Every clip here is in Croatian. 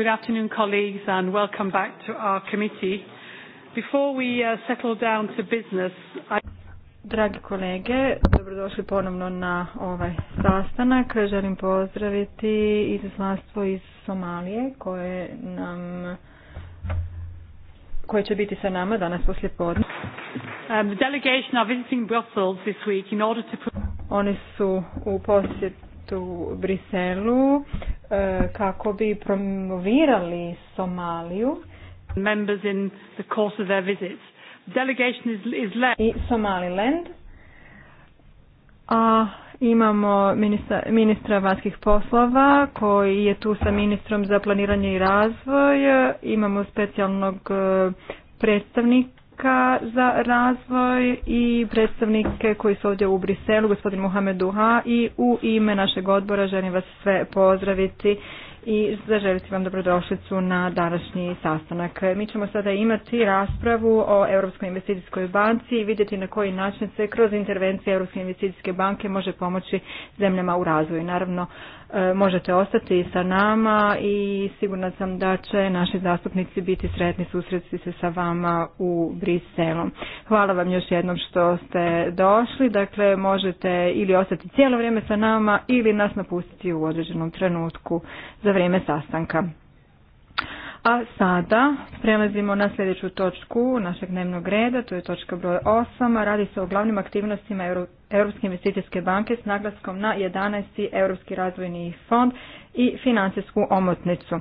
Good afternoon, colleagues, and welcome back to our committee. Before we uh, settle down to business, I... Dragi kolege, dobrodošli ponovno na ovaj sastanak. Želim pozdraviti izaslanstvo iz Somalije koje nam koje će biti sa nama danas poslije podne. Um, delegation are visiting Brussels this week in order to... Oni su u posjetu u Briselu e, kako bi promovirali Somaliju. Members in the course of their visits. Delegation is, is I Somaliland. A imamo ministra, ministra vanjskih poslova koji je tu sa ministrom za planiranje i razvoj. Imamo specijalnog e, predstavnika za razvoj i predstavnike koji su ovdje u Briselu, gospodin Muhamed Duha i u ime našeg odbora želim vas sve pozdraviti i zaželiti vam dobrodošlicu na današnji sastanak. Mi ćemo sada imati raspravu o Europskoj investicijskoj banci i vidjeti na koji način se kroz intervencije Europske investicijske banke može pomoći zemljama u razvoju. Naravno, E, možete ostati sa nama i sigurna sam da će naši zastupnici biti sretni susresti se sa vama u Briselu. Hvala vam još jednom što ste došli. Dakle, možete ili ostati cijelo vrijeme sa nama ili nas napustiti u određenom trenutku za vrijeme sastanka. A sada prelazimo na sljedeću točku našeg dnevnog reda, to je točka broj 8. Radi se o glavnim aktivnostima Europske investicijske banke s naglaskom na 11. Europski razvojni fond i financijsku omotnicu. E,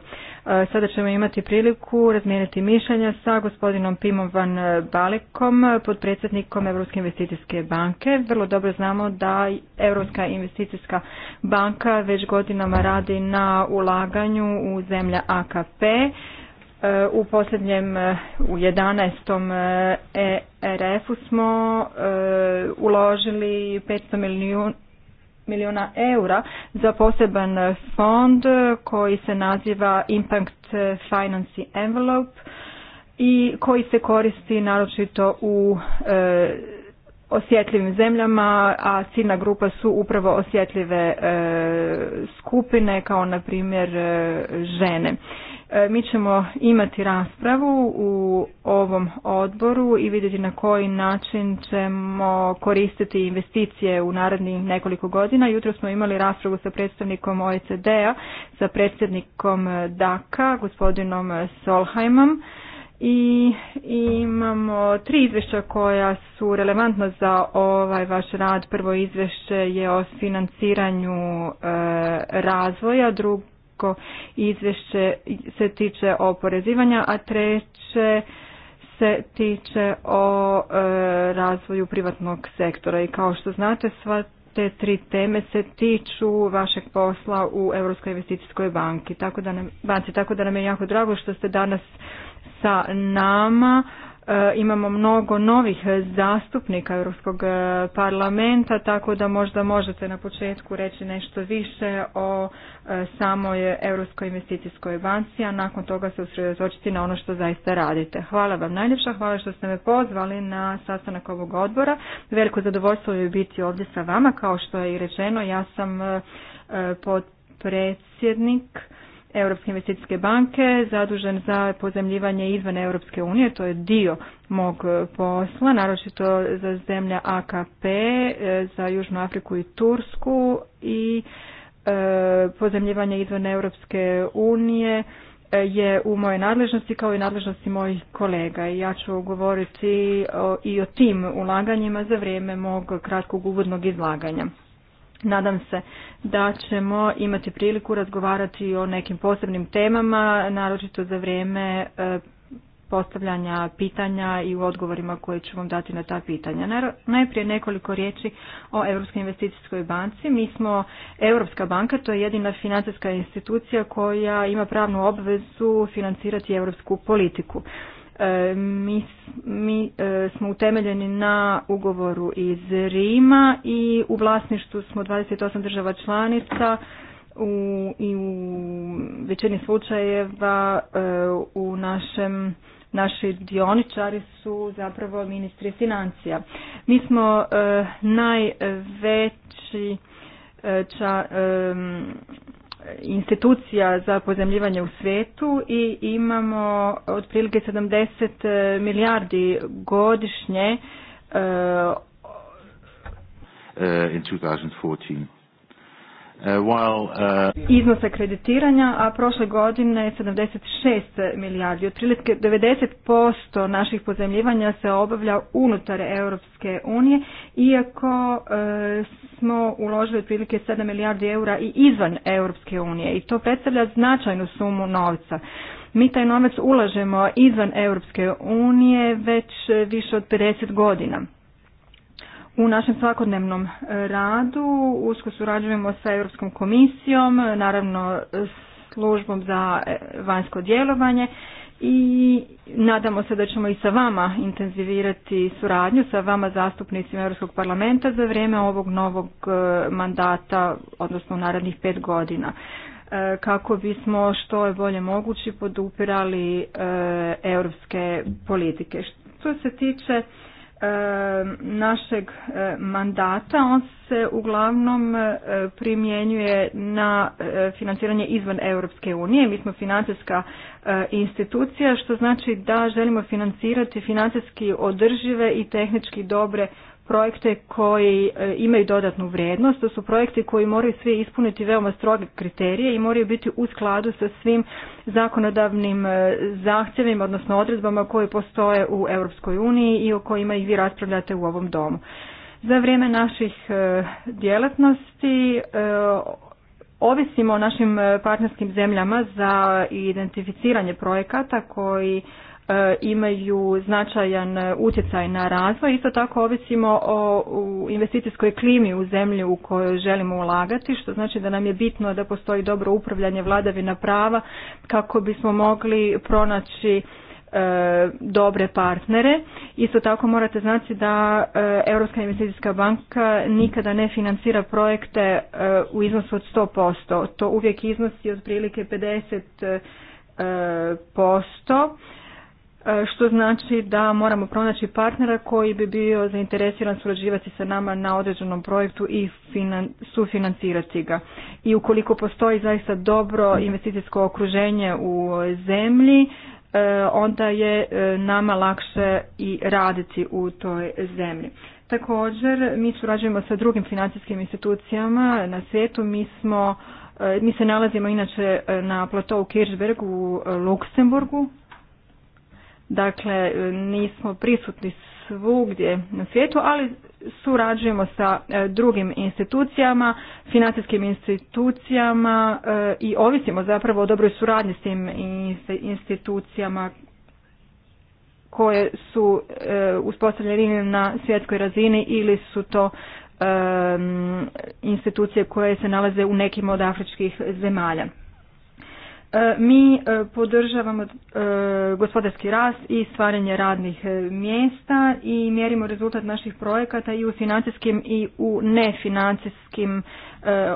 sada ćemo imati priliku razmijeniti mišljenja sa gospodinom Pimom Van e, Balekom, podpredsjednikom Europske investicijske banke. Vrlo dobro znamo da Europska investicijska banka već godinama radi na ulaganju u zemlja AKP. E, u posljednjem, u 11. ERF-u smo uložili 500 milijuna milijuna eura za poseban fond koji se naziva Impact Financing Envelope i koji se koristi naročito u e, osjetljivim zemljama, a ciljna grupa su upravo osjetljive e, skupine kao na primjer e, žene. E, mi ćemo imati raspravu u ovom odboru i vidjeti na koji način ćemo koristiti investicije u narednih nekoliko godina. Jutro smo imali raspravu sa predstavnikom OECD-a, sa predsjednikom DAKA, gospodinom Solheimom i imamo tri izvješća koja su relevantna za ovaj vaš rad. Prvo izvješće je o financiranju e, razvoja, drugo drugo izvješće se tiče oporezivanja, a treće se tiče o e, razvoju privatnog sektora i kao što znate sva te tri teme se tiču vašeg posla u Europskoj investicijskoj banki. Tako da nam, banci, tako da nam je jako drago što ste danas sa nama E, imamo mnogo novih zastupnika Europskog e, parlamenta, tako da možda možete na početku reći nešto više o e, samoj Europskoj investicijskoj banci, a nakon toga se usredotočiti na ono što zaista radite. Hvala vam najljepša, hvala što ste me pozvali na sastanak ovog odbora. Veliko zadovoljstvo je biti ovdje sa vama, kao što je i rečeno, ja sam podpredsjednik Europske investicijske banke zadužen za pozemljivanje izvan Europske unije, to je dio mog e, posla, naročito za zemlja AKP, e, za Južnu Afriku i Tursku i e, pozemljivanje izvan Europske unije je u mojoj nadležnosti kao i nadležnosti mojih kolega i ja ću govoriti i o tim ulaganjima za vrijeme mog kratkog uvodnog izlaganja. Nadam se da ćemo imati priliku razgovarati o nekim posebnim temama, naročito za vrijeme e, postavljanja pitanja i u odgovorima koje ću vam dati na ta pitanja. Najprije nekoliko riječi o Europskoj investicijskoj banci. Mi smo Europska banka, to je jedina financijska institucija koja ima pravnu obvezu financirati europsku politiku. E, mi, mi e, smo utemeljeni na ugovoru iz Rima i u vlasništvu smo 28 država članica u, i u većini slučajeva e, u našem naši dioničari su zapravo ministri financija. Mi smo najveći ča, institucija za pozemljivanje u svijetu i imamo otprilike 70 e, milijardi godišnje e, e, in 2014 Uh, uh, iznose kreditiranja, a prošle godine je 76 milijardi. Otprilike 90% naših pozemljivanja se obavlja unutar Europske unije, iako uh, smo uložili otprilike 7 milijardi eura i izvan Europske unije i to predstavlja značajnu sumu novca. Mi taj novac ulažemo izvan Europske unije već više od 50 godina u našem svakodnevnom e, radu. Usko surađujemo sa Europskom komisijom, naravno službom za e, vanjsko djelovanje i nadamo se da ćemo i sa vama intenzivirati suradnju, sa vama zastupnicima Europskog parlamenta za vrijeme ovog novog e, mandata, odnosno narednih pet godina kako bismo što je bolje mogući podupirali europske politike. Što se tiče Eh, našeg eh, mandata on se uglavnom eh, primjenjuje na financiranje izvan Europske unije. Mi smo financijska institucija što znači da želimo financirati financijski održive i tehnički dobre projekte koji e, imaju dodatnu vrijednost. To su projekti koji moraju svi ispuniti veoma stroge kriterije i moraju biti u skladu sa svim zakonodavnim e, zahtjevima, odnosno odredbama koje postoje u Europskoj uniji i o kojima i vi raspravljate u ovom domu. Za vrijeme naših e, djelatnosti ovisimo o našim partnerskim zemljama za identificiranje projekata koji E, imaju značajan utjecaj na razvoj. Isto tako ovisimo o investicijskoj klimi u zemlji u kojoj želimo ulagati, što znači da nam je bitno da postoji dobro upravljanje vladavina prava kako bismo mogli pronaći e, dobre partnere. Isto tako morate znati da e, Europska investicijska banka nikada ne financira projekte u iznosu od 100%. To uvijek iznosi otprilike 50% E, što znači da moramo pronaći partnera koji bi bio zainteresiran surađivati sa nama na određenom projektu i finan, sufinancirati ga. I ukoliko postoji zaista dobro investicijsko okruženje u zemlji, e, onda je e, nama lakše i raditi u toj zemlji. Također, mi surađujemo sa drugim financijskim institucijama na svijetu. Mi smo mi se nalazimo inače na platovu Kirchberg u Luksemburgu, Dakle, nismo prisutni svugdje na svijetu, ali surađujemo sa e, drugim institucijama, financijskim institucijama e, i ovisimo zapravo o dobroj suradnji s tim institucijama koje su e, uspostavljene na svjetskoj razini ili su to institucije koje se nalaze u nekim od afričkih zemalja. E, mi e, podržavamo e, gospodarski rast i stvaranje radnih mjesta i mjerimo rezultat naših projekata i u financijskim i u nefinancijskim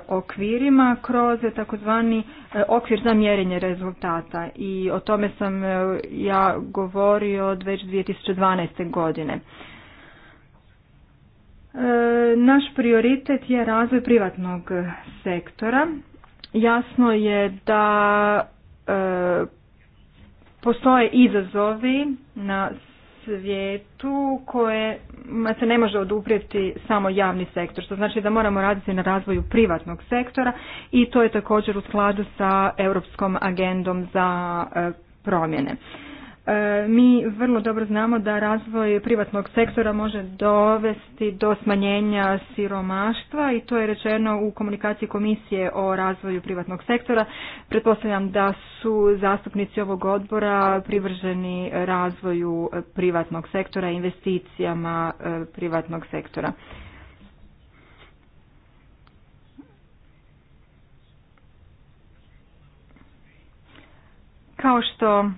okvirima kroz takozvani okvir za mjerenje rezultata i o tome sam ja govorio već 2012. godine. Naš prioritet je razvoj privatnog sektora Jasno je da e, postoje izazovi na svijetu koje se ne može oduprijeti samo javni sektor, što znači da moramo raditi na razvoju privatnog sektora i to je također u skladu sa Europskom agendom za e, promjene. E, mi vrlo dobro znamo da razvoj privatnog sektora može dovesti do smanjenja siromaštva i to je rečeno u komunikaciji komisije o razvoju privatnog sektora. Pretpostavljam da su zastupnici ovog odbora privrženi razvoju privatnog sektora i investicijama e, privatnog sektora. Kao što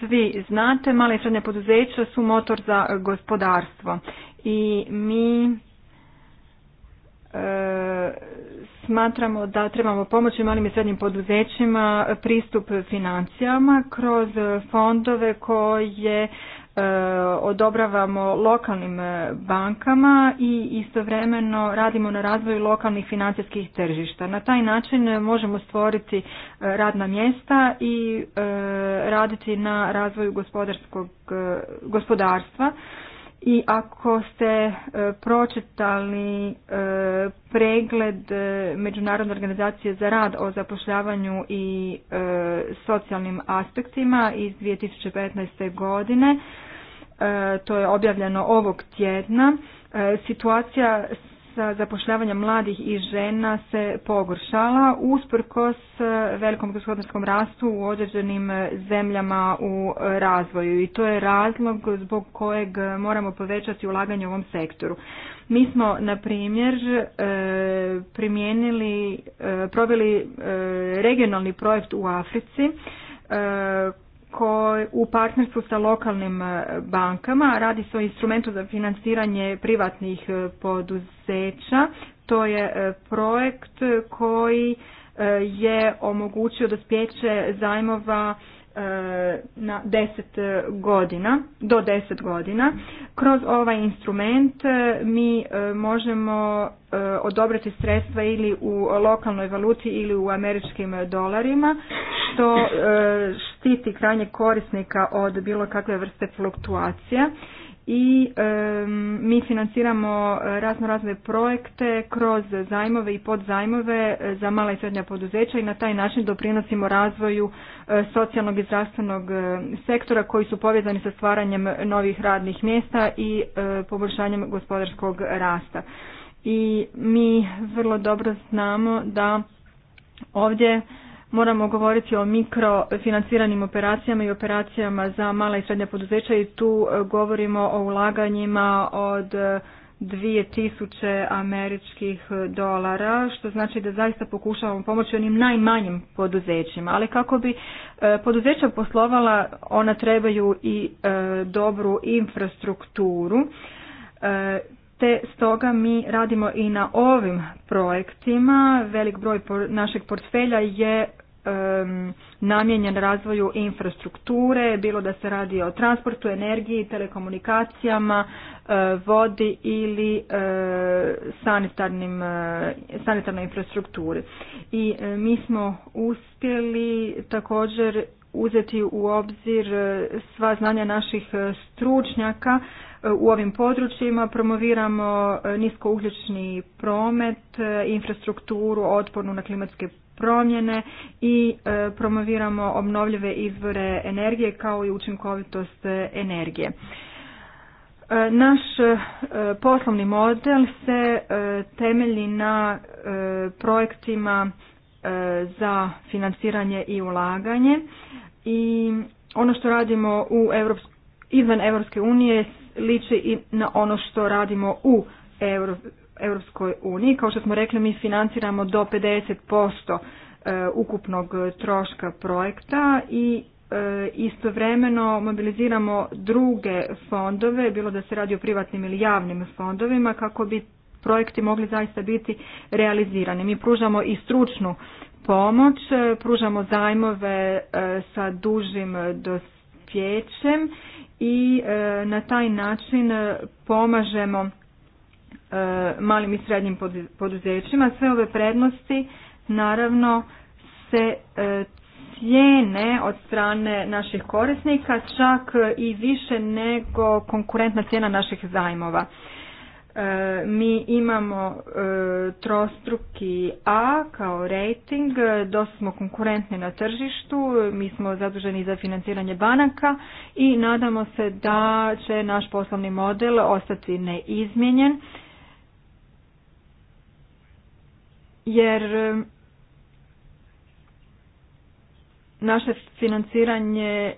svi znate, male i srednje poduzeća su motor za gospodarstvo i mi e, smatramo da trebamo pomoći malim i srednjim poduzećima pristup financijama kroz fondove koje E, odobravamo lokalnim e, bankama i istovremeno radimo na razvoju lokalnih financijskih tržišta. Na taj način možemo stvoriti e, radna mjesta i raditi na razvoju gospodarskog gospodarstva. I ako ste pročitali pregled Međunarodne organizacije za rad o zapošljavanju i socijalnim aspektima iz 2015. godine, E, to je objavljeno ovog tjedna, e, situacija sa zapošljavanjem mladih i žena se pogoršala usprkos e, velikom gospodarskom rastu u određenim zemljama u razvoju i to je razlog zbog kojeg moramo povećati ulaganje u ovom sektoru. Mi smo, na primjer, primijenili, proveli regionalni projekt u Africi koji u partnerstvu sa lokalnim e, bankama. Radi se o instrumentu za financiranje privatnih e, poduzeća. To je e, projekt koji je omogućio dospjeće zajmova E, na deset e, godina, do 10 godina. Kroz ovaj instrument e, mi možemo odobriti sredstva ili u lokalnoj valuti ili u američkim dolarima, što štiti krajnjeg korisnika od bilo kakve vrste fluktuacija i mi financiramo razno razne projekte kroz zajmove i podzajmove eh, za mala i srednja poduzeća i na taj način doprinosimo razvoju eh, socijalnog i zdravstvenog eh, sektora koji su povezani sa stvaranjem novih radnih mjesta i poboljšanjem gospodarskog rasta. I mi vrlo dobro znamo da ovdje moramo govoriti o mikrofinanciranim operacijama i operacijama za mala i srednja poduzeća i tu e, govorimo o ulaganjima od 2000 e, američkih dolara, što znači da zaista pokušavamo pomoći onim najmanjim poduzećima. Ali kako bi e, poduzeća poslovala, ona trebaju i dobru infrastrukturu, te stoga mi radimo i na ovim projektima. Velik broj našeg portfelja je namijenjen razvoju infrastrukture, bilo da se radi o transportu, energiji, telekomunikacijama, eh, vodi ili eh, eh, sanitarnoj infrastrukturi. I mi smo uspjeli također uzeti u obzir sva znanja naših stručnjaka u ovim područjima promoviramo niskougljični promet, infrastrukturu, otpornu na klimatske promjene i e, promoviramo obnovljive izvore energije kao i učinkovitost e, energije. E, naš poslovni model se temelji na projektima za financiranje i ulaganje i ono što radimo u izvan Europske unije liči i na ono što radimo u EU. Europskoj uniji. Kao što smo rekli, mi financiramo do 50% e, ukupnog troška projekta i e, istovremeno mobiliziramo druge fondove, bilo da se radi o privatnim ili javnim fondovima, kako bi projekti mogli zaista biti realizirani. Mi pružamo i stručnu pomoć, e, pružamo zajmove sa dužim dospjećem i na taj način pomažemo E, malim i srednjim poduzećima. Sve ove prednosti naravno se e, cijene od strane naših korisnika čak i više nego konkurentna cijena naših zajmova. E, mi imamo trostruki A kao rating, dosta smo konkurentni na tržištu, mi smo zaduženi za financiranje banaka i nadamo se da će naš poslovni model ostati neizmjenjen jer e, naše financiranje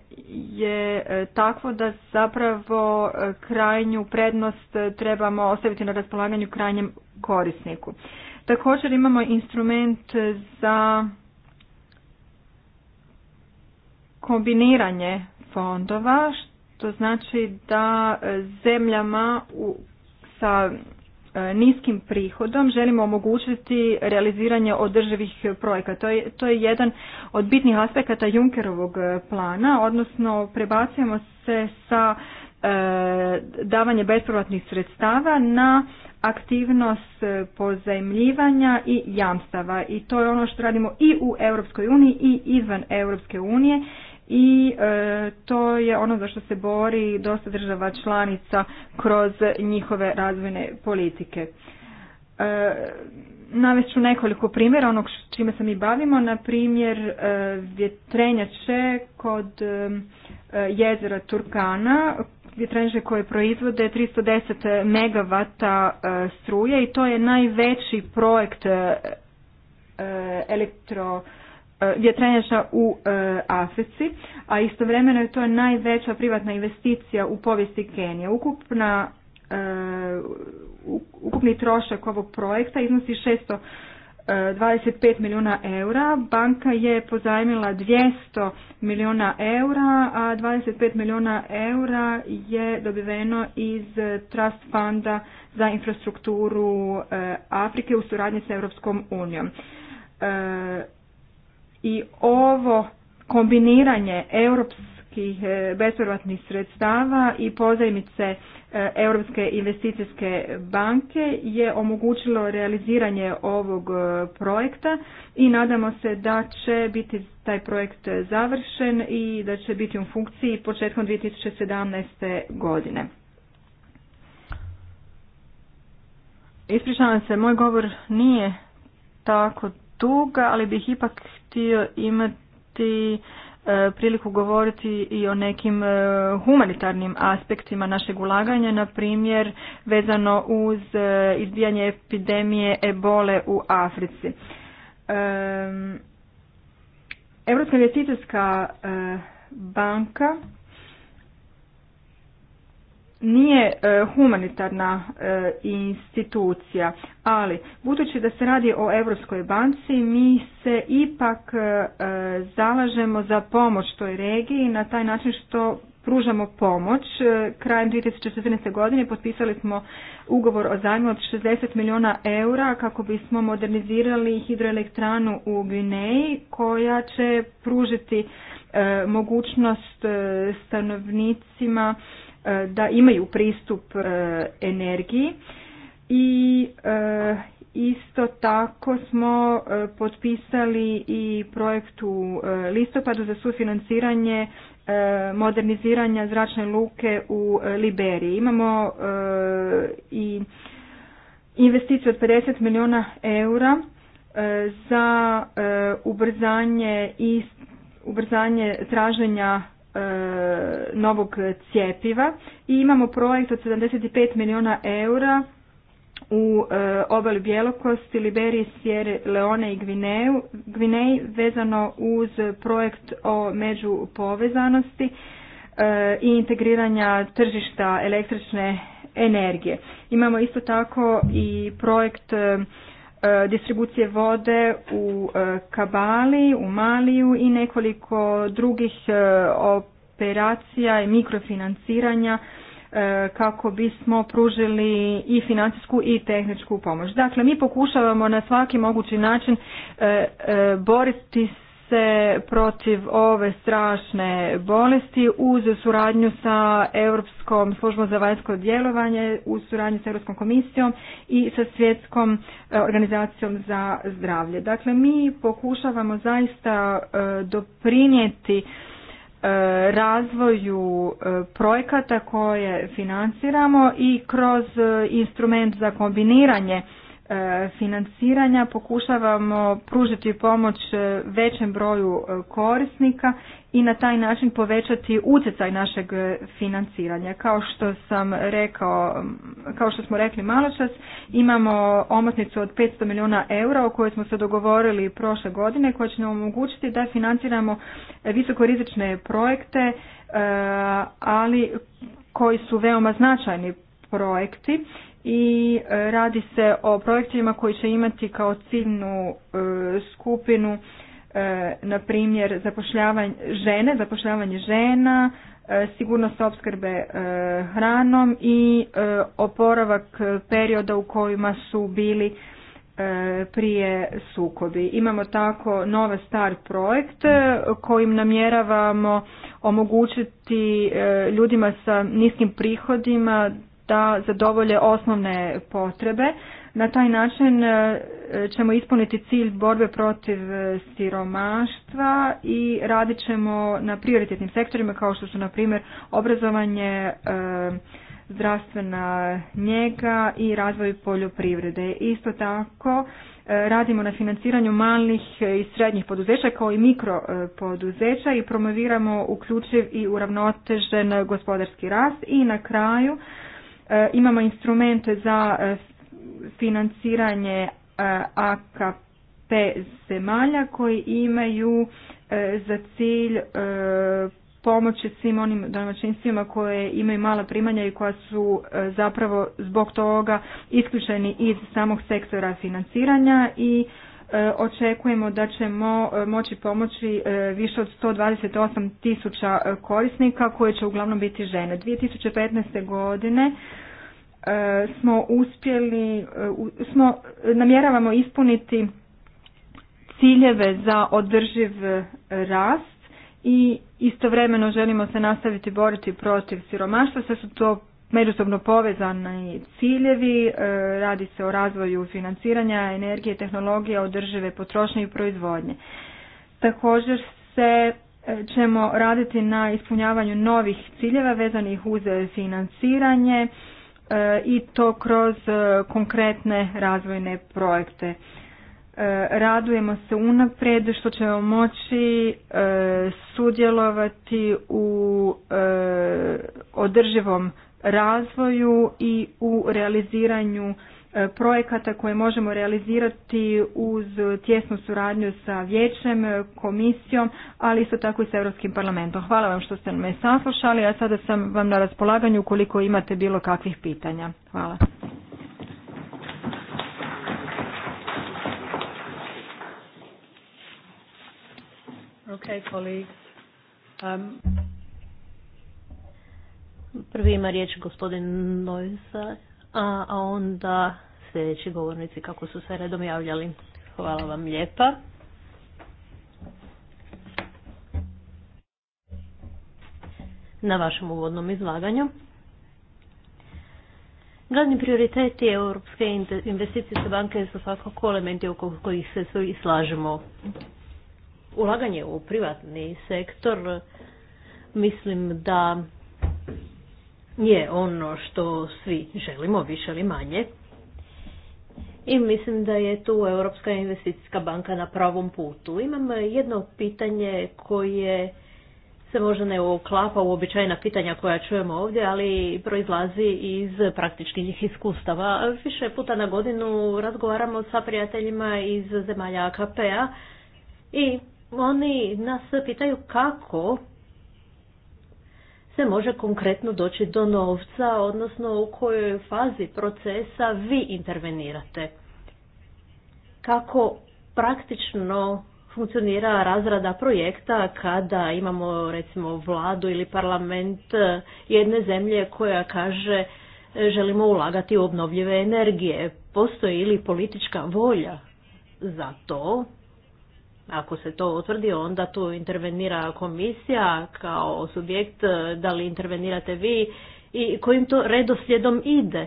je e, takvo da zapravo e, krajnju prednost trebamo ostaviti na raspolaganju krajnjem korisniku. Također imamo instrument za kombiniranje fondova, što znači da zemljama u, sa E, niskim prihodom želimo omogućiti realiziranje održivih projekata. To je, to je jedan od bitnih aspekata Junkerovog e, plana, odnosno prebacujemo se sa e, davanje bespovratnih sredstava na aktivnost e, pozajmljivanja i jamstava i to je ono što radimo i u Europskoj uniji i izvan Europske unije i e, to je ono za što se bori dosta država članica kroz njihove razvojne politike. E, navest ću nekoliko primjera onog čime se mi bavimo, na primjer e, vjetrenjače kod jezera Turkana, vjetrenjače koje proizvode 310 megavata struje i to je najveći projekt elektro vjetrenjača e, u e, Africi, a istovremeno je to najveća privatna investicija u povijesti Kenije. Ukupna, e, ukupni trošak ovog projekta iznosi 625 milijuna eura. Banka je pozajmila 200 milijuna eura, a 25 milijuna eura je dobiveno iz Trust Funda za infrastrukturu Afrike u suradnji sa Europskom unijom i ovo kombiniranje europskih e, bespovratnih sredstava i pozajmice e, Europske investicijske banke je omogućilo realiziranje ovog e, projekta i nadamo se da će biti taj projekt završen i da će biti u funkciji početkom 2017. godine. Ispričavam se, moj govor nije tako dug, ali bih ipak htio imati e, priliku govoriti i o nekim e, humanitarnim aspektima našeg ulaganja, na primjer vezano uz e, izbijanje epidemije ebole u Africi. Europska investicijska banka nije e, humanitarna e, institucija, ali budući da se radi o Europskoj banci, mi se ipak e, zalažemo za pomoć toj regiji na taj način što pružamo pomoć. Krajem 2014. godine potpisali smo ugovor o zajmu od 60 milijuna eura kako bismo modernizirali hidroelektranu u Gvineji koja će pružiti mogućnost stanovnicima E, da imaju pristup e, energiji i e, Isto tako smo potpisali i projekt u listopadu za sufinanciranje moderniziranja zračne luke u Liberiji. Imamo i investiciju od 50 milijuna eura za ubrzanje i ubrzanje traženja E, novog cjepiva i imamo projekt od 75 milijuna eura u e, obali Bjelokosti, Liberiji, Sjere, Leone i Gvineju, Gvineji vezano uz projekt o međupovezanosti e, i integriranja tržišta električne energije. Imamo isto tako i projekt E, distribucije vode u e, Kabali, u Maliju i nekoliko drugih e, operacija i mikrofinanciranja kako bismo pružili i financijsku i tehničku pomoć. Dakle, mi pokušavamo na svaki mogući način boriti se protiv ove strašne bolesti uz suradnju sa Europskom službom za vanjsko djelovanje, u suradnju sa Europskom komisijom i sa svjetskom e, organizacijom za zdravlje. Dakle, mi pokušavamo zaista e, doprinijeti e, razvoju projekata koje financiramo i kroz instrument za kombiniranje E, financiranja pokušavamo pružiti pomoć e, većem broju e, korisnika i na taj način povećati utjecaj našeg financiranja. Kao što sam rekao, kao što smo rekli malo čas, imamo omotnicu od 500 milijuna eura o kojoj smo se dogovorili prošle godine koja će nam omogućiti da financiramo visokorizične projekte, ali koji su veoma značajni projekti i e, radi se o projektima koji će imati kao ciljnu e, skupinu e, na primjer zapošljavanje žene, zapošljavanje žena, sigurnost opskrbe hranom i oporavak perioda u kojima su bili prije sukobi. Imamo tako nove star projekt kojim namjeravamo omogućiti ljudima sa niskim prihodima da zadovolje osnovne potrebe. Na taj način e, ćemo ispuniti cilj borbe protiv e, siromaštva i radit ćemo na prioritetnim sektorima kao što su na primjer obrazovanje, e, zdravstvena njega i razvoj poljoprivrede. Isto tako radimo na financiranju malih i srednjih poduzeća kao i mikro poduzeća i promoviramo uključiv i uravnotežen gospodarski rast i na kraju E, imamo instrumente za e, financiranje e, AKP zemalja koji imaju za cilj pomoći svim onim domaćinstvima koje imaju mala primanja i koja su zapravo zbog toga isključeni iz samog sektora financiranja i E, očekujemo da ćemo e, moći pomoći e, više od 128 tisuća korisnika koje će uglavnom biti žene. 2015. godine smo uspjeli, smo, namjeravamo ispuniti ciljeve za održiv rast i istovremeno želimo se nastaviti boriti protiv siromaštva. Sve su to međusobno povezani ciljevi, e, radi se o razvoju financiranja, energije, tehnologije, održive potrošnje i proizvodnje. Također se e, ćemo raditi na ispunjavanju novih ciljeva vezanih uz financiranje e, i to kroz konkretne razvojne projekte. Radujemo se unaprijed što ćemo moći sudjelovati u održivom razvoju i u realiziranju e, projekata koje možemo realizirati uz tjesnu suradnju sa vijećem, komisijom, ali isto tako i sa Europskim parlamentom. Hvala vam što ste me saslušali, a sada sam vam na raspolaganju ukoliko imate bilo kakvih pitanja. Hvala. Okay, Prvi ima riječ gospodin Nojza, a, a onda sljedeći govornici kako su se redom javljali. Hvala vam lijepa. Na vašem uvodnom izlaganju. Glavni prioriteti Europske investicijske banke su svakako elementi oko kojih se svi slažemo. Ulaganje u privatni sektor mislim da je ono što svi želimo, više ili manje. I mislim da je tu Europska investicijska banka na pravom putu. Imam jedno pitanje koje se možda ne uklapa u običajna pitanja koja čujemo ovdje, ali proizlazi iz praktičkih iskustava. Više puta na godinu razgovaramo sa prijateljima iz zemalja AKP-a i oni nas pitaju kako se može konkretno doći do novca, odnosno u kojoj fazi procesa vi intervenirate. Kako praktično funkcionira razrada projekta kada imamo recimo vladu ili parlament jedne zemlje koja kaže želimo ulagati u obnovljive energije. Postoji li politička volja za to? Ako se to utvrdi, onda tu intervenira komisija kao subjekt, e, da li intervenirate vi i kojim to redoslijedom ide.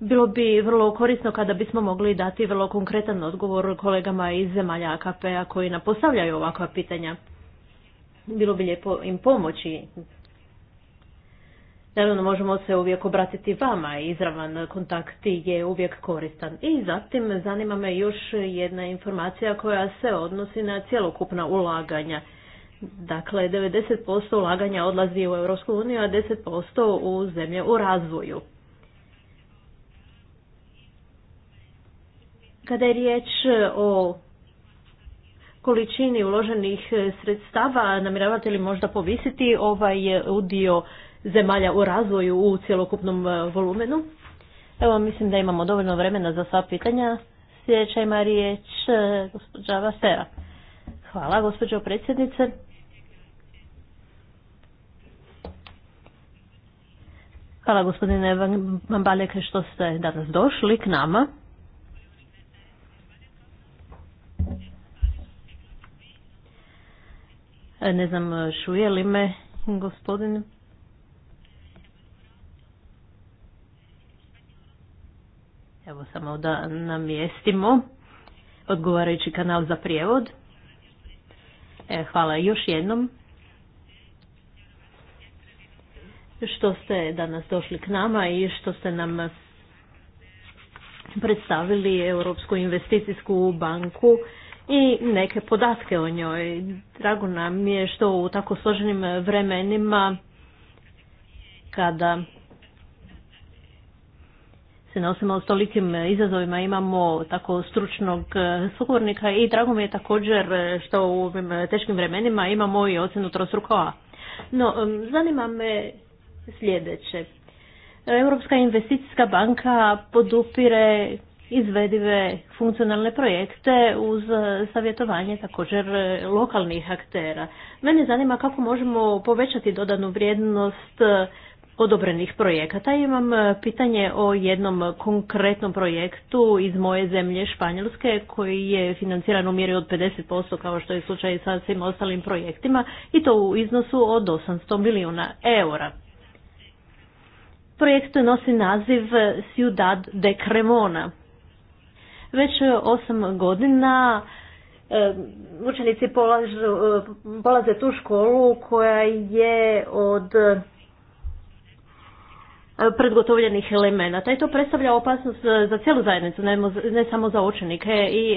Bilo bi vrlo korisno kada bismo mogli dati vrlo konkretan odgovor kolegama iz zemalja AKP-a koji napostavljaju ovakva pitanja. Bilo bi lijepo im pomoći Naravno, možemo se uvijek obratiti vama, izravan kontakt je uvijek koristan. I zatim zanima me još jedna informacija koja se odnosi na cjelokupna ulaganja. Dakle, 90% ulaganja odlazi u EU, a 10% u zemlje u razvoju. Kada je riječ o količini uloženih sredstava, namjeravate li možda povisiti ovaj udio zemalja u razvoju u cjelokupnom e, volumenu. Evo, mislim da imamo dovoljno vremena za sva pitanja. Sljedeća ima riječ e, gospođa Vasera. Hvala, gospođo predsjednice. Hvala gospodine Mambalek što ste danas došli k nama. E, ne znam, šuje li me gospodin Evo samo da namjestimo odgovarajući kanal za prijevod. E, hvala još jednom što ste danas došli k nama i što ste nam predstavili Europsku investicijsku banku i neke podatke o njoj. Drago nam je što u tako složenim vremenima kada se nosimo s tolikim izazovima, imamo tako stručnog e, sugovornika i drago mi je također e, što u ovim e, teškim vremenima imamo i ocenu trostrukova. No, zanima me sljedeće. Europska investicijska banka podupire izvedive funkcionalne projekte uz savjetovanje također lokalnih aktera. Mene zanima kako možemo povećati dodanu vrijednost odobrenih projekata. Imam e, pitanje o jednom konkretnom projektu iz moje zemlje Španjolske koji je financiran u mjeri od 50% kao što je slučaj sa svim ostalim projektima i to u iznosu od 800 milijuna eura. Projekt nosi naziv Ciudad de Cremona. Već osam godina e, učenici e, polaze tu školu koja je od E, predgotovljenih elemenata i to predstavlja opasnost za cijelu zajednicu, ne samo za učenike i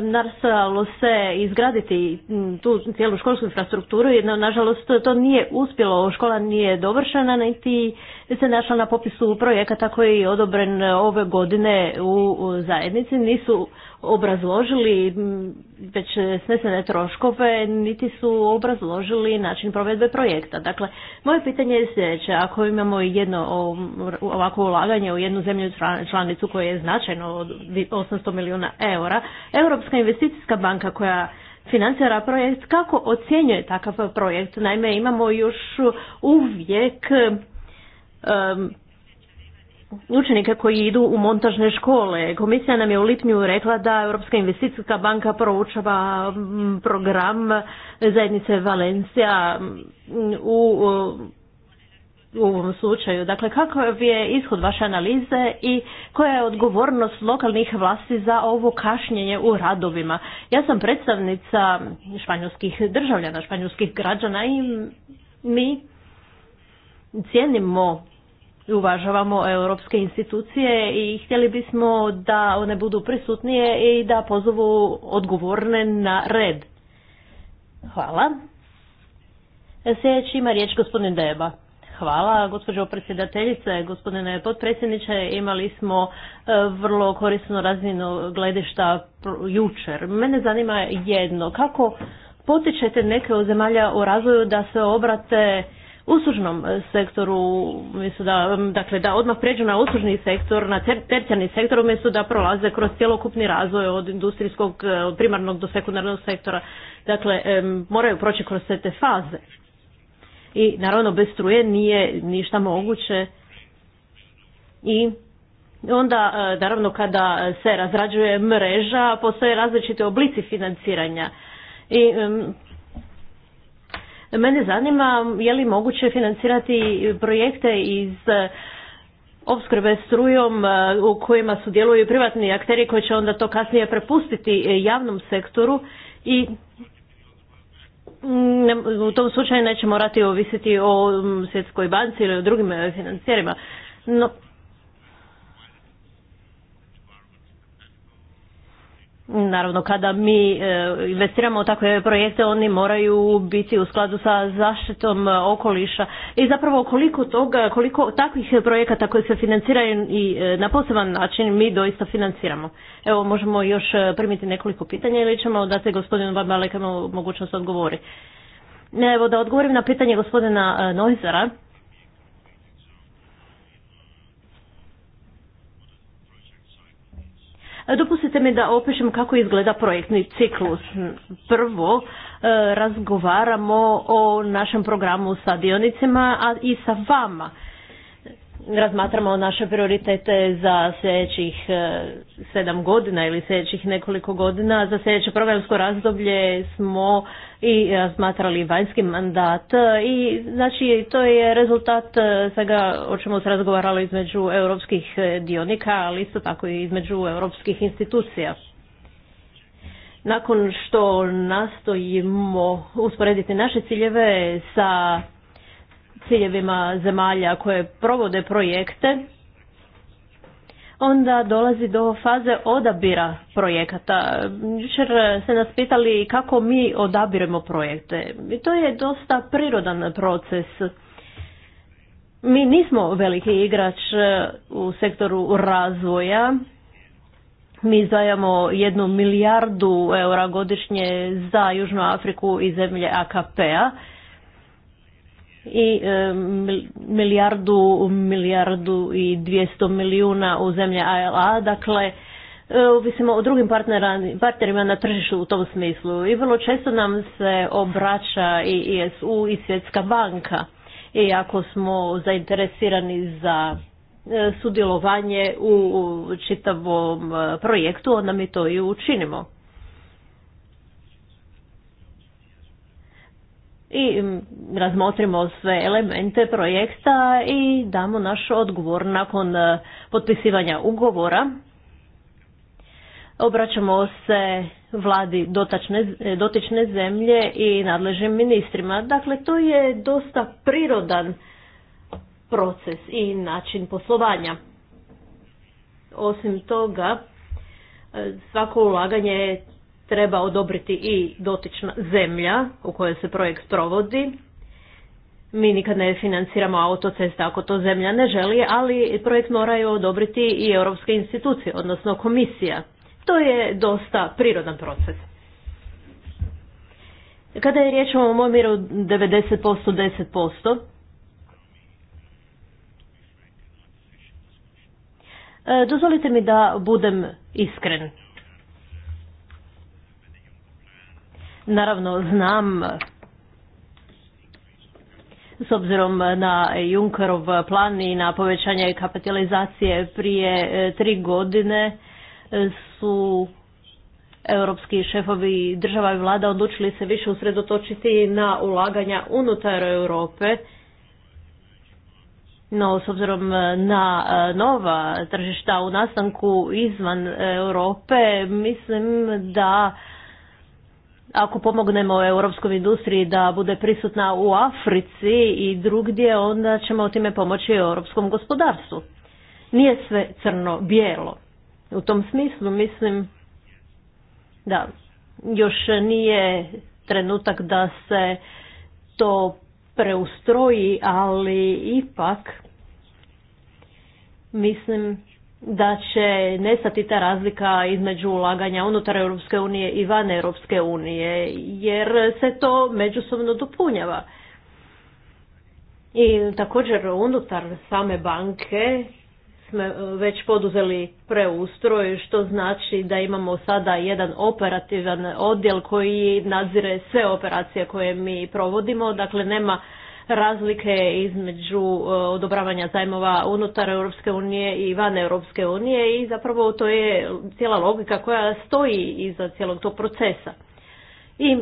nastojalo se izgraditi tu cijelu školsku infrastrukturu, jedno nažalost to nije uspjelo, škola nije dovršena, niti se našla na popisu projekata koji je odobren ove godine u zajednici, nisu obrazložili već snesene troškove, niti su obrazložili način provedbe projekta. Dakle, moje pitanje je sljedeće. Ako imamo jedno ovako ulaganje u jednu zemlju članicu koja je značajno od 800 milijuna eura, Europska investicijska banka koja financira projekt, kako ocjenjuje takav projekt? Naime, imamo još uvijek učenika koji idu u montažne škole. Komisija nam je u lipnju rekla da Europska investicijska banka proučava mm, program zajednice Valencija mm, u u ovom slučaju. Dakle, kakav je ishod vaše analize i koja je odgovornost lokalnih vlasti za ovo kašnjenje u radovima? Ja sam predstavnica španjolskih državljana, španjolskih građana i mi cijenimo uvažavamo europske institucije i htjeli bismo da one budu prisutnije i da pozovu odgovorne na red. Hvala. Sljedeći ima riječ gospodin Deba. Hvala, gospođo predsjedateljice, gospodine potpredsjedniče. Imali smo e, vrlo korisnu razinu gledišta jučer. Mene zanima jedno, kako potičete neke od zemalja u razvoju da se obrate uslužnom e, sektoru, umjesto da, dakle, da odmah pređu na uslužni sektor, na tercijarni sektor, umjesto da prolaze kroz cjelokupni razvoj od industrijskog, e, od primarnog do sekundarnog sektora. Dakle, e, moraju proći kroz sve te faze. I naravno bez struje nije ništa moguće. I onda, naravno, kada se razrađuje mreža, postoje različite oblici financiranja. I Mene zanima je li moguće financirati projekte iz e, opskrbe strujom e, u kojima sudjeluju privatni akteri koji će onda to kasnije prepustiti e, javnom sektoru i mm, u tom slučaju neće morati ovisiti o mm, Svjetskoj banci ili o drugim financijerima. No, Naravno, kada mi e, investiramo u takve projekte, oni moraju biti u skladu sa zaštitom e, okoliša. I zapravo koliko toga, koliko takvih projekata koji se financiraju i e, na poseban način mi doista financiramo. Evo, možemo još primiti nekoliko pitanja ili ćemo dati gospodinu Babalekama mogućnost odgovori. Evo, da odgovorim na pitanje gospodina Noizara. E, dopustite mi da opišem kako izgleda projektni ciklus. Prvo, e, razgovaramo o našem programu sa dionicima a i sa vama razmatramo naše prioritete za sljedećih e, sedam godina ili sljedećih nekoliko godina. Za sljedeće programsko razdoblje smo i razmatrali vanjski mandat i znači to je rezultat e, svega o čemu se razgovaralo između europskih e, dionika, ali isto tako i između europskih institucija. Nakon što nastojimo usporediti naše ciljeve sa ciljevima zemalja koje provode projekte, onda dolazi do faze odabira projekata. Jučer se nas pitali kako mi odabiremo projekte. I to je dosta prirodan proces. Mi nismo veliki igrač u sektoru razvoja. Mi zajamo jednu milijardu eura godišnje za Južnu Afriku i zemlje AKP-a i e, milijardu, milijardu i dvijesto milijuna u zemlje ALA, dakle e, ovisimo o drugim partnerima na tržištu u tom smislu i vrlo često nam se obraća i ISU i Svjetska banka i ako smo zainteresirani za e, sudjelovanje u čitavom projektu, onda mi to i učinimo. i mm, razmotrimo sve elemente projekta i damo naš odgovor nakon e, potpisivanja ugovora. Obraćamo se vladi dotačne, e, dotične zemlje i nadležnim ministrima. Dakle, to je dosta prirodan proces i način poslovanja. Osim toga, e, svako ulaganje treba odobriti i dotična zemlja u kojoj se projekt provodi. Mi nikad ne financiramo autoceste ako to zemlja ne želi, ali projekt moraju odobriti i europske institucije, odnosno komisija. To je dosta prirodan proces. Kada je riječ o momiru miru 90%, 10%, Dozvolite mi da budem iskren. Naravno znam s obzirom na Junkerov plan i na povećanje kapitalizacije prije eh, tri godine eh, su europski šefovi država i vlada odlučili se više usredotočiti na ulaganja unutar Europe. No, s obzirom eh, na nova tržišta u nastanku izvan Europe, mislim da ako pomognemo europskoj industriji da bude prisutna u Africi i drugdje, onda ćemo time pomoći europskom gospodarstvu. Nije sve crno-bijelo. U tom smislu mislim da još nije trenutak da se to preustroji, ali ipak mislim da će nestati ta razlika između ulaganja unutar Europske unije i van Europske unije, jer se to međusobno dopunjava. I također unutar same banke smo već poduzeli preustroj, što znači da imamo sada jedan operativan odjel koji nadzire sve operacije koje mi provodimo, dakle nema razlike između e, odobravanja zajmova unutar Europske unije i van Europske unije i zapravo to je cijela logika koja stoji iza cijelog tog procesa. I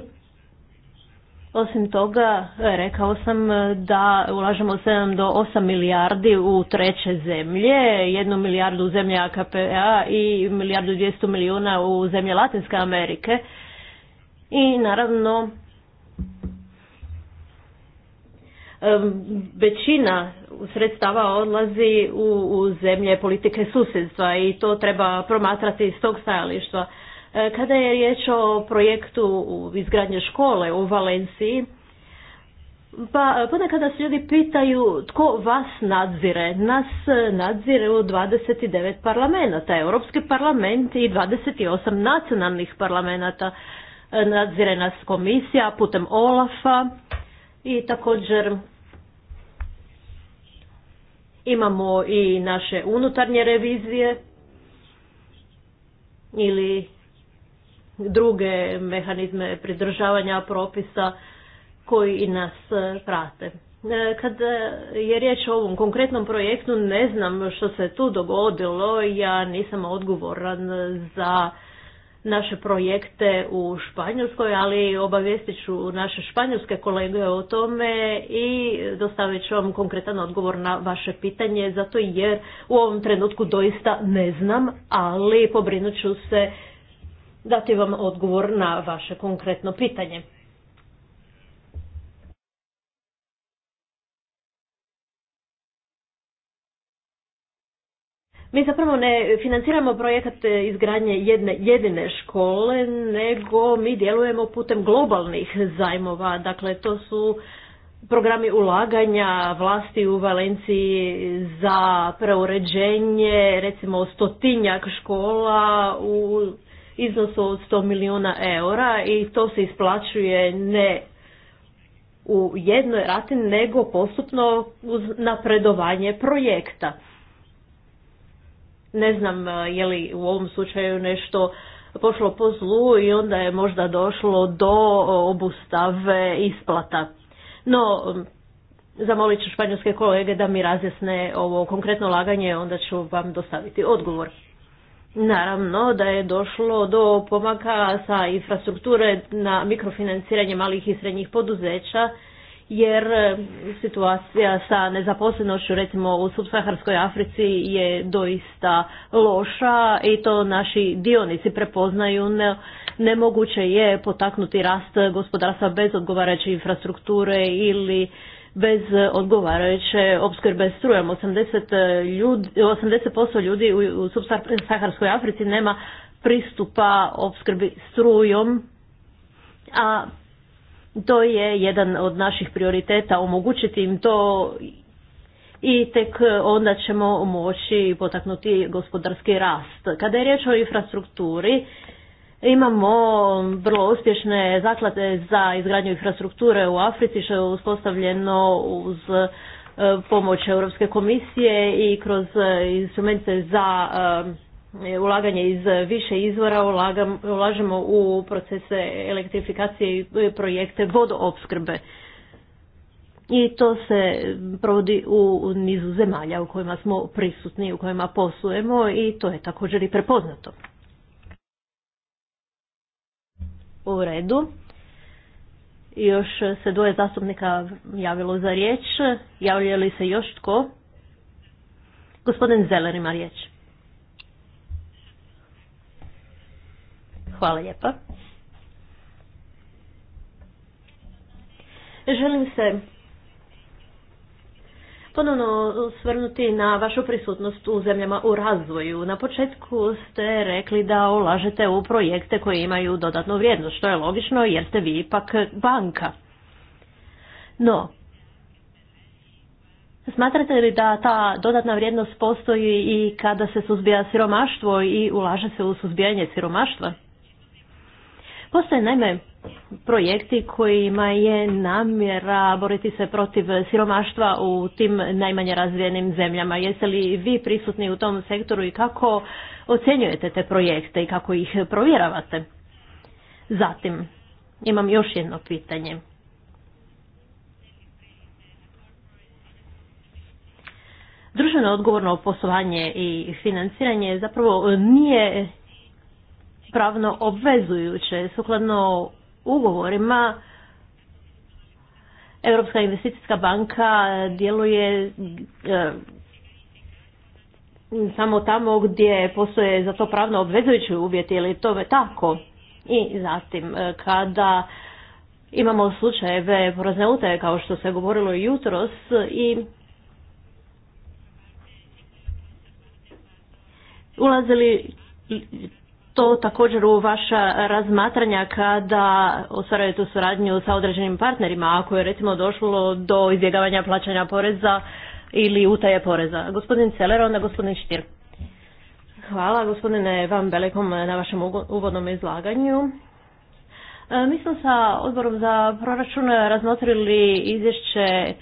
osim toga, rekao sam da ulažemo 7 do 8 milijardi u treće zemlje, 1 milijardu u zemlje AKPA i milijardu 200 milijuna u zemlje Latinske Amerike. I naravno, većina sredstava odlazi u, u zemlje politike susjedstva i to treba promatrati iz tog stajališta. E, kada je riječ o projektu izgradnje škole u Valenciji, pa ponekada se ljudi pitaju tko vas nadzire. Nas nadzire u 29 parlamenta, Europski parlament i 28 nacionalnih parlamenta. Nadzire nas komisija putem Olafa, i također imamo i naše unutarnje revizije ili druge mehanizme pridržavanja propisa koji nas e, prate. E, kad e, je riječ o ovom konkretnom projektu, ne znam što se tu dogodilo, ja nisam odgovoran za naše projekte u Španjolskoj, ali obavijestit ću naše španjolske kolege o tome i dostavit ću vam konkretan odgovor na vaše pitanje, zato jer u ovom trenutku doista ne znam, ali pobrinut ću se dati vam odgovor na vaše konkretno pitanje. Mi zapravo ne financiramo projekat e, izgradnje jedne jedine škole, nego mi djelujemo putem globalnih zajmova. Dakle, to su programi ulaganja vlasti u Valenciji za preuređenje recimo stotinjak škola u iznosu od 100 milijuna eura i to se isplaćuje ne u jednoj rati nego postupno uz napredovanje projekta ne znam e, je li u ovom slučaju nešto pošlo po zlu i onda je možda došlo do obustave isplata. No, zamolit ću španjolske kolege da mi razjasne ovo konkretno laganje, onda ću vam dostaviti odgovor. Naravno da je došlo do pomaka sa infrastrukture na mikrofinanciranje malih i srednjih poduzeća jer e, situacija sa nezaposlenošću recimo u subsaharskoj Africi je doista loša i to naši dionici prepoznaju. Ne, nemoguće je potaknuti rast gospodarstva bez odgovarajuće infrastrukture ili bez odgovarajuće opskrbe strujem. 80%, ljudi, 80 ljudi u, u subsaharskoj Africi nema pristupa opskrbi strujom, a to je jedan od naših prioriteta, omogućiti im to i tek onda ćemo moći potaknuti gospodarski rast. Kada je riječ o infrastrukturi, Imamo vrlo uspješne zaklade za izgradnju infrastrukture u Africi što je uspostavljeno uz e, pomoć Europske komisije i kroz e, instrumente za e, E, ulaganje iz više izvora ulažemo u procese elektrifikacije i e, projekte vodoopskrbe. I to se provodi u nizu zemalja u kojima smo prisutni, u kojima poslujemo i to je također i prepoznato. U redu. Još se dvoje zastupnika javilo za riječ. Javlja li se još tko? Gospodin Zeler ima riječ. Hvala lijepa. Želim se ponovno svrnuti na vašu prisutnost u zemljama u razvoju. Na početku ste rekli da ulažete u projekte koji imaju dodatnu vrijednost, što je logično jer ste vi ipak banka. No, smatrate li da ta dodatna vrijednost postoji i kada se suzbija siromaštvo i ulaže se u suzbijanje siromaštva? Postoje naime projekti kojima je namjera boriti se protiv siromaštva u tim najmanje razvijenim zemljama. Jeste li vi prisutni u tom sektoru i kako ocjenjujete te projekte i kako ih provjeravate? Zatim, imam još jedno pitanje. Druženo odgovorno poslovanje i financiranje zapravo nije pravno obvezujuće. Sukladno ugovorima Europska investicijska banka djeluje e, samo tamo gdje postoje za to pravno obvezujući uvjeti, ili je tako? I zatim, e, kada imamo slučajeve porazne utaje, kao što se govorilo jutros, i ulazili to također u vaša razmatranja kada ostvarujete tu suradnju sa određenim partnerima, ako je recimo došlo do izbjegavanja plaćanja poreza ili utaje poreza? Gospodin Celer, onda gospodin Štir. Hvala gospodine vam Belekom na vašem uvodnom izlaganju. E, mi smo sa odborom za proračun razmotrili izvješće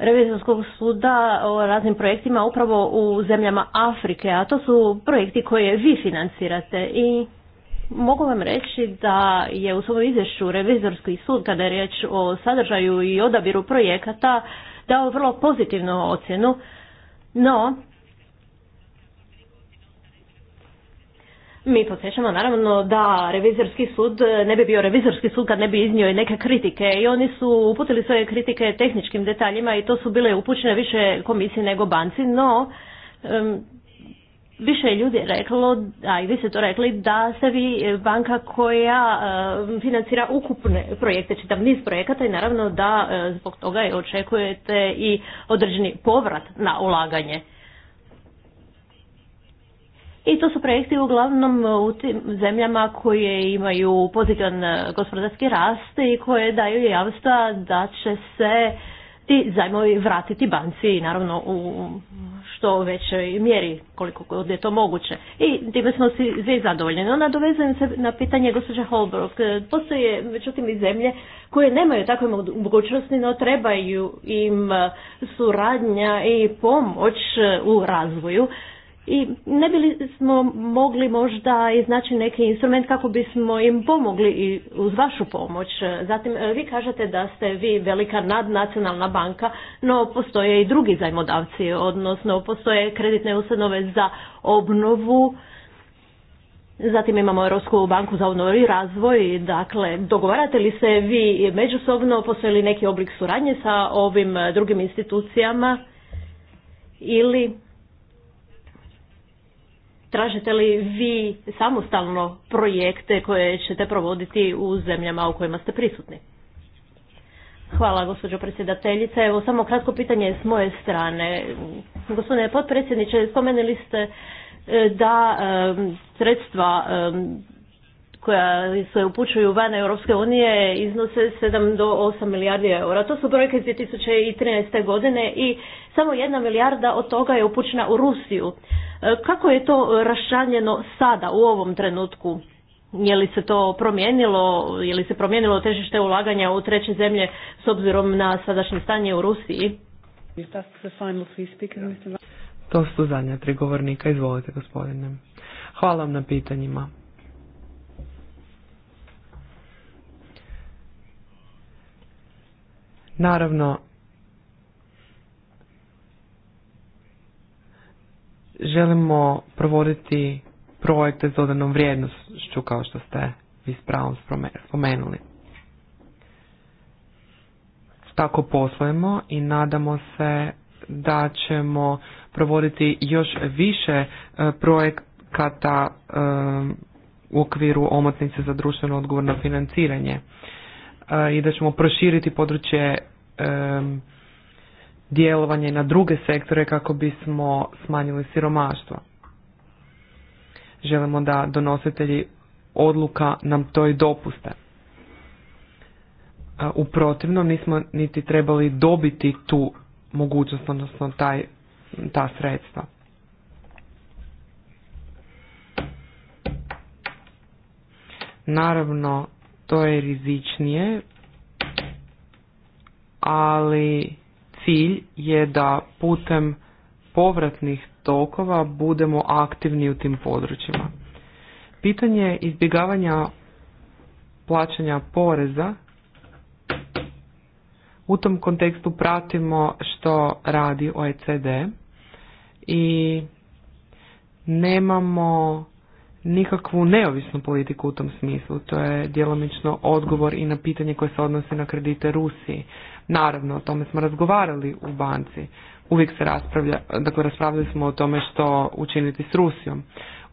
revizorskog suda o raznim projektima upravo u zemljama Afrike, a to su projekti koje vi financirate i mogu vam reći da je u svom izvješću revizorski sud kada je riječ o sadržaju i odabiru projekata dao vrlo pozitivnu ocjenu, no mi podsjećamo naravno da revizorski sud eh, ne bi bio revizorski sud kad ne bi iznio i neke kritike i oni su uputili svoje kritike tehničkim detaljima i to su bile upućene više komisije nego banci, no više je ljudi reklo, a i vi ste to rekli, da ste vi banka koja financira ukupne projekte, čitav niz projekata i naravno da eh, zbog toga očekujete i određeni povrat na ulaganje. I to su projekti uglavnom u tim zemljama koje imaju pozitivan e, gospodarski rast i koje daju javstva da će se ti zajmovi vratiti banci, naravno u što većoj mjeri, koliko god je to moguće. I time smo svi, svi zadovoljni. Onda dovezujem se na pitanje gospođa Holbrook. E, postoje, međutim, i zemlje koje nemaju takve mogućnosti, no trebaju im e, suradnja i pomoć u razvoju. I ne bili smo mogli možda iznaći neki instrument kako bismo im pomogli i uz vašu pomoć. Zatim, e, vi kažete da ste vi velika nadnacionalna banka, no postoje i drugi zajmodavci, odnosno postoje kreditne ustanove za obnovu, Zatim imamo Europsku banku za obnovu i razvoj. Dakle, dogovarate li se vi međusobno, postoje li neki oblik suradnje sa ovim drugim institucijama ili Tražite li vi samostalno projekte koje ćete provoditi u zemljama u kojima ste prisutni? Hvala, gospođo predsjedateljice. Evo, samo kratko pitanje s moje strane. Gospodine potpredsjedniče, spomenuli ste e, da e, sredstva e, koja se upućuju van Europske unije iznose 7 do 8 milijardi eura. To su brojke iz 2013. godine i samo jedna milijarda od toga je upućena u Rusiju. E, kako je to raščanjeno sada u ovom trenutku? Je li se to promijenilo, je se promijenilo težište ulaganja u treće zemlje s obzirom na sadašnje stanje u Rusiji? To su zadnja tri govornika, izvolite gospodine. Hvala vam na pitanjima. Naravno, želimo provoditi projekte s dodanom vrijednošću kao što ste vi s pravom spomenuli. Tako poslujemo i nadamo se da ćemo provoditi još više e, projekata e, u okviru omotnice za društveno odgovorno financiranje e, i da ćemo proširiti područje djelovanje na druge sektore kako bismo smanjili siromaštvo. Želimo da donositelji odluka nam to i dopuste. U protivnom nismo niti trebali dobiti tu mogućnost, odnosno taj, ta sredstva. Naravno, to je rizičnije ali cilj je da putem povratnih tokova budemo aktivni u tim područjima. Pitanje izbjegavanja plaćanja poreza u tom kontekstu pratimo što radi OECD i nemamo nikakvu neovisnu politiku u tom smislu. To je djelomično odgovor i na pitanje koje se odnosi na kredite Rusiji. Naravno, o tome smo razgovarali u banci. Uvijek se raspravlja, dakle raspravljali smo o tome što učiniti s Rusijom.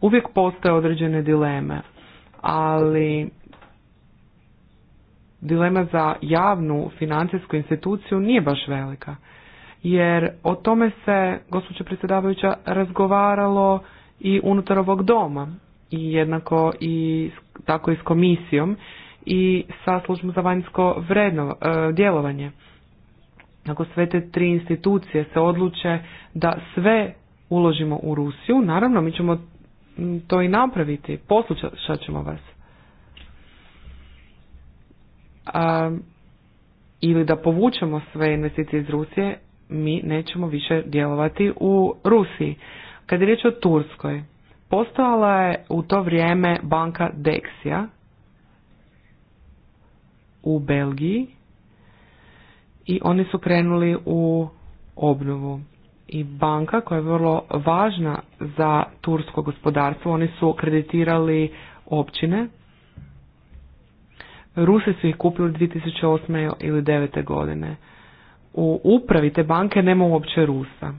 Uvijek postoje određene dileme, ali dilema za javnu financijsku instituciju nije baš velika. Jer o tome se, gospođo predsjedavajuća, razgovaralo i unutar ovog doma i jednako i tako i s komisijom i sa službom za vanjsko vredno e, djelovanje ako sve te tri institucije se odluče da sve uložimo u Rusiju, naravno mi ćemo to i napraviti, poslušat ćemo vas. A, ili da povučemo sve investicije iz Rusije, mi nećemo više djelovati u Rusiji. Kad je riječ o Turskoj, postojala je u to vrijeme banka Dexia u Belgiji, i oni su krenuli u obnovu. I banka koja je vrlo važna za tursko gospodarstvo, oni su kreditirali općine. Rusi su ih kupili 2008. ili 2009. godine. U upravi te banke nema uopće Rusa.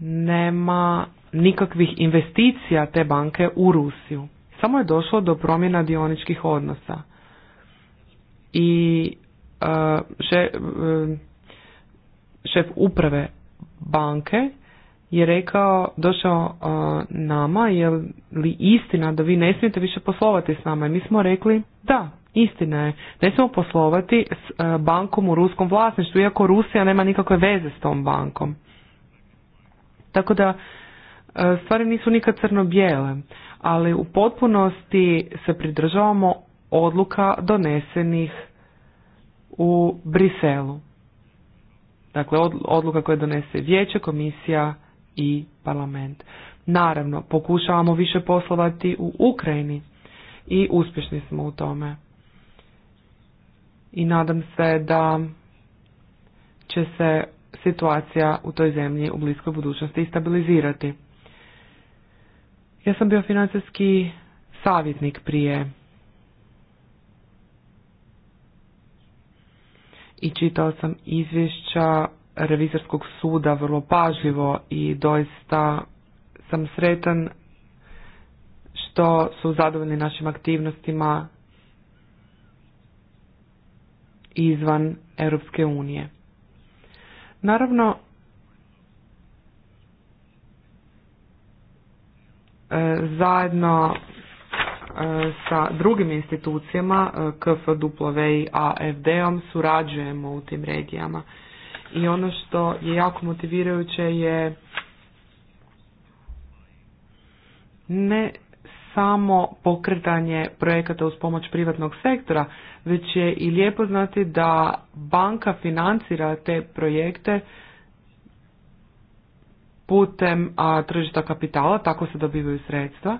Nema nikakvih investicija te banke u Rusiju. Samo je došlo do promjena dioničkih odnosa. I E, šef uprave banke je rekao, došao nama, je li istina da vi ne smijete više poslovati s nama? I mi smo rekli, da, istina je, ne smijemo poslovati s e, bankom u ruskom vlasništvu, iako Rusija nema nikakve veze s tom bankom. Tako da, e, stvari nisu nikad crno-bijele, ali u potpunosti se pridržavamo odluka donesenih u Briselu. Dakle, odluka koje donese vijeće, komisija i parlament. Naravno, pokušavamo više poslovati u Ukrajini i uspješni smo u tome. I nadam se da će se situacija u toj zemlji u bliskoj budućnosti stabilizirati. Ja sam bio financijski savjetnik prije i čitao sam izvješća revizorskog suda vrlo pažljivo i doista sam sretan što su zadovoljni našim aktivnostima izvan Europske unije. Naravno, e, zajedno sa drugim institucijama, eh, KFW i AFD-om, surađujemo u tim regijama. I ono što je jako motivirajuće je ne samo pokretanje projekata uz pomoć privatnog sektora, već je i lijepo znati da banka financira te projekte putem a, tržišta kapitala, tako se dobivaju sredstva,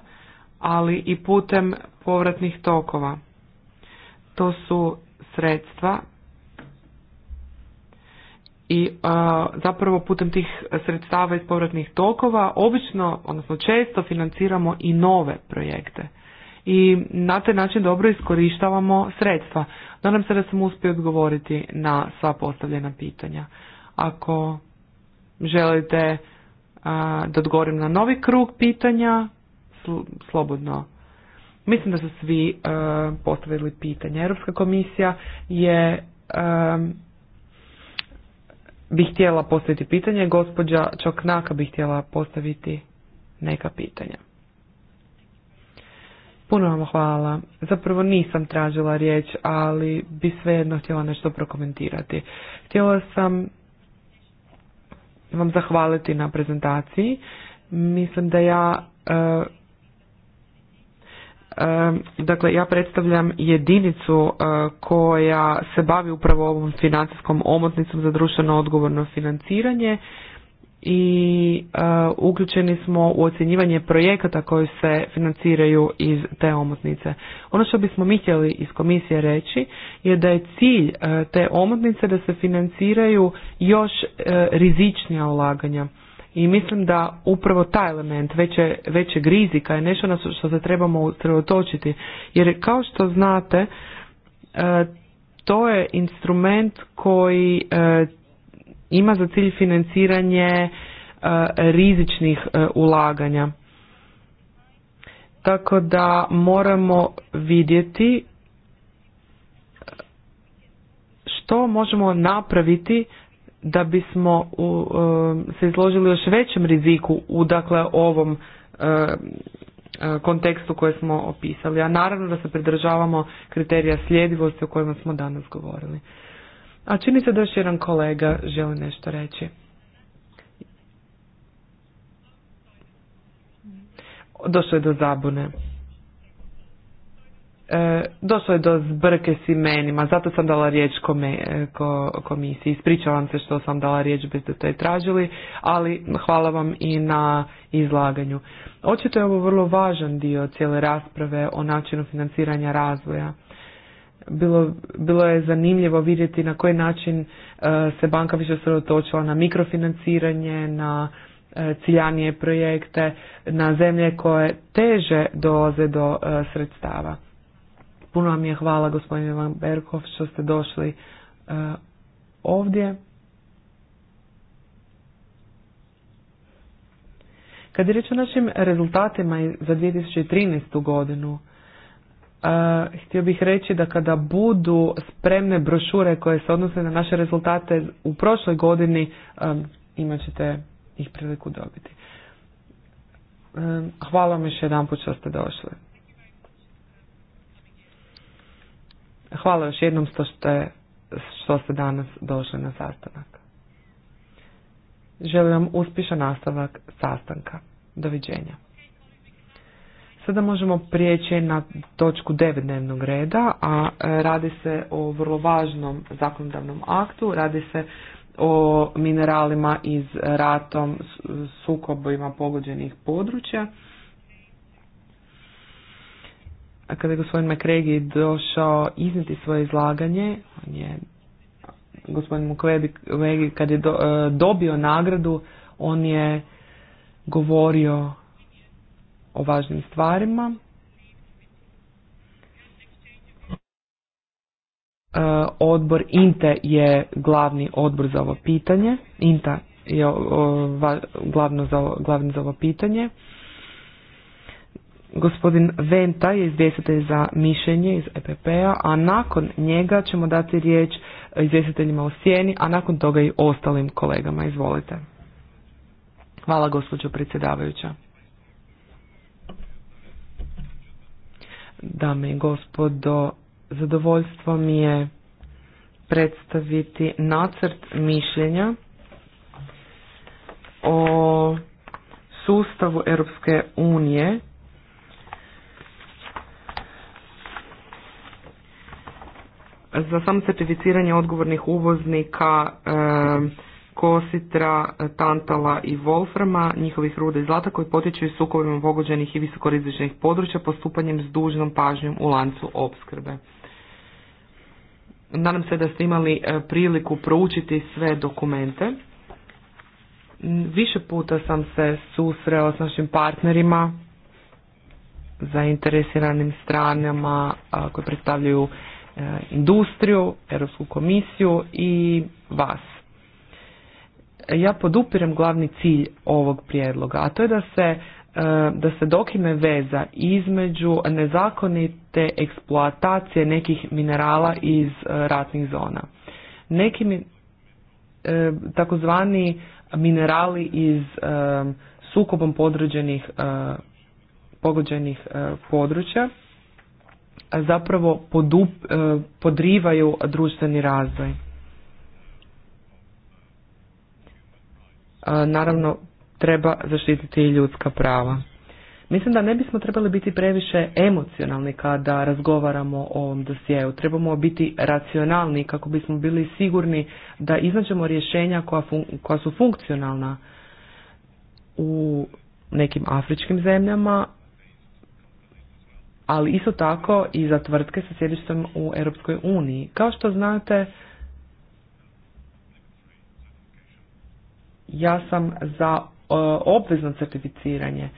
ali i putem povratnih tokova. To su sredstva i e, zapravo putem tih sredstava iz povratnih tokova obično, odnosno često financiramo i nove projekte. I na taj način dobro iskorištavamo sredstva. Nadam se da sam uspio odgovoriti na sva postavljena pitanja. Ako želite e, da odgovorim na novi krug pitanja, slobodno. Mislim da su svi e, postavili pitanje. Europska komisija je e, bi htjela postaviti pitanje, gospođa Čoknaka bi htjela postaviti neka pitanja. Puno vam hvala. Zapravo nisam tražila riječ, ali bi svejedno htjela nešto prokomentirati. Htjela sam vam zahvaliti na prezentaciji. Mislim da ja e, Dakle, ja predstavljam jedinicu e, koja se bavi upravo ovom financijskom omotnicom za društveno odgovorno financiranje i e, uključeni smo u ocjenjivanje projekata koji se financiraju iz te omotnice. Ono što bismo mi htjeli iz komisije reći je da je cilj e, te omotnice da se financiraju još rizičnija ulaganja i mislim da upravo taj element veće, većeg rizika je nešto na što se trebamo usredotočiti. Jer kao što znate, e, to je instrument koji e, ima za cilj financiranje e, rizičnih ulaganja. Tako da moramo vidjeti što možemo napraviti da bismo u, um, se izložili još većem riziku u dakle ovom uh, uh, kontekstu koje smo opisali, a naravno da se pridržavamo kriterija sljedivosti o kojima smo danas govorili. A čini se da još jedan kolega želi nešto reći. Došlo je do zabune e, došlo je do zbrke s imenima, zato sam dala riječ kome, e, ko, komisiji. Ispričavam se što sam dala riječ bez da je tražili, ali hvala vam i na izlaganju. Očito je ovo vrlo važan dio cijele rasprave o načinu financiranja razvoja. Bilo, bilo je zanimljivo vidjeti na koji način e, se banka više sredotočila na mikrofinanciranje, na e, ciljanije projekte na zemlje koje teže dolaze do sredstava. Puno vam je hvala gospodine Van Berkov što ste došli e, ovdje. Kad je riječ o našim rezultatima za 2013. godinu, Uh, htio bih reći da kada budu spremne brošure koje se odnose na naše rezultate u prošloj godini, um, imat ćete ih priliku dobiti. Um, hvala vam još jedan put što ste došli. Hvala još jednom što ste, što ste danas došli na sastanak. Želim vam uspješan nastavak sastanka. Doviđenja. Sada možemo prijeći na točku 9 dnevnog reda, a e, radi se o vrlo važnom zakonodavnom aktu, radi se o mineralima iz ratom sukobima pogođenih područja kada je gospodin Makregi došao izniti svoje izlaganje, on je, gospodin kad je do, e, dobio nagradu, on je govorio o važnim stvarima. E, odbor INTE je glavni odbor za ovo pitanje. INTA je glavno za, glavni za ovo pitanje. Gospodin Venta je izvjestitelj za mišljenje iz EPP-a, a nakon njega ćemo dati riječ izvjestiteljima o sjeni, a nakon toga i ostalim kolegama. Izvolite. Hvala gospođo predsjedavajuća. Dame i gospodo, zadovoljstvo mi je predstaviti nacrt mišljenja o sustavu Europske unije za samo certificiranje odgovornih uvoznika kositra, tantala i Wolframa, njihovih ruda i zlata koji potiču iz sukovima pogođenih i visokorizičnih područja postupanjem s dužnom pažnjom u lancu opskrbe. Nadam se da ste imali e, priliku proučiti sve dokumente. Više puta sam se susrela s našim partnerima, zainteresiranim stranama koje predstavljaju E, industriju, Europsku komisiju i vas. Ja podupirem glavni cilj ovog prijedloga, a to je da se e, da se dokine veza između nezakonite eksploatacije nekih minerala iz e, ratnih zona. Neki takozvani minerali iz sukobom podređenih pogođenih područja zapravo podup, e, podrivaju društveni razvoj. E, naravno, treba zaštititi i ljudska prava. Mislim da ne bismo trebali biti previše emocionalni kada razgovaramo o ovom dosjeu. Trebamo biti racionalni kako bismo bili sigurni da iznađemo rješenja koja, koja su funkcionalna u nekim afričkim zemljama ali isto tako i za tvrtke sa sjedištem u Europskoj uniji. Kao što znate, ja sam za e, obvezno certificiranje.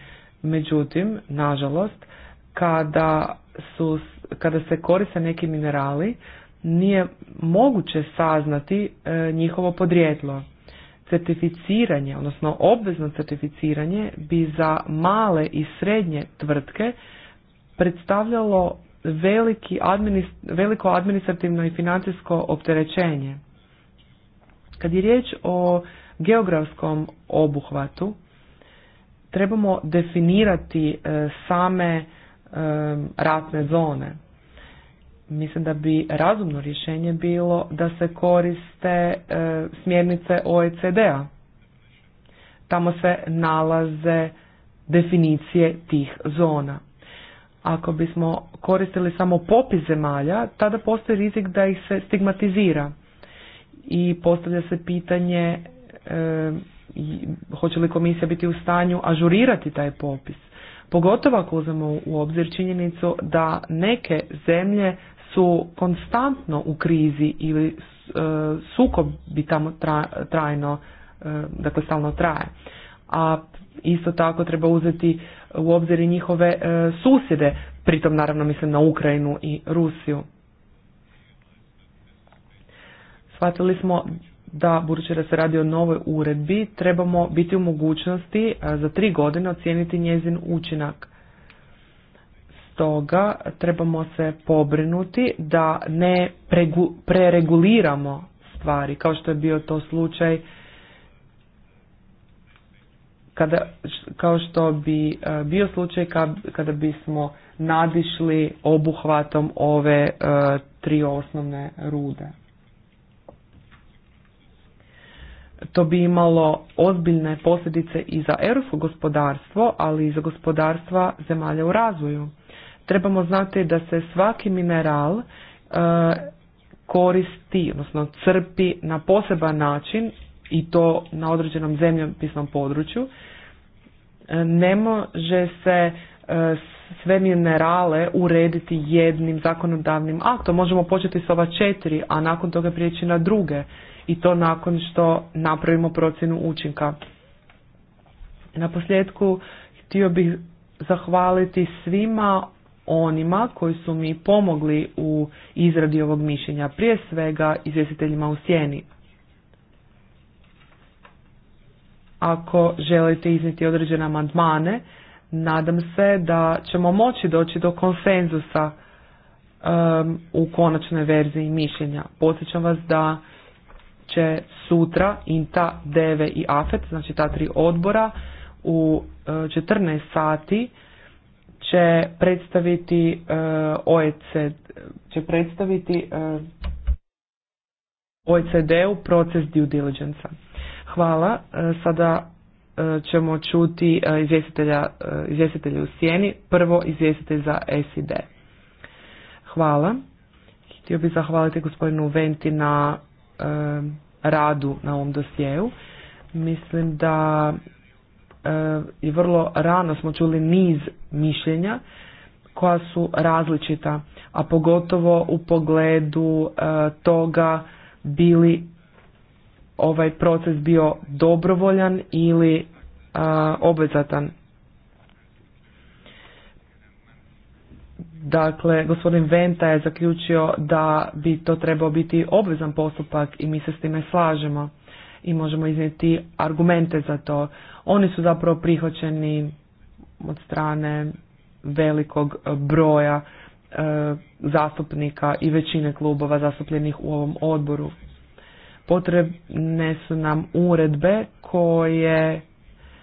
Međutim, nažalost, kada, su, kada se koriste neki minerali, nije moguće saznati e, njihovo podrijetlo. Certificiranje, odnosno obvezno certificiranje bi za male i srednje tvrtke predstavljalo veliki veliko administrativno i financijsko opterećenje. Kad je riječ o geografskom obuhvatu, trebamo definirati e, same e, ratne zone. Mislim da bi razumno rješenje bilo da se koriste e, smjernice OECD-a. Tamo se nalaze definicije tih zona. Ako bismo koristili samo popis zemalja, tada postoji rizik da ih se stigmatizira i postavlja se pitanje e, hoće li komisija biti u stanju ažurirati taj popis. Pogotovo ako uzmemo u obzir činjenicu da neke zemlje su konstantno u krizi ili e, sukob bi tamo trajno, e, dakle stalno traje. A Isto tako treba uzeti u obzir i njihove e, susjede, pritom naravno mislim na Ukrajinu i Rusiju. Shvatili smo da, budući da se radi o novoj uredbi, trebamo biti u mogućnosti e, za tri godine ocijeniti njezin učinak. Stoga trebamo se pobrinuti da ne prereguliramo stvari, kao što je bio to slučaj kada, kao što bi e, bio slučaj kada bismo nadišli obuhvatom ove e, tri osnovne rude. To bi imalo ozbiljne posljedice i za europsko gospodarstvo, ali i za gospodarstva zemalja u razvoju. Trebamo znati da se svaki mineral e, koristi, odnosno crpi na poseban način i to na određenom zemljopisnom području, e, ne može se e, sve minerale urediti jednim zakonodavnim aktom. Možemo početi s ova četiri, a nakon toga prijeći na druge i to nakon što napravimo procjenu učinka. Na posljedku htio bih zahvaliti svima onima koji su mi pomogli u izradi ovog mišljenja, prije svega izvjestiteljima u sjeni. ako želite izniti određene amandmane, nadam se da ćemo moći doći do konsenzusa u konačnoj verziji mišljenja. Podsjećam vas da će sutra INTA, DEVE i AFET, znači ta tri odbora, u 14 e, sati će predstaviti e, OECD, će predstaviti e, OECD-u proces due diligence -a. Hvala. E, sada e, ćemo čuti e, izvjestitelja, u sjeni. Prvo izvjestitelj za SID. Hvala. Htio bih zahvaliti gospodinu Venti na radu na ovom dosjeu. Mislim da i vrlo rano smo čuli niz mišljenja koja su različita, a pogotovo u pogledu toga bili ovaj proces bio dobrovoljan ili obvezatan. Dakle, gospodin Venta je zaključio da bi to trebao biti obvezan postupak i mi se s time slažemo i možemo iznijeti argumente za to. Oni su zapravo prihvaćeni od strane velikog broja e, zastupnika i većine klubova zastupljenih u ovom odboru. Potrebne su nam uredbe koje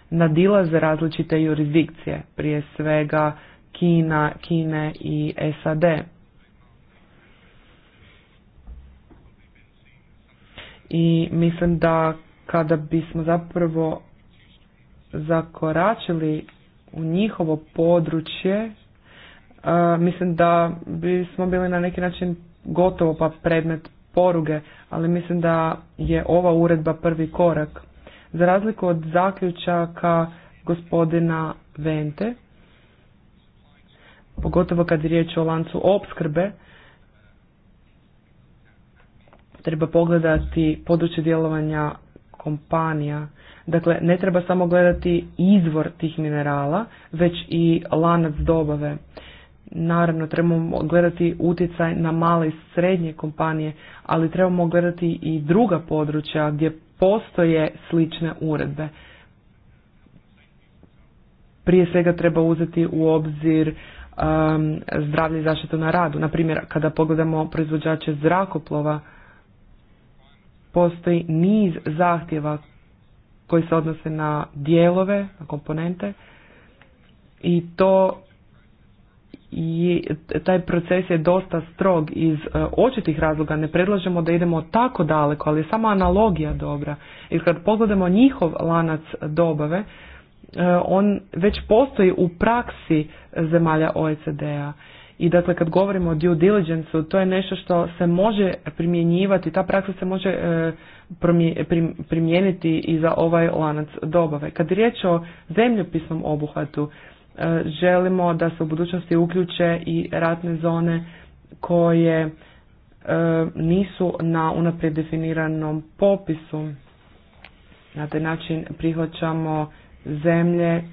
nadilaze različite jurisdikcije, prije svega Kina, Kine i SAD. I mislim da kada bismo zapravo zakoračili u njihovo područje, mislim da bismo bili na neki način gotovo pa predmet poruge, ali mislim da je ova uredba prvi korak. Za razliku od zaključaka gospodina Vente, pogotovo kad je riječ o lancu opskrbe, treba pogledati područje djelovanja kompanija. Dakle, ne treba samo gledati izvor tih minerala, već i lanac dobave. Naravno, trebamo gledati utjecaj na male i srednje kompanije, ali trebamo gledati i druga područja gdje postoje slične uredbe. Prije svega treba uzeti u obzir um, zdravlje i zaštitu na radu. Naprimjer, kada pogledamo proizvođače zrakoplova, postoji niz zahtjeva koji se odnose na dijelove, na komponente i to i taj proces je dosta strog iz e, očitih razloga. Ne predlažemo da idemo tako daleko, ali je sama analogija dobra. i kad pogledamo njihov lanac dobave, e, on već postoji u praksi zemalja OECD-a. I dakle kad govorimo o due diligence to je nešto što se može primjenjivati, ta praksa se može e, primijeniti i za ovaj lanac dobave. Kad je riječ o zemljopisnom obuhvatu, želimo da se u budućnosti uključe i ratne zone koje e, nisu na unaprijed definiranom popisu. Na taj način prihvaćamo zemlje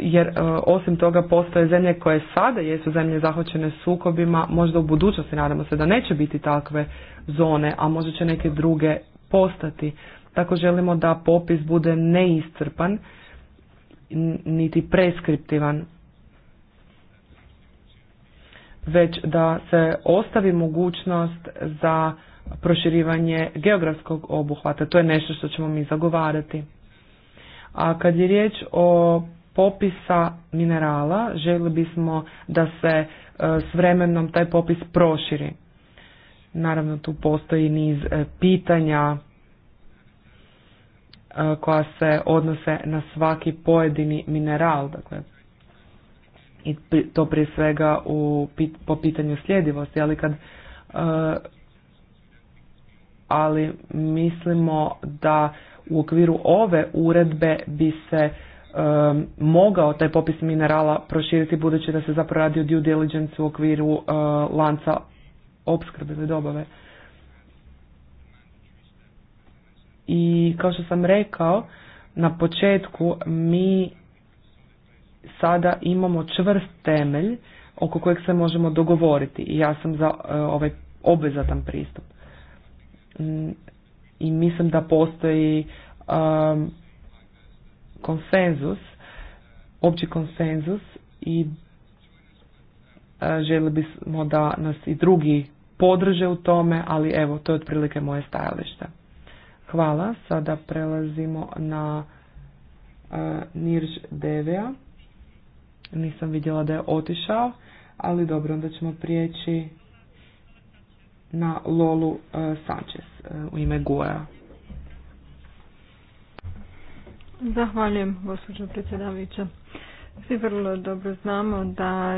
jer e, osim toga postoje zemlje koje sada jesu zemlje zahvaćene sukobima, možda u budućnosti nadamo se da neće biti takve zone, a možda će neke druge postati. Tako želimo da popis bude neiscrpan niti preskriptivan, već da se ostavi mogućnost za proširivanje geografskog obuhvata. To je nešto što ćemo mi zagovarati. A kad je riječ o popisa minerala, željeli bismo da se e, s vremenom taj popis proširi. Naravno tu postoji niz e, pitanja koja se odnose na svaki pojedini mineral, dakle i to prije svega u, po pitanju sljedivosti, ali kad ali mislimo da u okviru ove uredbe bi se mogao taj popis minerala proširiti budući da se zapravo radi o due diligence u okviru lanca opskrbe ili dobave. I kao što sam rekao na početku, mi sada imamo čvrst temelj oko kojeg se možemo dogovoriti i ja sam za e, ovaj obvezatan pristup. Mm, I mislim da postoji konsenzus, opći konsenzus i e, želi bismo da nas i drugi podrže u tome, ali evo, to je otprilike moje stajalište. Hvala. Sada prelazimo na uh, Nirž Devea. Nisam vidjela da je otišao, ali dobro, onda ćemo prijeći na Lolu uh, Sanchez e, u ime Goja. Zahvaljujem, gospođo predsjedavajuća. Svi vrlo dobro znamo da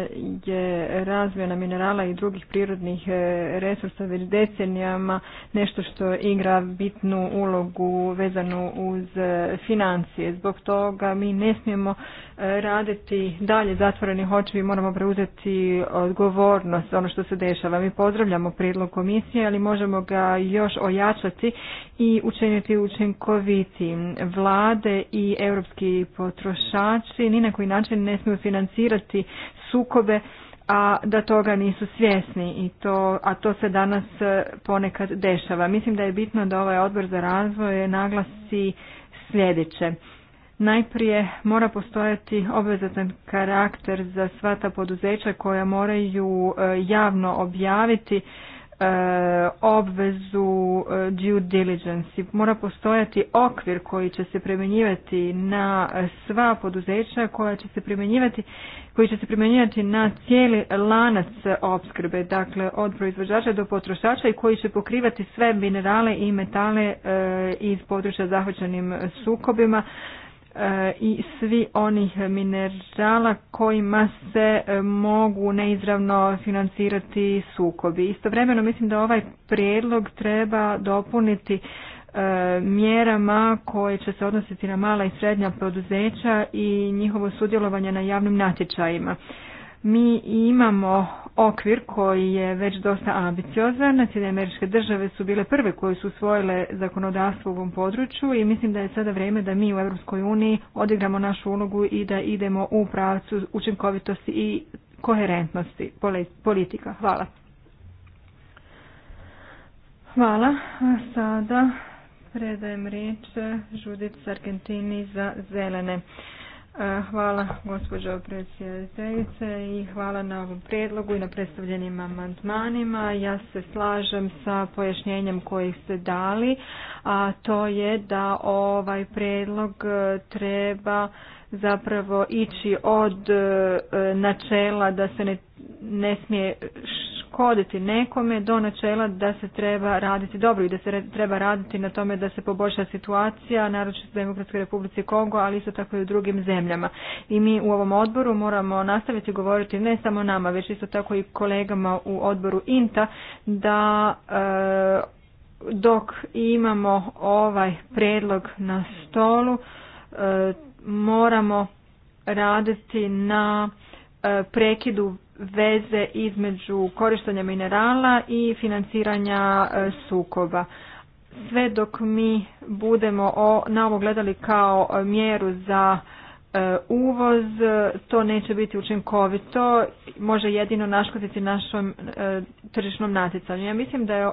je razvijena minerala i drugih prirodnih e, resursa već decenijama nešto što igra bitnu ulogu vezanu uz e, financije. Zbog toga mi ne smijemo e, raditi dalje zatvorenih očevi, moramo preuzeti odgovornost za ono što se dešava. Mi pozdravljamo prijedlog komisije, ali možemo ga još ojačati i učiniti učinkoviti Vlade i europski potrošači ni na koji način ne smiju financirati sukobe, a da toga nisu svjesni i to, a to se danas e, ponekad dešava. Mislim da je bitno da ovaj odbor za razvoj naglasi sljedeće. Najprije mora postojati obvezatan karakter za sva ta poduzeća koja moraju e, javno objaviti E, obvezu e, due diligence. Mora postojati okvir koji će se primjenjivati na sva poduzeća koja će se primjenjivati, koji će se primjenjivati na cijeli lanac opskrbe, dakle od proizvođača do potrošača i koji će pokrivati sve minerale i metale e, iz područja zahvaćenim sukobima i svi onih minerala kojima se e, mogu neizravno financirati sukobi. Istovremeno mislim da ovaj prijedlog treba dopuniti e, mjerama koje će se odnositi na mala i srednja poduzeća i njihovo sudjelovanje na javnim natječajima. Mi imamo okvir koji je već dosta ambiciozan. Sjedinjene američke države su bile prve koje su usvojile zakonodavstvo u ovom području i mislim da je sada vrijeme da mi u Europskoj uniji odigramo našu ulogu i da idemo u pravcu učinkovitosti i koherentnosti politika. Hvala. Hvala. A sada predajem riječ Žudic Argentini za zelene. E, hvala gospođo predsjedateljice i hvala na ovom prijedlogu i na predstavljenim amandmanima. Ja se slažem sa pojašnjenjem koje ste dali, a to je da ovaj prijedlog treba zapravo ići od e, načela da se ne, ne smije koditi nekome do načela da se treba raditi dobro i da se treba raditi na tome da se poboljša situacija, naročito u Demokratskoj Republici Kongo, ali isto tako i u drugim zemljama. I mi u ovom odboru moramo nastaviti govoriti ne samo nama, već isto tako i kolegama u odboru INTA da e, dok imamo ovaj predlog na stolu e, moramo raditi na e, prekidu veze između korištenja minerala i financiranja e, sukoba. Sve dok mi budemo na ovo gledali kao e, mjeru za e, uvoz, to neće biti učinkovito, može jedino naškoditi našom tržišnom natjecanju. Ja mislim da je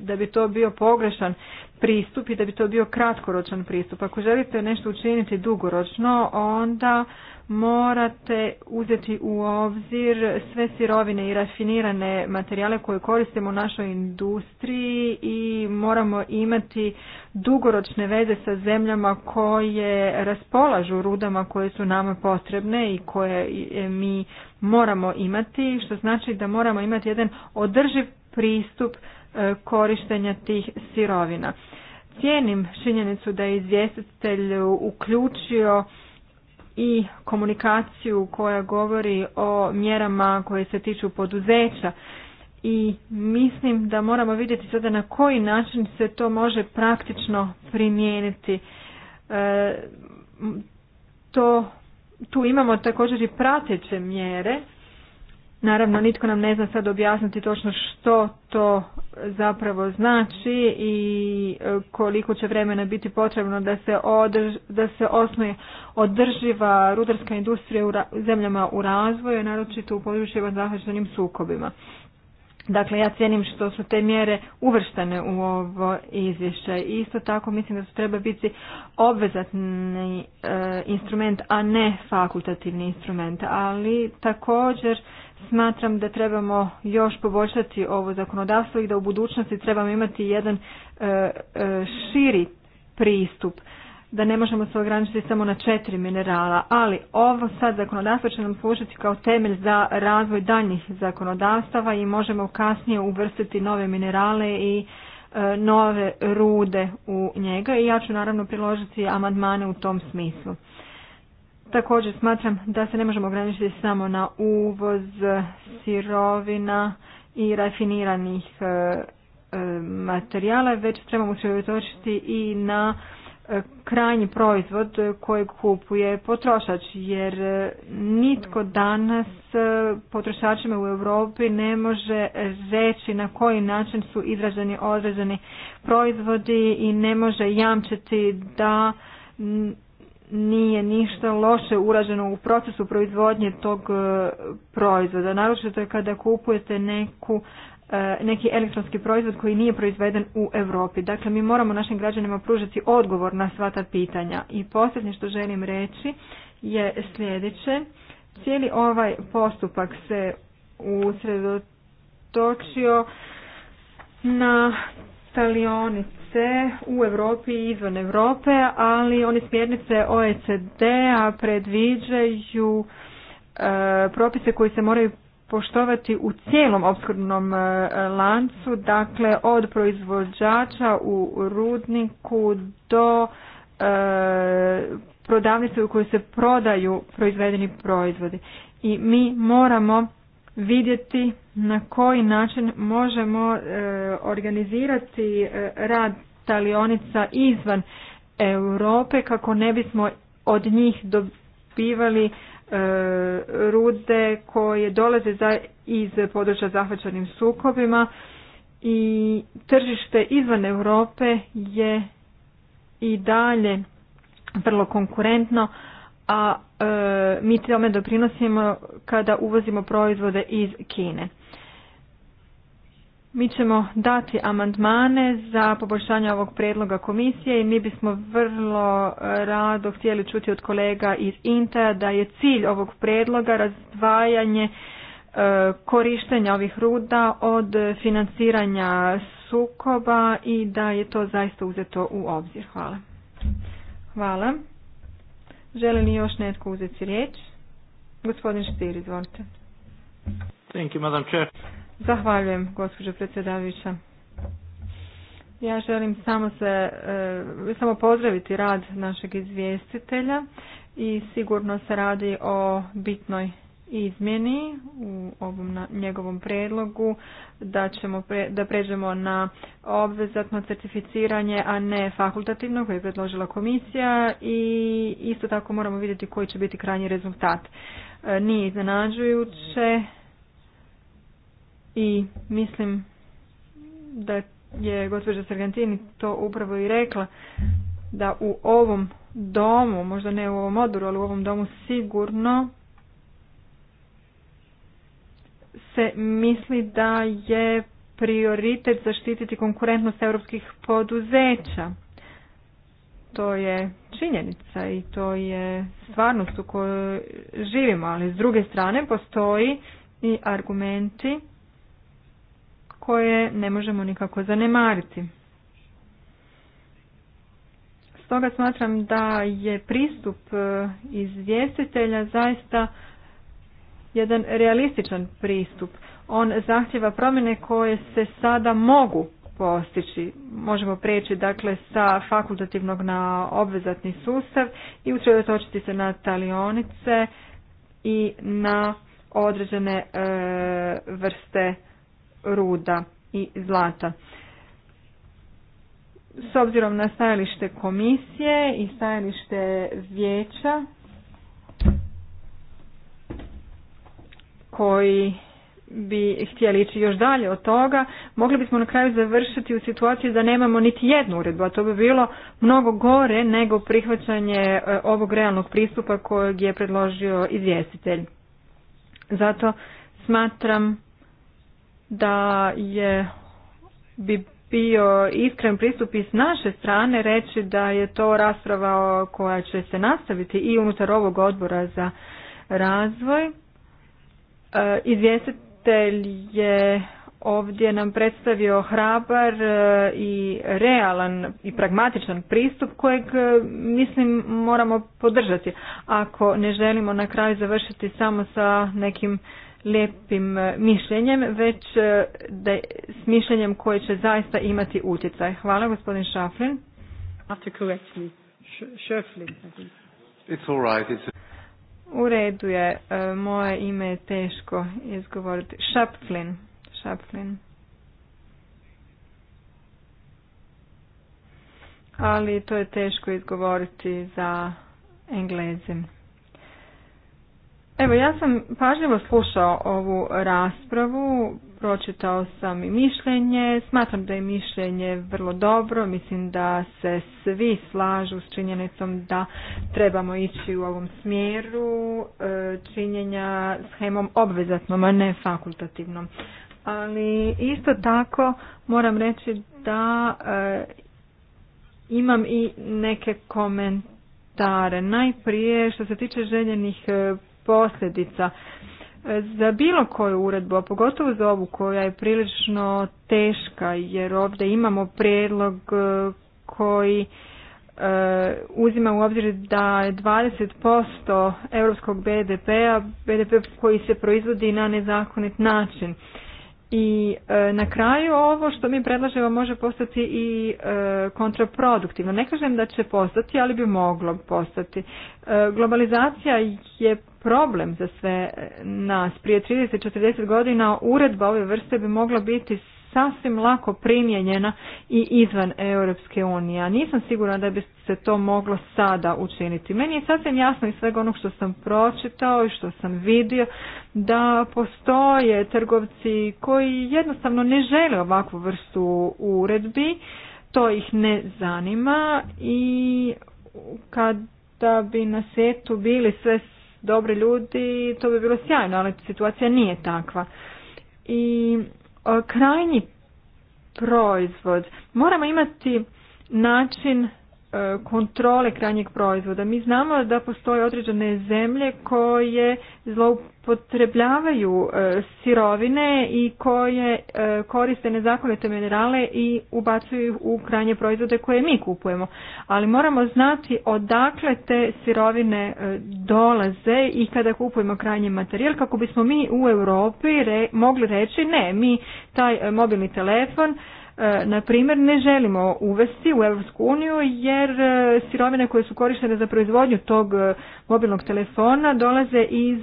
da bi to bio pogrešan pristup i da bi to bio kratkoročan pristup. Ako želite nešto učiniti dugoročno, onda morate uzeti u obzir sve sirovine i rafinirane materijale koje koristimo u našoj industriji i moramo imati dugoročne veze sa zemljama koje raspolažu rudama koje su nama potrebne i koje e, mi moramo imati, što znači da moramo imati jedan održiv pristup e, korištenja tih sirovina. Cijenim činjenicu da je izvjestitelj uključio i komunikaciju koja govori o mjerama koje se tiču poduzeća i mislim da moramo vidjeti sada na koji način se to može praktično primijeniti. E, to, tu imamo također i prateće mjere Naravno, nitko nam ne zna sad objasniti točno što to zapravo znači i e, koliko će vremena biti potrebno da se, održ, da se osnuje održiva rudarska industrija u ra, zemljama u razvoju, naročito u područjima zahvaćenim sukobima. Dakle, ja cijenim što su te mjere uvrštene u ovo izvješće. Isto tako mislim da su treba biti obvezatni e, instrument, a ne fakultativni instrument. Ali također Smatram da trebamo još poboljšati ovo zakonodavstvo i da u budućnosti trebamo imati jedan e, e, širi pristup da ne možemo se ograničiti samo na četiri minerala, ali ovo sad zakonodavstvo će nam služiti kao temelj za razvoj daljnjih zakonodavstava i možemo kasnije uvrstiti nove minerale i e, nove rude u njega i ja ću naravno priložiti amandmane u tom smislu. Također smatram da se ne možemo ograničiti samo na uvoz sirovina i rafiniranih e, e, materijala, već trebamo se usredotočiti i na e, krajnji proizvod koji kupuje potrošač, jer nitko danas potrošačima u Europi ne može reći na koji način su izraženi određeni proizvodi i ne može jamčiti da nije ništa loše urađeno u procesu proizvodnje tog e, proizvoda. to je kada kupujete neku e, neki elektronski proizvod koji nije proizveden u Europi. Dakle, mi moramo našim građanima pružati odgovor na sva ta pitanja. I posljednje što želim reći je sljedeće. Cijeli ovaj postupak se usredotočio na c u Europi i izvan Europe, ali oni smjernice OECD-a predviđaju e, propise koji se moraju poštovati u cijelom opskrbnom e, lancu, dakle od proizvođača u rudniku do e, prodavnice u kojoj se prodaju proizvedeni proizvodi. I mi moramo vidjeti na koji način možemo e, organizirati e, rad talionica izvan Europe kako ne bismo od njih dobivali e, rude koje dolaze iz područja zahvaćenim sukobima i tržište izvan Europe je i dalje vrlo konkurentno, a e, mi tome doprinosimo kada uvozimo proizvode iz Kine. Mi ćemo dati amandmane za poboljšanje ovog predloga komisije i mi bismo vrlo e, rado htjeli čuti od kolega iz Inta da je cilj ovog predloga razdvajanje e, korištenja ovih ruda od financiranja sukoba i da je to zaista uzeto u obzir. Hvala. Hvala. Želi li još netko uzeti riječ? Gospodin Štir, izvolite. Thank Madam Chair. Zahvaljujem, gospođo predsjedavajuća. Ja želim samo, se, e, samo pozdraviti rad našeg izvjestitelja i sigurno se radi o bitnoj izmjeni u ovom njegovom predlogu da ćemo da pređemo na obvezatno certificiranje a ne fakultativno koje je predložila komisija i isto tako moramo vidjeti koji će biti krajnji rezultat. E, nije iznenađujuće i mislim da je gospođa Sargentini to upravo i rekla da u ovom domu, možda ne u ovom odboru, ali u ovom domu sigurno se misli da je prioritet zaštititi konkurentnost europskih poduzeća. To je činjenica i to je stvarnost u kojoj živimo, ali s druge strane postoji i argumenti koje ne možemo nikako zanemariti. Stoga smatram da je pristup e, izvjestitelja zaista jedan realističan pristup. On zahtjeva promjene koje se sada mogu postići. Možemo prijeći dakle sa fakultativnog na obvezatni sustav i usredotočiti se na talionice i na određene e, vrste ruda i zlata. S obzirom na stajalište komisije i stajalište vijeća koji bi htjeli ići još dalje od toga, mogli bismo na kraju završiti u situaciji da nemamo niti jednu uredbu, a to bi bilo mnogo gore nego prihvaćanje e, ovog realnog pristupa kojeg je predložio izvjestitelj. Zato smatram da je bi bio iskren pristup i s naše strane reći da je to rasprava koja će se nastaviti i unutar ovog odbora za razvoj E, izvjestitelj je ovdje nam predstavio hrabar e, i realan i pragmatičan pristup kojeg e, mislim moramo podržati ako ne želimo na kraju završiti samo sa nekim lijepim mišljenjem već da, s mišljenjem koje će zaista imati utjecaj. Hvala gospodin Šaflin. It's all right. U redu je, e, moje ime je teško izgovoriti. Šapflin. Šapflin. Ali to je teško izgovoriti za englezim. Evo, ja sam pažljivo slušao ovu raspravu, pročitao sam i mišljenje. Smatram da je mišljenje vrlo dobro. Mislim da se svi slažu s činjenicom da trebamo ići u ovom smjeru e, činjenja s hemom obvezatnom, a ne fakultativnom. Ali isto tako moram reći da e, imam i neke komentare. Najprije što se tiče željenih e, posljedica za bilo koju uredbu, a pogotovo za ovu koja je prilično teška jer ovdje imamo prijedlog e, koji e, uzima u obzir da je 20% europskog BDP-a BDP koji se proizvodi na nezakonit način. I e, na kraju ovo što mi predlažemo može postati i kontraproduktivno. Ne kažem da će postati, ali bi moglo postati. Globalizacija je problem za sve eh, nas. Prije 30-40 godina uredba ove vrste bi mogla biti sasvim lako primijenjena i izvan Europske unije. nisam sigurna da bi se to moglo sada učiniti. Meni je sasvim jasno iz svega onog što sam pročitao i što sam vidio da postoje trgovci koji jednostavno ne žele ovakvu vrstu uredbi, to ih ne zanima i kada bi na svijetu bili sve dobri ljudi, to bi bilo sjajno, ali situacija nije takva. I e, krajnji proizvod moramo imati način E, kontrole krajnjeg proizvoda. Mi znamo da postoje određene zemlje koje zloupotrebljavaju e, sirovine i koje e, koriste nezakonite minerale i ubacuju ih u krajnje proizvode koje mi kupujemo. Ali moramo znati odakle te sirovine dolaze i kada kupujemo krajnji materijal kako bismo mi u Europi mogli reći ne, mi taj mobilni telefon E, na primjer ne želimo uvesti u Europsku uniju jer e, sirovine koje su korištene za proizvodnju tog e, mobilnog telefona dolaze iz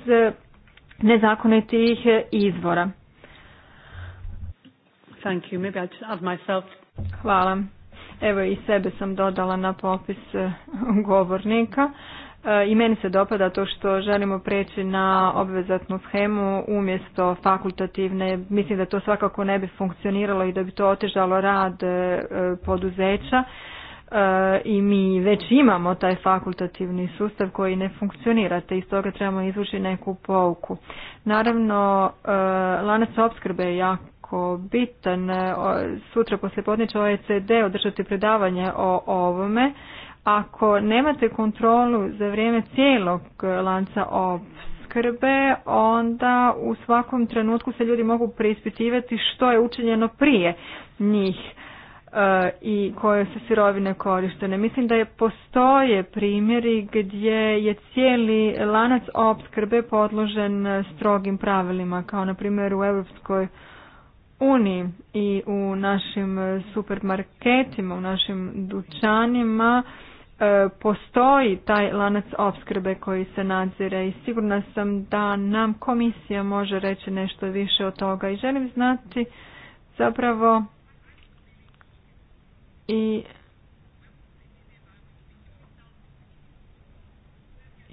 nezakonitih izvora. Thank you. Maybe myself. Hvala. Evo i sebe sam dodala na popis govornika. I meni se dopada to što želimo preći na obvezatnu schemu umjesto fakultativne. Mislim da to svakako ne bi funkcioniralo i da bi to otežalo rad e, poduzeća e, i mi već imamo taj fakultativni sustav koji ne funkcionira, te iz toga trebamo izvući neku pouku. Naravno, e, lanac opskrbe je jako bitan. Sutra poslije podniče OECD održati predavanje o ovome ako nemate kontrolu za vrijeme cijelog e, lanca opskrbe, onda u svakom trenutku se ljudi mogu preispitivati što je učinjeno prije njih e, i koje su sirovine korištene. Mislim da je postoje primjeri gdje je cijeli lanac opskrbe podložen e, strogim pravilima, kao na primjer u Europskoj uniji i u našim supermarketima, u našim dućanima E, postoji taj lanac opskrbe koji se nadzire i sigurna sam da nam komisija može reći nešto više od toga i želim znati zapravo i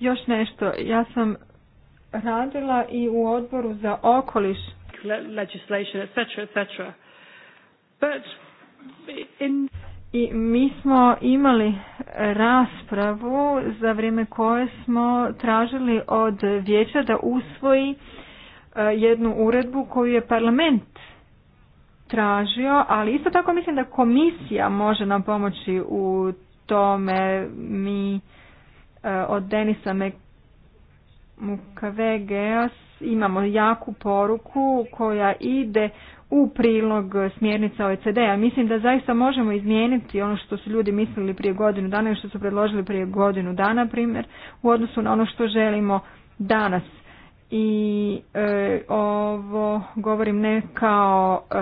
još nešto ja sam radila i u odboru za okoliš legislation etc etc but in i mi smo imali raspravu za vrijeme koje smo tražili od vijeća da usvoji e, jednu uredbu koju je parlament tražio, ali isto tako mislim da komisija može nam pomoći u tome. Mi e, od Denisa Mukavegeas imamo jaku poruku koja ide u prilog smjernica OECD-a. Mislim da zaista možemo izmijeniti ono što su ljudi mislili prije godinu dana i što su predložili prije godinu dana, primjer, u odnosu na ono što želimo danas. I e, ovo govorim ne kao e,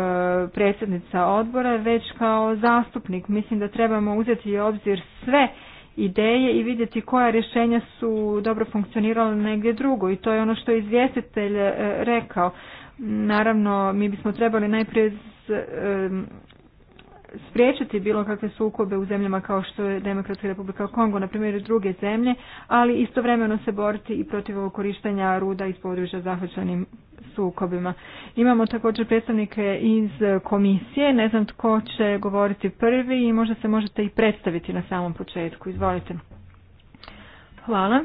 predsjednica odbora, već kao zastupnik. Mislim da trebamo uzeti u obzir sve ideje i vidjeti koja rješenja su dobro funkcionirala negdje drugo i to je ono što je izvjestitelj e, rekao. Naravno, mi bismo trebali najprije spriječiti bilo kakve sukobe u zemljama kao što je Demokratska republika Kongo, na primjer druge zemlje, ali istovremeno se boriti i protiv ovog korištenja ruda iz područja zahvaćenim sukobima. Imamo također predstavnike iz komisije, ne znam tko će govoriti prvi i možda se možete i predstaviti na samom početku. Izvolite. Hvala.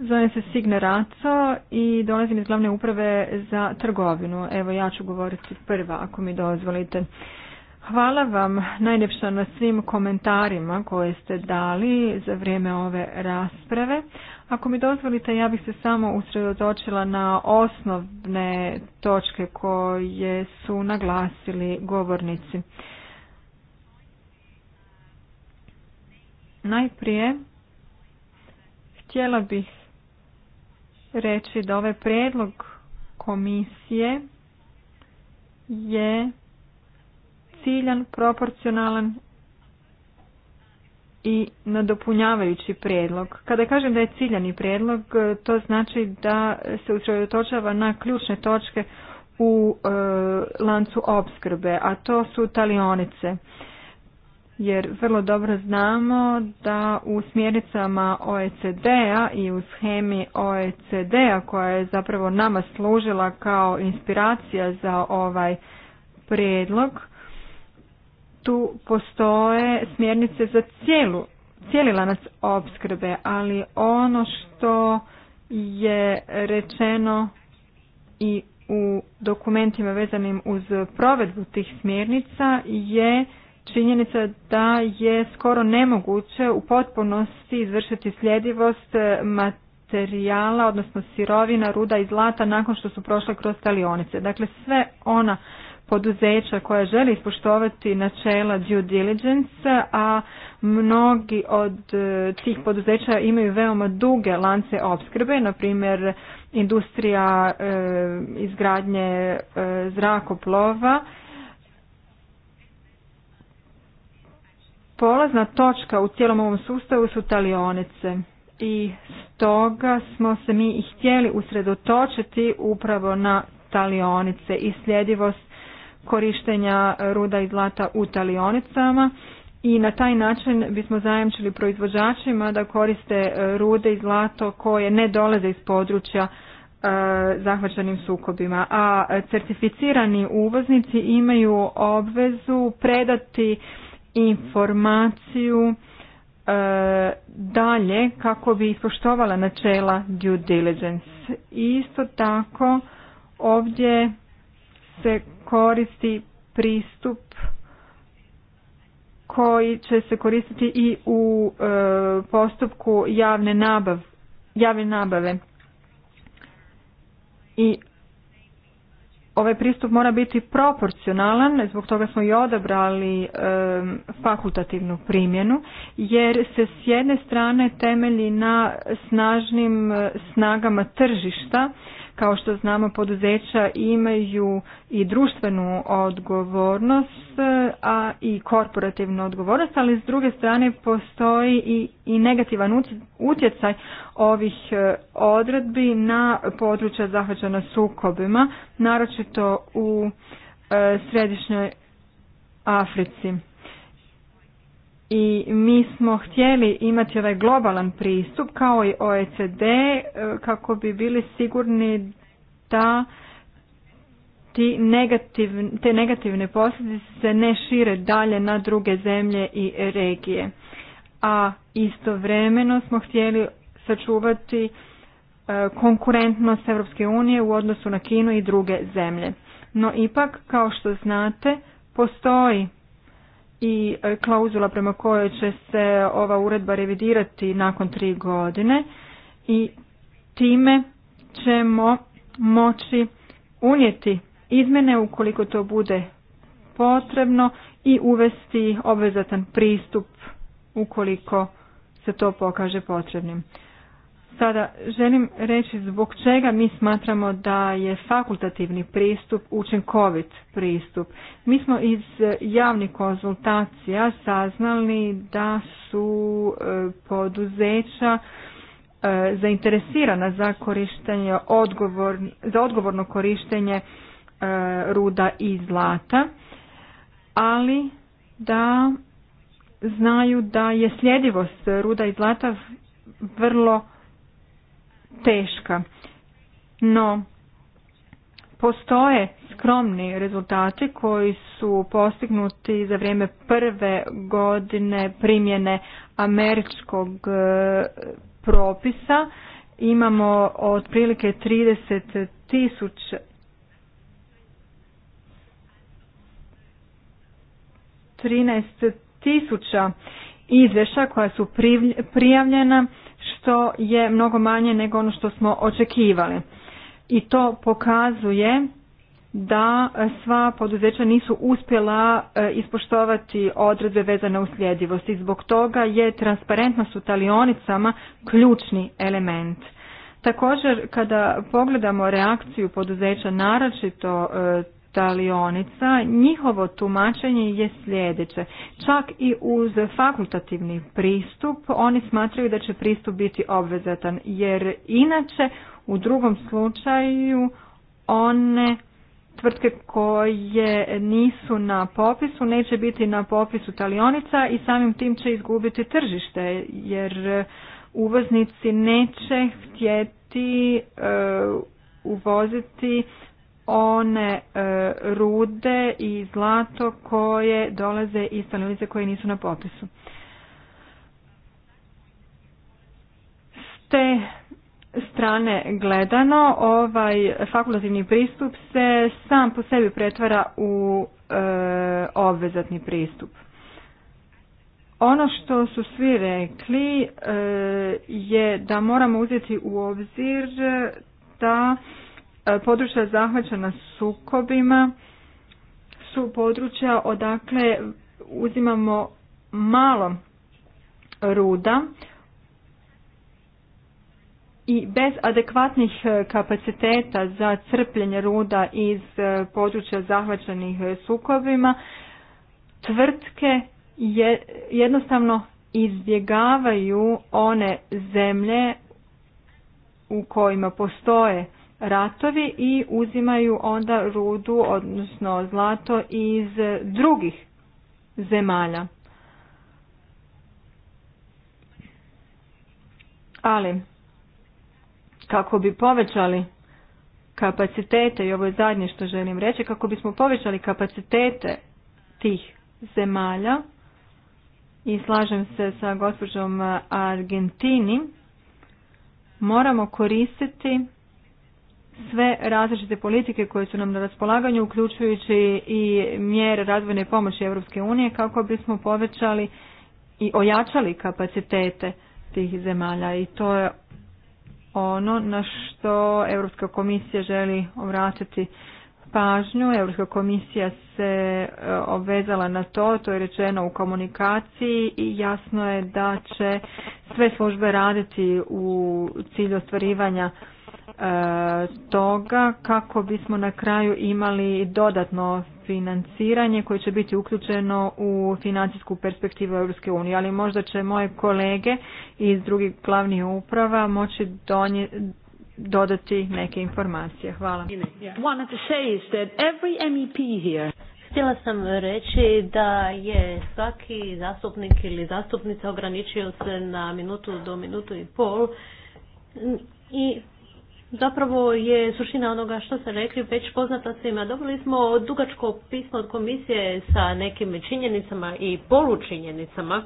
Zovem se Signe Raco i dolazim iz glavne uprave za trgovinu. Evo ja ću govoriti prva ako mi dozvolite. Hvala vam najljepša na svim komentarima koje ste dali za vrijeme ove rasprave. Ako mi dozvolite, ja bih se samo usredotočila na osnovne točke koje su naglasili govornici. Najprije htjela bih reći da ovaj predlog komisije je ciljan, proporcionalan i nadopunjavajući predlog. Kada kažem da je ciljani predlog, to znači da se usredotočava na ključne točke u e, lancu opskrbe, a to su talionice jer vrlo dobro znamo da u smjernicama OECD-a i u schemi OECD-a koja je zapravo nama služila kao inspiracija za ovaj prijedlog, tu postoje smjernice za cijelu, cijeli lanac opskrbe, ali ono što je rečeno i u dokumentima vezanim uz provedbu tih smjernica je Činjenica da je skoro nemoguće u potpunosti izvršiti sljedivost eh, materijala, odnosno sirovina, ruda i zlata nakon što su prošle kroz talionice. Dakle, sve ona poduzeća koja želi ispoštovati načela due diligence, a mnogi od eh, tih poduzeća imaju veoma duge lance opskrbe, na primjer industrija eh, izgradnje zrakoplova polazna točka u cijelom ovom sustavu su talionice i stoga smo se mi i htjeli usredotočiti upravo na talionice i sljedivost korištenja ruda i zlata u talionicama i na taj način bismo zajamčili proizvođačima da koriste rude i zlato koje ne dolaze iz područja e, zahvaćenim sukobima, a certificirani uvoznici imaju obvezu predati informaciju e, dalje kako bi ispoštovala načela due diligence. Isto tako ovdje se koristi pristup koji će se koristiti i u e, postupku javne, nabav, javne nabave. I ovaj pristup mora biti proporcionalan, zbog toga smo i odabrali e, fakultativnu primjenu, jer se s jedne strane temelji na snažnim e, snagama tržišta kao što znamo, poduzeća imaju i društvenu odgovornost, a i korporativnu odgovornost, ali s druge strane postoji i, i negativan utjecaj ovih e, odredbi na područja zahvaćena sukobima, naročito u e, središnjoj Africi i mi smo htjeli imati ovaj globalan pristup kao i OECD e, kako bi bili sigurni da ti te negativne posljedice se ne šire dalje na druge zemlje i regije. A istovremeno smo htjeli sačuvati e, konkurentnost Europske unije u odnosu na Kinu i druge zemlje. No ipak, kao što znate, postoji i e, klauzula prema kojoj će se ova uredba revidirati nakon tri godine i time ćemo moći unijeti izmjene ukoliko to bude potrebno i uvesti obvezatan pristup ukoliko se to pokaže potrebnim. Sada želim reći zbog čega mi smatramo da je fakultativni pristup učinkovit pristup. Mi smo iz e, javnih konzultacija saznali da su e, poduzeća e, zainteresirana za korištenje za odgovorno korištenje ruda i zlata, ali da znaju da je sljedivost ruda i zlata vrlo teška. No, postoje skromni rezultati koji su postignuti za vrijeme prve godine primjene američkog e, propisa. Imamo otprilike 30 tisuća trinaest tisuća izvješća koja su prijavljena što je mnogo manje nego ono što smo očekivali. I to pokazuje da sva poduzeća nisu uspjela e, ispoštovati odredbe vezane uz sljedivost i zbog toga je transparentnost u talionicama ključni element. Također kada pogledamo reakciju poduzeća naročito e, talionica, njihovo tumačenje je sljedeće. Čak i uz fakultativni pristup oni smatraju da će pristup biti obvezatan, jer inače u drugom slučaju one tvrtke koje nisu na popisu neće biti na popisu talionica i samim tim će izgubiti tržište jer uvoznici neće htjeti e, uvoziti one e, rude i zlato koje dolaze iz stanovnice koje nisu na popisu. S te strane gledano, ovaj fakultativni pristup se sam po sebi pretvara u e, obvezatni pristup. Ono što su svi rekli e, je da moramo uzeti u obzir da E, područja zahvaćena sukobima su područja odakle uzimamo malo ruda i bez adekvatnih e, kapaciteta za crpljenje ruda iz e, područja zahvaćenih sukobima tvrtke jednostavno izbjegavaju one zemlje u kojima postoje ratovi i uzimaju onda rudu, odnosno zlato iz drugih zemalja. Ali, kako bi povećali kapacitete, i ovo je zadnje što želim reći, kako bismo povećali kapacitete tih zemalja, i slažem se sa gospođom Argentini, moramo koristiti sve različite politike koje su nam na raspolaganju, uključujući i mjere razvojne pomoći Europske unije, kako bismo povećali i ojačali kapacitete tih zemalja i to je ono na što Europska komisija želi obratiti pažnju. Europska komisija se e, obvezala na to, to je rečeno u komunikaciji i jasno je da će sve službe raditi u cilju ostvarivanja toga kako bismo na kraju imali dodatno financiranje koje će biti uključeno u financijsku perspektivu Europske unije, ali možda će moje kolege iz drugih glavnih uprava moći donje, dodati neke informacije. Hvala. E Htjela sam reći da je svaki zastupnik ili zastupnica ograničio se na minutu do minutu i pol i zapravo je suština onoga što ste rekli već poznata svima. Dobili smo dugačko pismo od komisije sa nekim činjenicama i polučinjenicama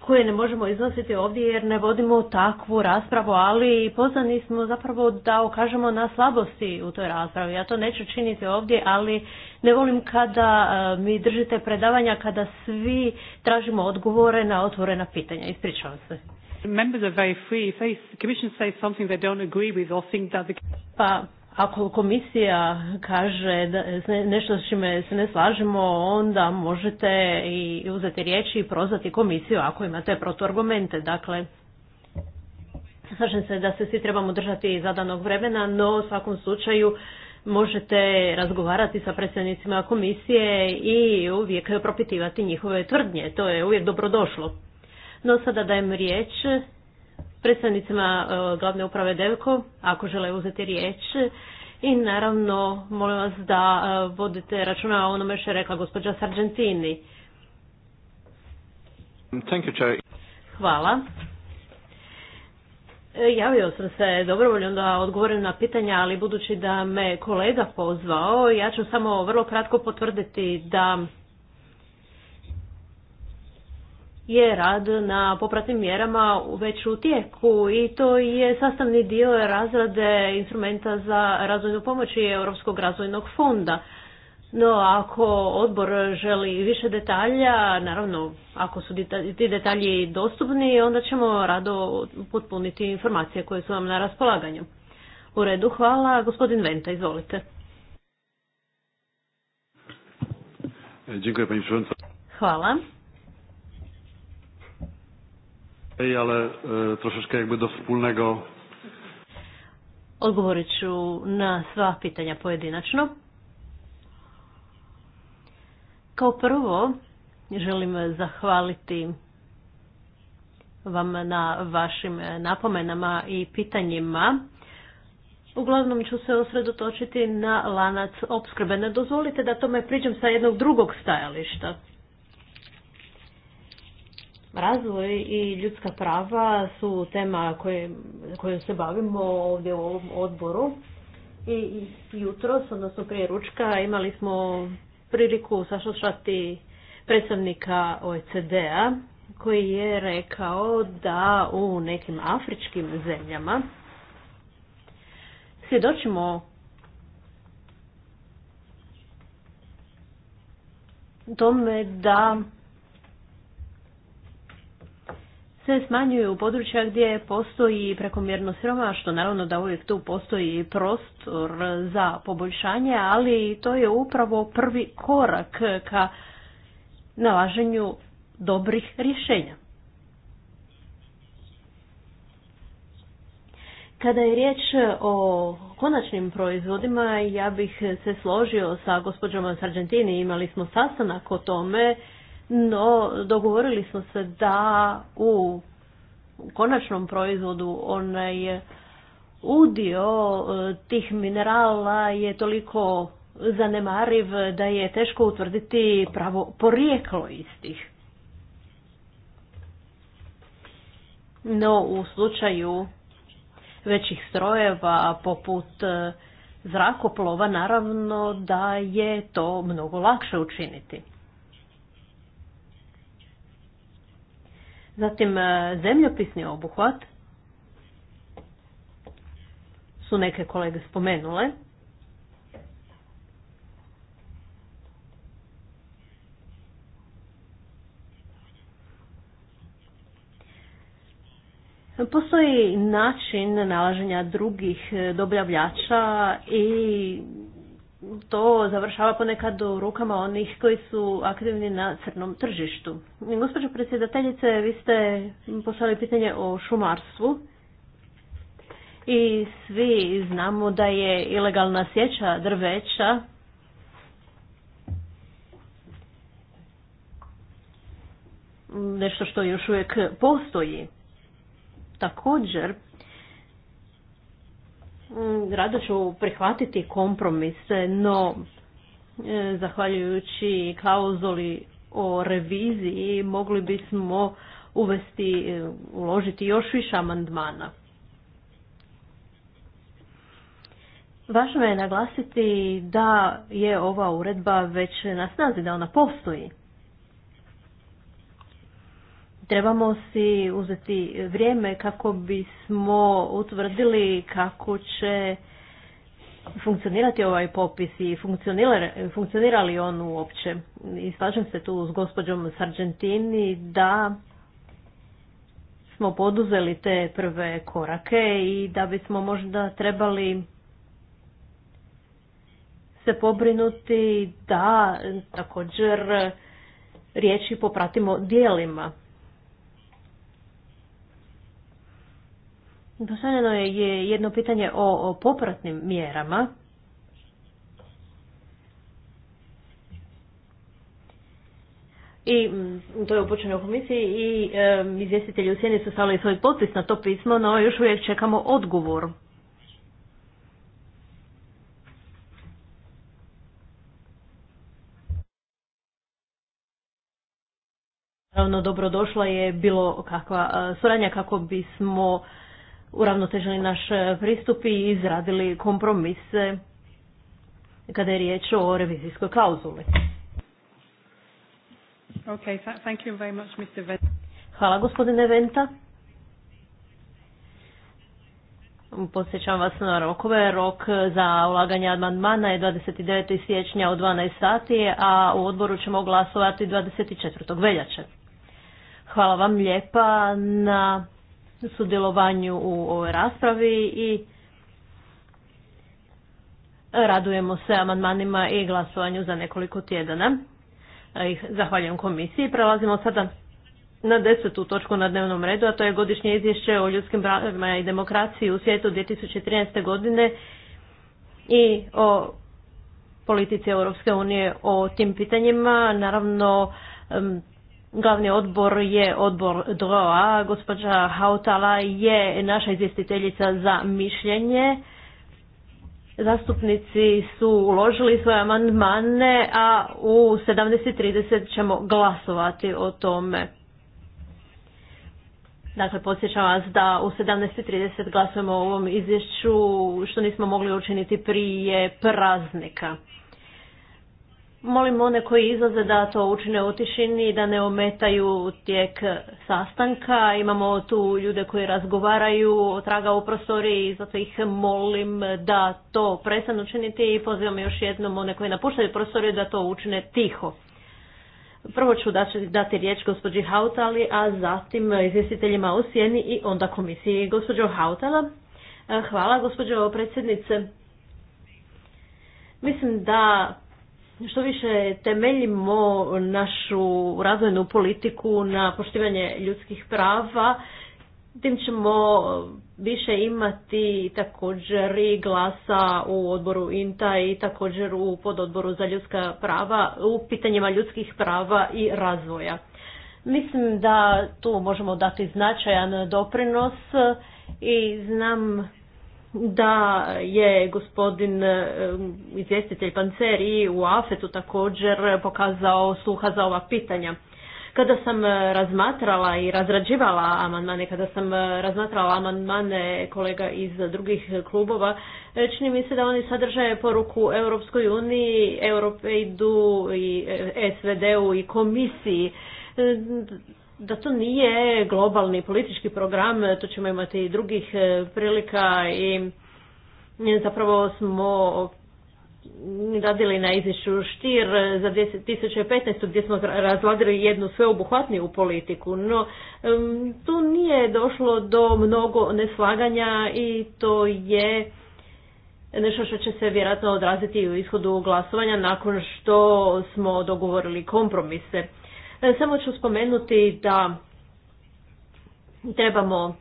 koje ne možemo iznositi ovdje jer ne vodimo takvu raspravu, ali poznani smo zapravo da okažemo na slabosti u toj raspravi. Ja to neću činiti ovdje, ali ne volim kada e, mi držite predavanja, kada svi tražimo odgovore na otvorena pitanja. Ispričavam se. Members are very free. Commission says something they don't agree with or think that the... Pa, ako komisija kaže da nešto s čime se ne slažemo, onda možete i uzeti riječi i prozvati komisiju ako imate protuargumente. Dakle, slažem se da se svi trebamo držati zadanog vremena, no u svakom slučaju možete razgovarati sa predsjednicima komisije i uvijek propitivati njihove tvrdnje. To je uvijek dobrodošlo. No sada dajem riječ predstavnicima e, glavne uprave Devko, ako žele uzeti riječ. I naravno, molim vas da e, vodite računa o onome što je rekla gospođa Sargentini. Hvala. E, javio sam se dobrovoljno da odgovorim na pitanja, ali budući da me kolega pozvao, ja ću samo vrlo kratko potvrditi da je rad na popratnim mjerama već u tijeku i to je sastavni dio razrade instrumenta za razvojnu pomoć i Europskog razvojnog fonda. No, ako odbor želi više detalja, naravno, ako su ti detalji dostupni, onda ćemo rado potpuniti informacije koje su vam na raspolaganju. U redu, hvala. Gospodin Venta, izvolite. Hvala ale e, troszeczkę jakby do wspólnego. Odgovorit ću na sva pitanja pojedinačno. Kao prvo, želim zahvaliti vam na vašim napomenama i pitanjima. Uglavnom ću se osredotočiti na lanac opskrbe. Ne dozvolite da tome priđem sa jednog drugog stajališta. Razvoj i ljudska prava su tema koje, kojom se bavimo ovdje u ovom odboru. I jutros, odnosno prije ručka, imali smo priliku sašlošati predstavnika OECD-a koji je rekao da u nekim afričkim zemljama svjedočimo tome da se smanjuju u područja gdje postoji prekomjerno što Naravno da uvijek tu postoji prostor za poboljšanje, ali to je upravo prvi korak ka nalaženju dobrih rješenja. Kada je riječ o konačnim proizvodima, ja bih se složio sa gospođom Sargentini, imali smo sastanak o tome no dogovorili smo se da u konačnom proizvodu onaj udio e, tih minerala je toliko zanemariv da je teško utvrditi pravo porijeklo istih. No u slučaju većih strojeva poput e, zrakoplova naravno da je to mnogo lakše učiniti. Zatim e, zemljopisni obuhvat su neke kolege spomenule. Postoji način nalaženja drugih e, dobavljača i to završava ponekad u rukama onih koji su aktivni na crnom tržištu. Gospođo predsjedateljice, vi ste poslali pitanje o šumarstvu i svi znamo da je ilegalna sjeća drveća nešto što još uvijek postoji. Također, Mm, rado ću prihvatiti kompromis, no e, zahvaljujući klauzuli o reviziji mogli bismo uvesti, e, uložiti još više amandmana. Važno je naglasiti da je ova uredba već na snazi, da ona postoji. Trebamo si uzeti vrijeme kako bismo utvrdili kako će funkcionirati ovaj popis i funkcionira li on uopće. I slažem se tu s gospođom Sargentini da smo poduzeli te prve korake i da bismo možda trebali se pobrinuti da također riječi popratimo dijelima. Postavljeno je jedno pitanje o, popratnim mjerama. I mm, to je upućeno u komisiji i e, izvjestitelji u sjeni su stavili svoj potpis na to pismo, no još uvijek čekamo odgovor. dobro dobrodošla je bilo kakva eh, suradnja kako bismo uravnotežili naš e, pristup i izradili kompromise kada je riječ o revizijskoj klauzuli. Okay, thank you very much, Mr. Venta. Hvala gospodine Venta. Podsjećam vas na rokove. Rok za ulaganje amandmana je 29. siječnja u 12 sati, a u odboru ćemo glasovati 24. veljače. Hvala vam lijepa na sudjelovanju u ovoj raspravi i radujemo se amandmanima i glasovanju za nekoliko tjedana. Zahvaljujem komisiji. Prelazimo sada na desetu točku na dnevnom redu, a to je godišnje izvješće o ljudskim pravima i demokraciji u svijetu 2013. godine i o politici Europske unije o tim pitanjima. Naravno, Glavni odbor je odbor DROA, gospođa Hautala je naša izvjestiteljica za mišljenje. Zastupnici su uložili svoje amandmane, a u 17.30 ćemo glasovati o tome. Dakle, podsjećam vas da u 17.30 glasujemo o ovom izvješću što nismo mogli učiniti prije praznika. Molim one koji izlaze da to učine u tišini i da ne ometaju tijek sastanka. Imamo tu ljude koji razgovaraju traga u prostoriji i zato ih molim da to prestanu učiniti i pozivam još jednom one koji napuštaju prostoriju da to učine tiho. Prvo ću dati riječ gospođi Hautali, a zatim izvjestiteljima u sjeni i onda komisiji. Gospođo Hautala, e, hvala gospođo predsjednice. Mislim da što više temeljimo našu razvojnu politiku na poštivanje ljudskih prava, tim ćemo više imati također i glasa u odboru INTA i također u pododboru za ljudska prava u pitanjima ljudskih prava i razvoja. Mislim da tu možemo dati značajan doprinos i znam da je gospodin izvjestitelj Panceri u Afetu također pokazao sluha za ova pitanja. Kada sam razmatrala i razrađivala amandmane, kada sam razmatrala amandmane kolega iz drugih klubova, čini mi se da oni sadrže poruku Europskoj uniji, Europejdu, i e, SVD-u i komisiji da to nije globalni politički program, to ćemo imati i drugih e, prilika i e, zapravo smo radili na izvješću Štir za 2015. gdje smo razvladili jednu sveobuhvatniju politiku, no tu nije došlo do mnogo neslaganja i to je nešto što će se vjerojatno odraziti u ishodu glasovanja nakon što smo dogovorili kompromise. E, samo ću spomenuti da trebamo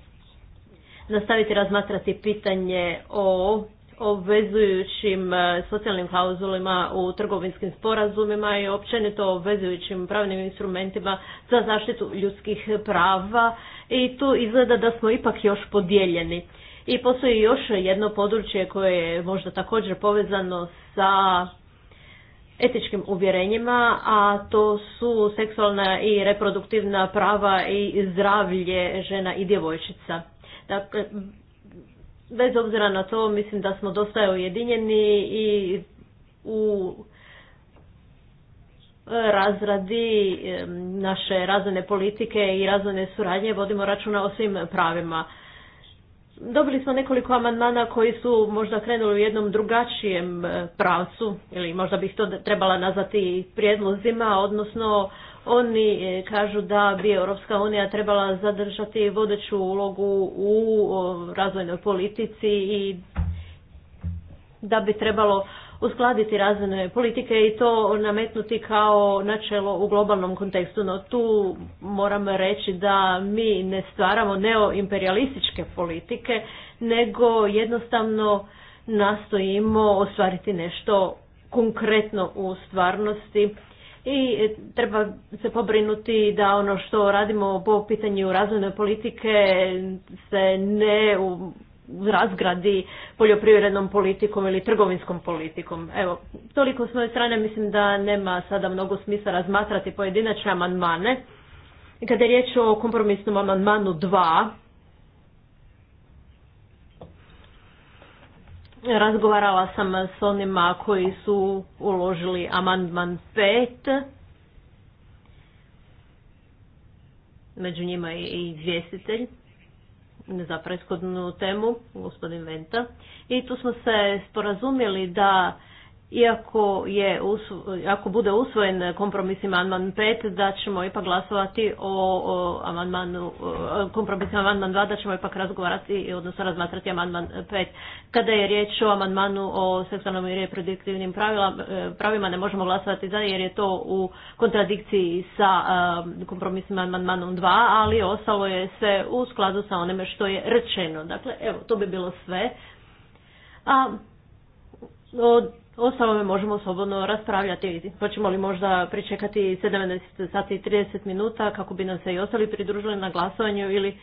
nastaviti razmatrati pitanje o obvezujućim e, socijalnim klauzulima u trgovinskim sporazumima i općenito obvezujućim pravnim instrumentima za zaštitu ljudskih prava i tu izgleda da smo ipak još podijeljeni. I postoji još jedno područje koje je možda također povezano sa etičkim uvjerenjima, a to su seksualna i reproduktivna prava i zdravlje žena i djevojčica. Dakle, bez obzira na to mislim da smo dosta ujedinjeni i u razradi naše razvojne politike i razvojne suradnje vodimo računa o svim pravima. Dobili smo nekoliko amandmana koji su možda krenuli u jednom drugačijem e, pravcu ili možda bih to trebala nazvati prijedlozima, odnosno oni e, kažu da bi Europska unija trebala zadržati vodeću ulogu u razvojnoj politici i da bi trebalo uskladiti razvojne politike i to nametnuti kao načelo u globalnom kontekstu. No tu moram reći da mi ne stvaramo neoimperijalističke politike, nego jednostavno nastojimo ostvariti nešto konkretno u stvarnosti i e, treba se pobrinuti da ono što radimo po pitanju razvojne politike se ne razgradi poljoprivrednom politikom ili trgovinskom politikom. Evo, toliko s moje strane mislim da nema sada mnogo smisla razmatrati pojedinačne amandmane. Kada je riječ o kompromisnom amandmanu 2, razgovarala sam s onima koji su uložili amandman 5, među njima i izvjestitelj za prethodnu temu, gospodin Venta, i tu smo se sporazumjeli da iako je ako bude usvojen kompromis amandman 5 da ćemo ipak glasovati o, o amandmanu kompromis amandman 2 da ćemo ipak razgovarati odnosno razmatrati amandman 5 kada je riječ o amandmanu o seksualnom i reproduktivnim pravila, e, pravima ne možemo glasovati za jer je to u kontradikciji sa e, kompromisima amandmanom 2 ali ostalo je sve u skladu sa onime što je rečeno dakle evo to bi bilo sve a o samome možemo slobodno raspravljati. Hoćemo li možda pričekati 17 sati i 30 minuta kako bi nam se i ostali pridružili na glasovanju ili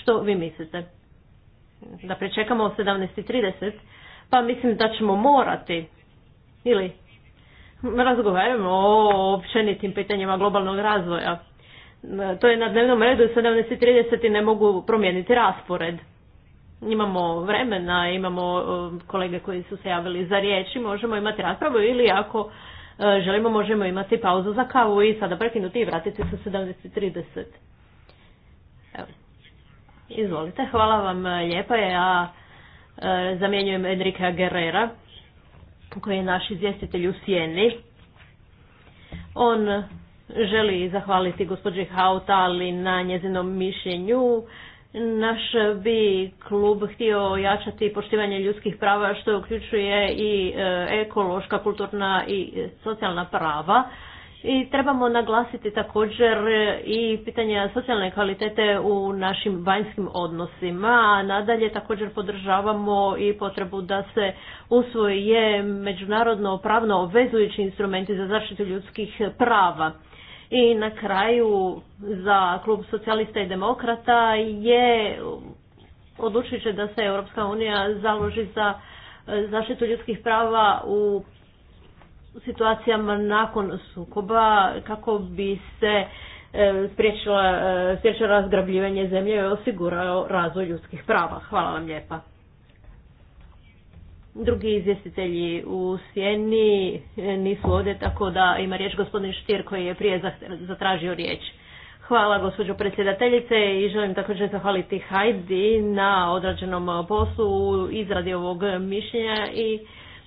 što vi mislite? Da pričekamo 17.30, pa mislim da ćemo morati ili razgovaramo o općenitim pitanjima globalnog razvoja. E, to je na dnevnom redu 17.30 i ne mogu promijeniti raspored imamo vremena, imamo um, kolege koji su se javili za riječi, možemo imati raspravu ili ako uh, želimo možemo imati pauzu za kavu i sada prekinuti i vratiti se 17.30. Evo. Izvolite, hvala vam uh, lijepa. Ja uh, zamjenjujem Enrika Guerrera koji je naš izvjestitelj u Sijeni. On želi zahvaliti gospođi Hautali ali na njezinom mišljenju naš bi klub htio jačati poštivanje ljudskih prava što uključuje i e, ekološka, kulturna i e, socijalna prava. I trebamo naglasiti također e, i pitanje socijalne kvalitete u našim vanjskim odnosima, a nadalje također podržavamo i potrebu da se usvoje međunarodno pravno obvezujući instrumenti za zaštitu ljudskih prava. I na kraju za klub socijalista i demokrata je odlučit da se Europska unija založi za e, zaštitu ljudskih prava u situacijama nakon sukoba kako bi se e, e, spriječilo razgrabljivanje zemlje i osigurao razvoj ljudskih prava. Hvala vam lijepa drugi izvjestitelji u Sjeni e, nisu ovdje, tako da ima riječ gospodin Štir koji je prije zatražio riječ. Hvala gospođo predsjedateljice i želim također zahvaliti Hajdi na odrađenom poslu u izradi ovog mišljenja i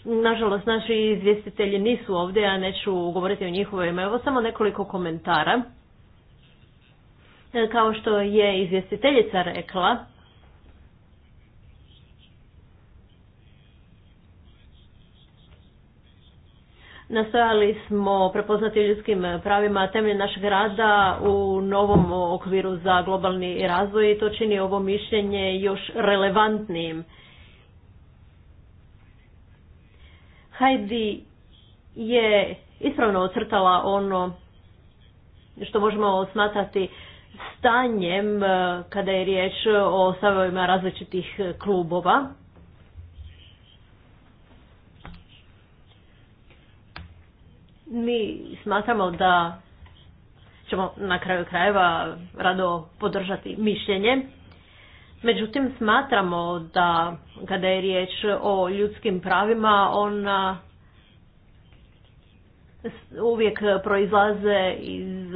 nažalost naši izvjestitelji nisu ovdje, a neću govoriti o njihovoj. ime. Evo samo nekoliko komentara. E, kao što je izvjestiteljica rekla, Nastojali smo prepoznati ljudskim pravima temelje našeg rada u novom okviru za globalni razvoj i to čini ovo mišljenje još relevantnijim. Heidi je ispravno ocrtala ono što možemo smatrati stanjem eh, kada je riječ o stavovima različitih klubova. mi smatramo da ćemo na kraju krajeva rado podržati mišljenje. Međutim, smatramo da kada je riječ o ljudskim pravima, ona uvijek proizlaze iz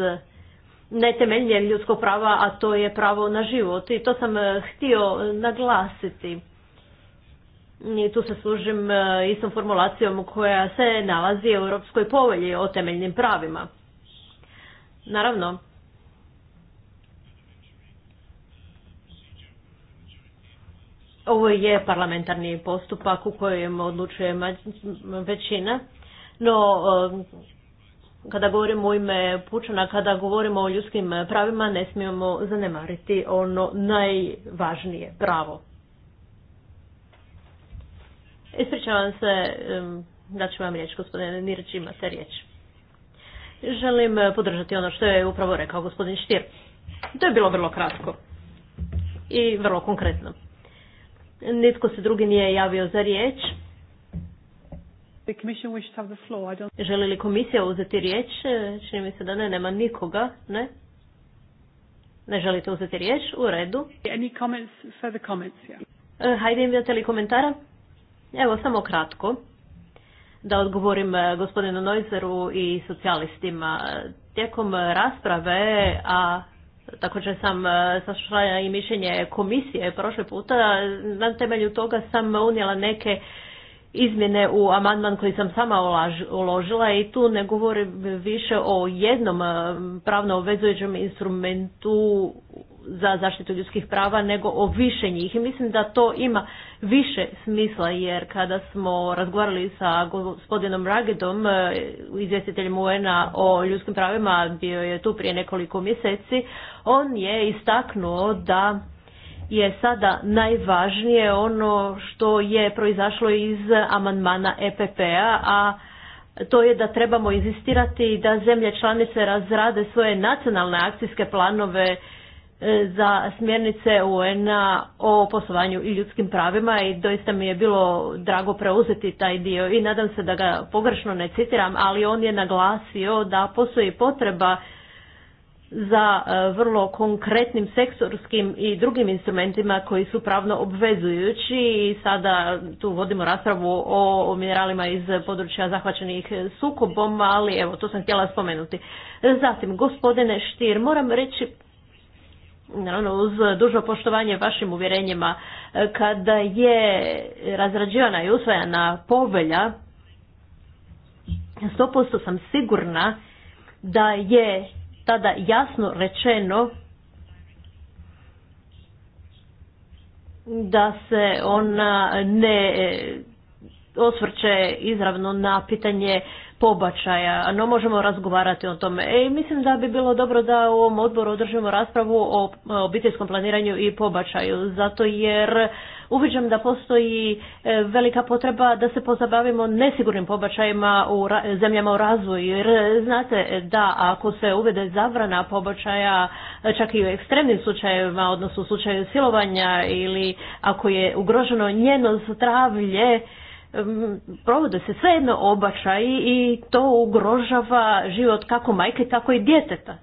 netemeljnje ljudskog prava, a to je pravo na život. I to sam htio naglasiti. I tu se služim e, istom formulacijom koja se nalazi u Europskoj povelji o temeljnim pravima. Naravno, ovo je parlamentarni postupak u kojem odlučuje većina, no e, kada govorimo o ime Pučana, kada govorimo o ljudskim pravima, ne smijemo zanemariti ono najvažnije pravo, Ispričavam se, da ću vam riječ, gospodine Nirić, imate riječ. Želim eh, podržati ono što je upravo rekao gospodin Štir. To je bilo vrlo kratko i vrlo konkretno. Nitko se drugi nije javio za riječ. Želi li komisija uzeti riječ? Eh, čini mi se da ne, nema nikoga, ne? Ne želite uzeti riječ? U redu. Any comments, further comments, yeah. Eh, hajde imate li komentara? Evo, samo kratko. Da odgovorim eh, gospodinu Noizeru i socijalistima. Tijekom eh, rasprave, a također sam eh, sašla i mišljenje komisije prošle puta, na temelju toga sam unijela neke izmjene u amandman koji sam sama uložila i tu ne govorim više o jednom pravno obvezujućem instrumentu za zaštitu ljudskih prava nego o više njih i mislim da to ima više smisla jer kada smo razgovarali sa gospodinom Ragedom, e, izvjestiteljem UN-a o ljudskim pravima, bio je tu prije nekoliko mjeseci, on je istaknuo da je sada najvažnije ono što je proizašlo iz amandmana EPP-a, a to je da trebamo inzistirati da zemlje članice razrade svoje nacionalne akcijske planove E, za smjernice UN-a o poslovanju i ljudskim pravima i doista mi je bilo drago preuzeti taj dio i nadam se da ga pogrešno ne citiram, ali on je naglasio da postoji potreba za e, vrlo konkretnim sektorskim i drugim instrumentima koji su pravno obvezujući i sada tu vodimo raspravu o mineralima iz područja zahvaćenih sukobom, ali evo to sam htjela spomenuti. E, zatim, gospodine Štir, moram reći naravno uz dužo poštovanje vašim uvjerenjima, e, kada je razrađivana i usvajana povelja, 100% sam sigurna da je tada jasno rečeno da se ona ne e, osvrće izravno na pitanje pobačaja, no možemo razgovarati o tome. e mislim da bi bilo dobro da u ovom odboru održimo raspravu o obiteljskom planiranju i pobačaju, zato jer uviđam da postoji e, velika potreba da se pozabavimo nesigurnim pobačajima u zemljama u razvoju, jer e, znate da ako se uvede zabrana pobačaja e, čak i u ekstremnim slučajevima, odnosno u slučaju silovanja ili ako je ugroženo njeno zdravlje, provode se svejedno obačaji i to ugrožava život kako majke, tako i djeteta.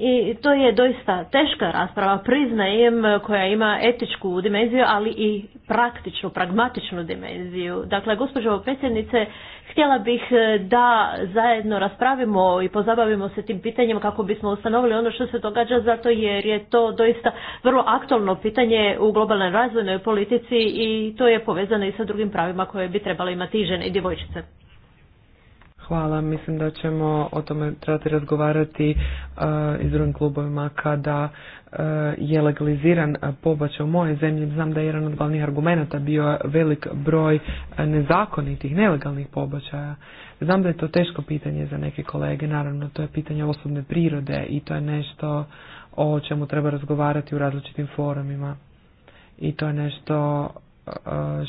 I to je doista teška rasprava, priznajem, e, koja ima etičku dimenziju, ali i praktičnu, pragmatičnu dimenziju. Dakle, gospođo predsjednice, htjela bih e, da zajedno raspravimo i pozabavimo se tim pitanjem kako bismo ustanovili ono što se događa, zato jer je to doista vrlo aktualno pitanje u globalnoj razvojnoj politici i to je povezano i sa drugim pravima koje bi trebale imati i žene i djevojčice. Hvala, mislim da ćemo o tome trebati razgovarati uh, e, iz drugim klubovima kada e, je legaliziran pobačaj u mojoj zemlji. Znam da je jedan od glavnih argumenata bio velik broj nezakonitih, nelegalnih pobačaja. Znam da je to teško pitanje za neke kolege, naravno to je pitanje osobne prirode i to je nešto o čemu treba razgovarati u različitim forumima. I to je nešto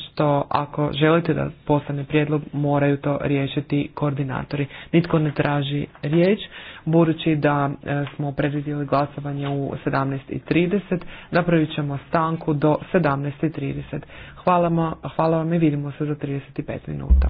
što ako želite da postane prijedlog moraju to riješiti koordinatori. Nitko ne traži riječ, budući da e, smo predvidjeli glasovanje u 17.30, napravit ćemo stanku do 17.30. Hvala vam i vidimo se za 35 minuta.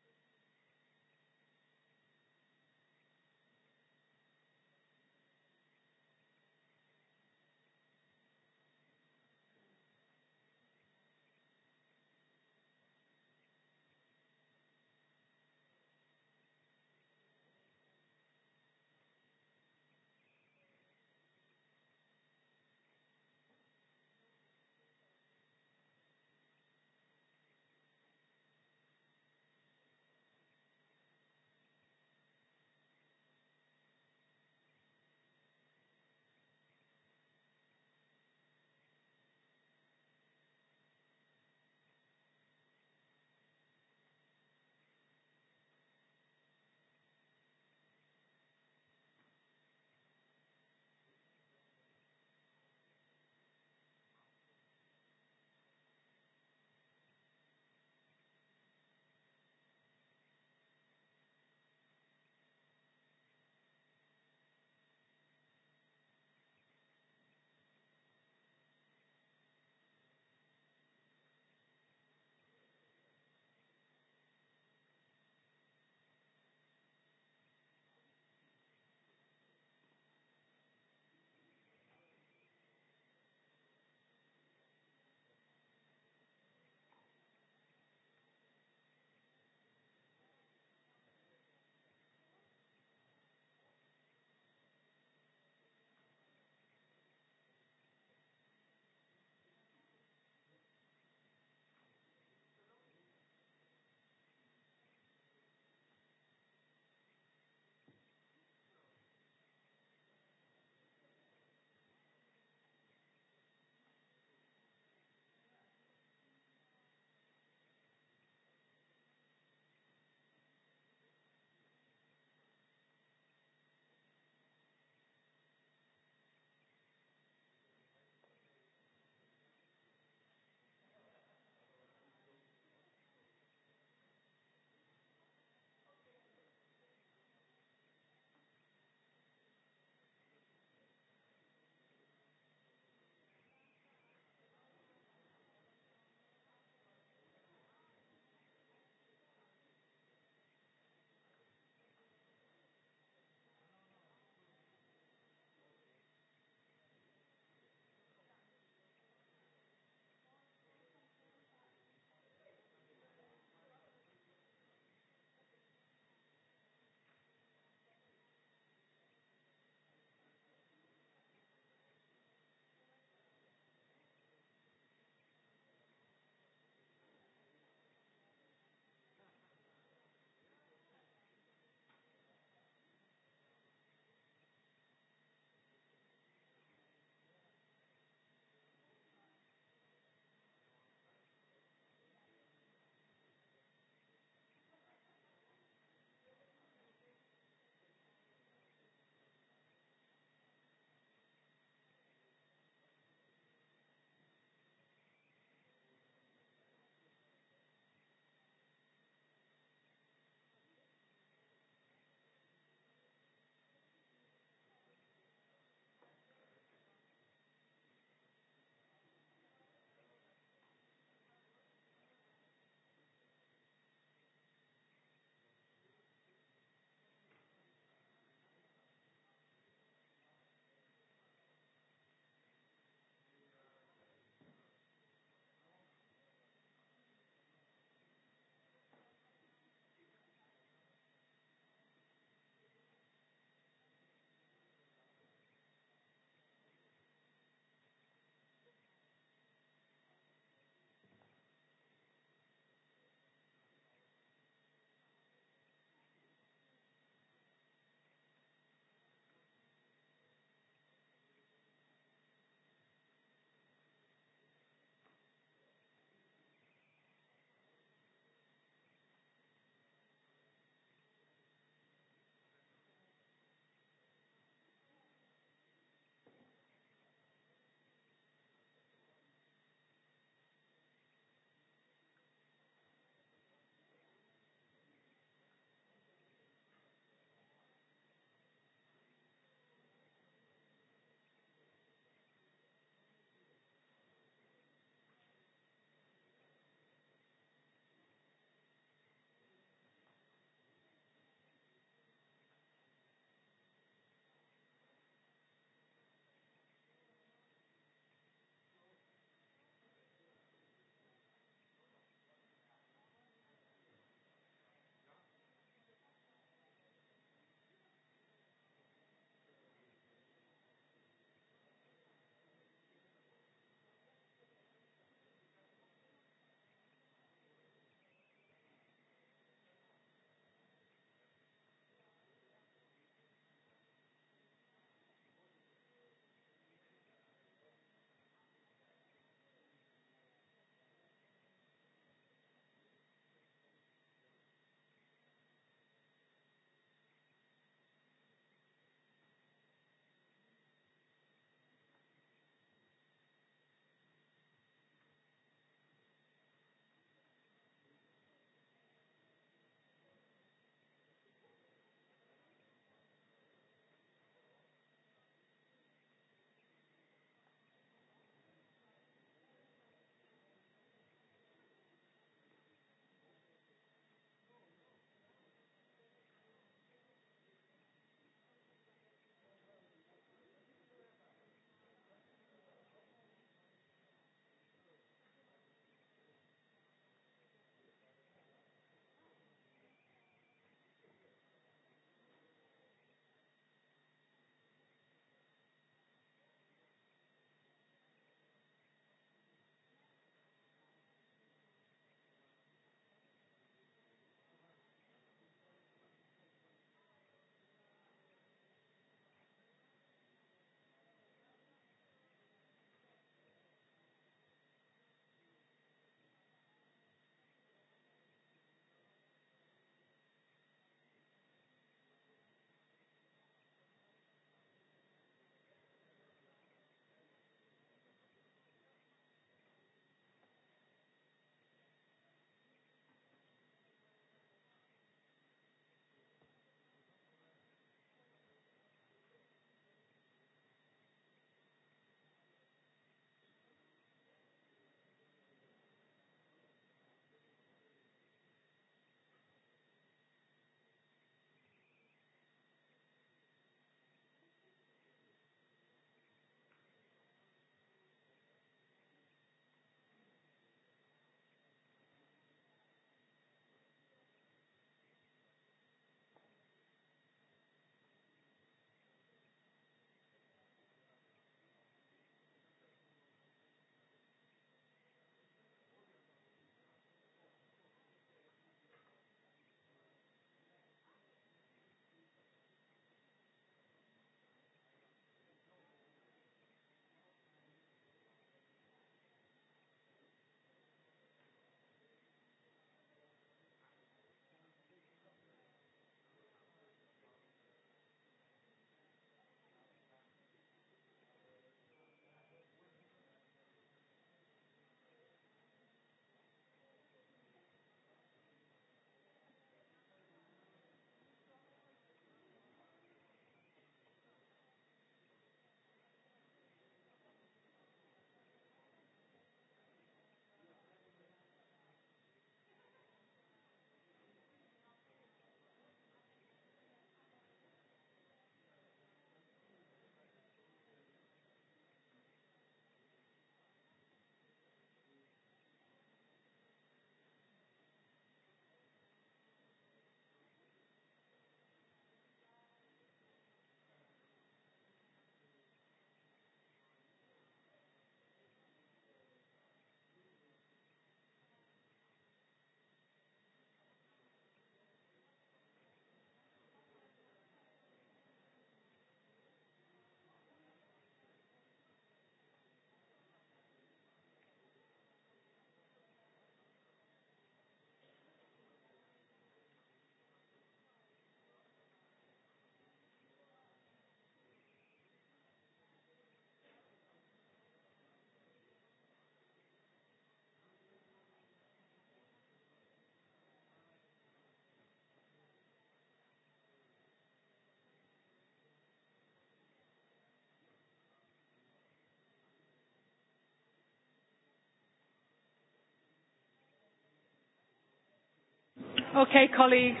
Okay, colleagues.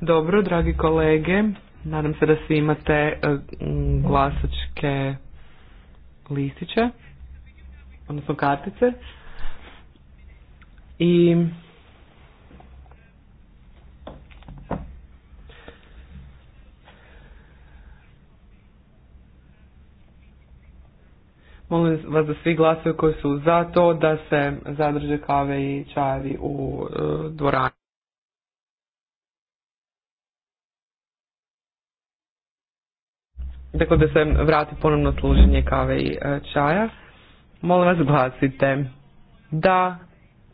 Dobro, dragi kolege, nadam se da svi imate e, glasačke listiće, odnosno kartice. I Molim vas da svi glasaju koji su za to da se zadrže kave i čajevi u e, dvorani. Dakle, da se vrati ponovno služenje kave i e, čaja. Molim vas glasite da,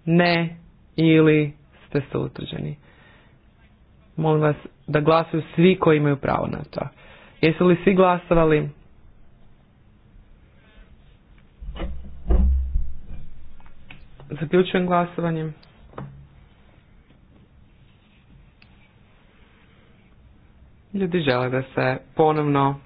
ne ili ste se Molim vas da glasuju svi koji imaju pravo na to. Jesu li svi glasovali? Zaključujem glasovanje. Ljudi žele da se ponovno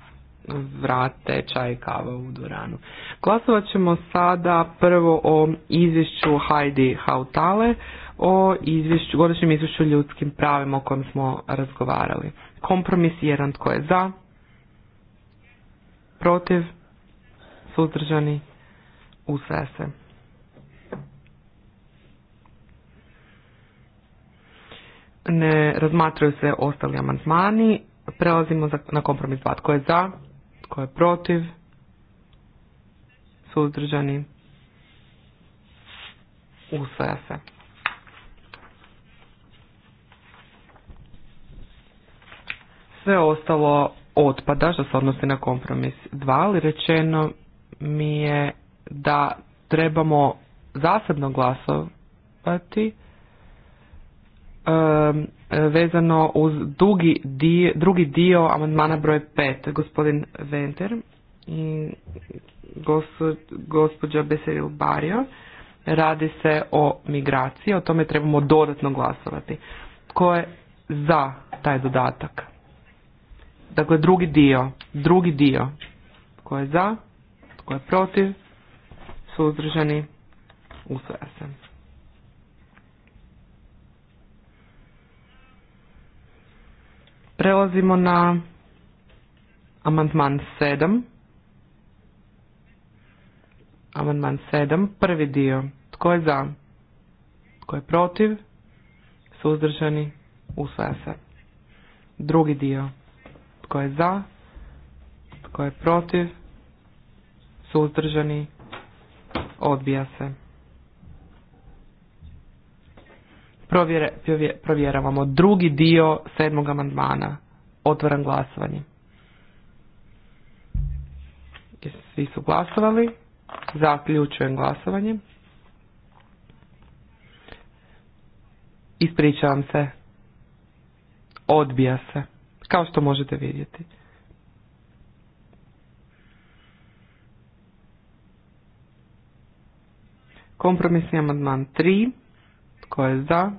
vrate čaj i kava u duranu. Glasovat ćemo sada prvo o izvješću Heidi Hautale, o izvješću, godišnjem izvješću ljudskim pravima o kojem smo razgovarali. Kompromis jedan tko je za, protiv, suzdržani, Usve se. Ne razmatraju se ostali amandmani. Prelazimo na kompromis 2. Tko je za? Tko je protiv? Suzdržani? Usvaja se. Sve ostalo otpada što se odnosi na kompromis 2, ali rečeno mi je da trebamo zasebno glasovati um, E, vezano uz dugi dio, drugi dio amandmana broj 5, gospodin Venter i gospođa Beseril Barrio. Radi se o migraciji, o tome trebamo dodatno glasovati. Tko je za taj dodatak? Dakle, drugi dio, drugi dio. Tko je za? Tko je protiv? Suzdržani? Usvaja se. Prelazimo na amandman 7. Amandman 7, prvi dio. Tko je za? Tko je protiv? Suzdržani? Usvaja se. Drugi dio. Tko je za? Tko je protiv? Suzdržani? Odbija se. provjeravamo drugi dio sedmog amandmana. Otvaram glasovanje. Svi su glasovali. Zaključujem glasovanje. Ispričavam se. Odbija se. Kao što možete vidjeti. Kompromisni amandman tri. Tko je za?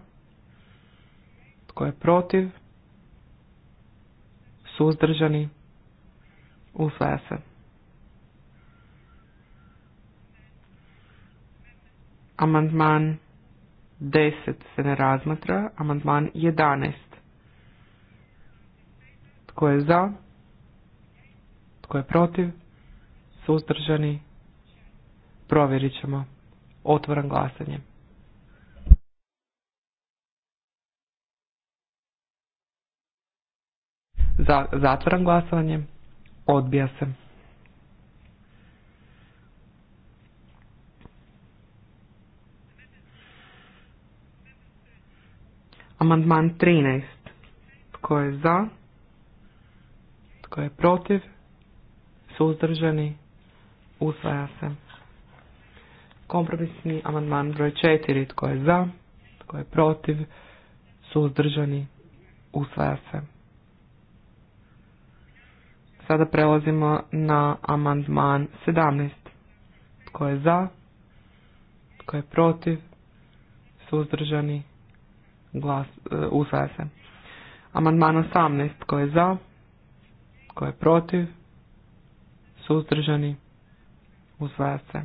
Tko je protiv? Suzdržani? Usvaja se. Amandman 10 se ne razmatra. Amandman 11. Tko je za? Tko je protiv? Suzdržani? Provjerit ćemo. otvoran glasanje. Za, glasovanje. Odbija se. Amandman 13. Tko je za? Tko je protiv? Suzdržani? Usvaja se. Kompromisni amandman broj 4. Tko je za? Tko je protiv? Suzdržani? Usvaja se. Sada prelazimo na amandman 17. Tko je za? Tko je protiv? Suzdržani? Glas, e, usvaja se. Amandman 18. Tko je za? Tko je protiv? Suzdržani? Usvaja se.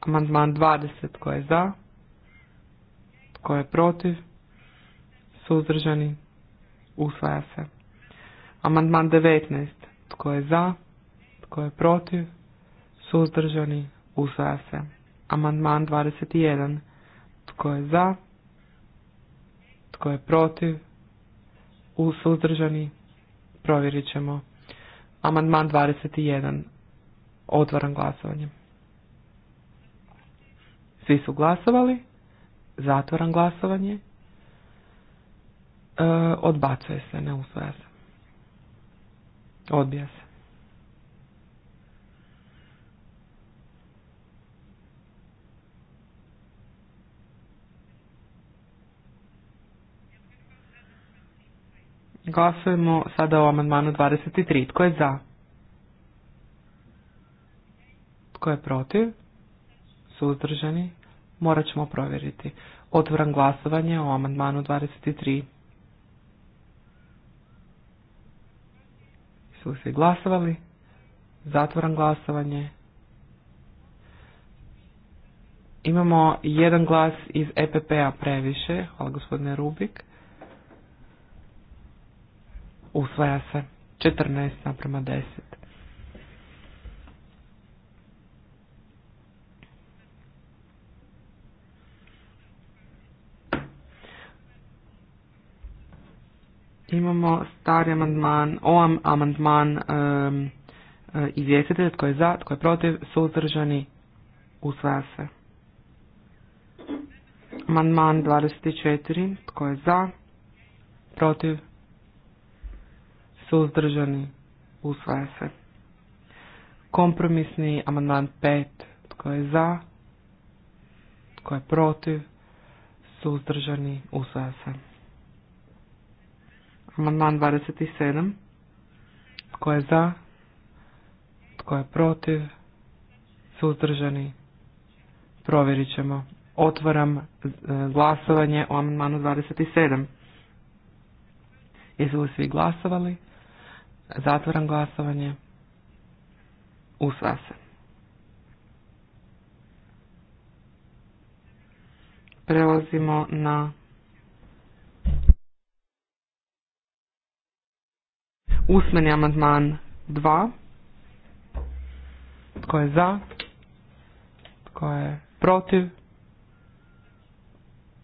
Amandman 20. Tko je za? Tko je protiv? Suzdržani? Usvaja se. Amandman 19. Tko je za? Tko je protiv? Suzdržani? Usvaja se. Amandman 21. Tko je za? Tko je protiv? suzdržani? Provjerit ćemo. Amandman 21. Otvaram glasovanje. Svi su glasovali. Zatvaram glasovanje. E, odbacuje se, ne usvaja se. Odbija se. Glasujemo sada o amandmanu 23. Tko je za? Tko je protiv? Suzdržani? Morat ćemo provjeriti. Otvoram glasovanje o amandmanu 23. Su svi glasovali? Zatvoran glasovanje. Imamo jedan glas iz EPP-a previše. Hvala gospodine Rubik. Usvaja se. 14 naprema 10. Imamo stari amandman, ovam amandman um, eh, izvjestitelja, tko je za, tko je protiv, suzdržani, usvaja se. Amandman 24, tko je za, protiv, suzdržani, usvaja se. Kompromisni amandman 5, tko je za, tko je protiv, suzdržani, usvaja se. Amandman 27. Tko je za? Tko je protiv? Suzdržani? Provjerit ćemo. Otvaram e, glasovanje o amandmanu 27. Jesu li svi glasovali? Zatvaram glasovanje. Usva se. Prelazimo na Usmeni amandman 2. Tko je za? Tko je protiv?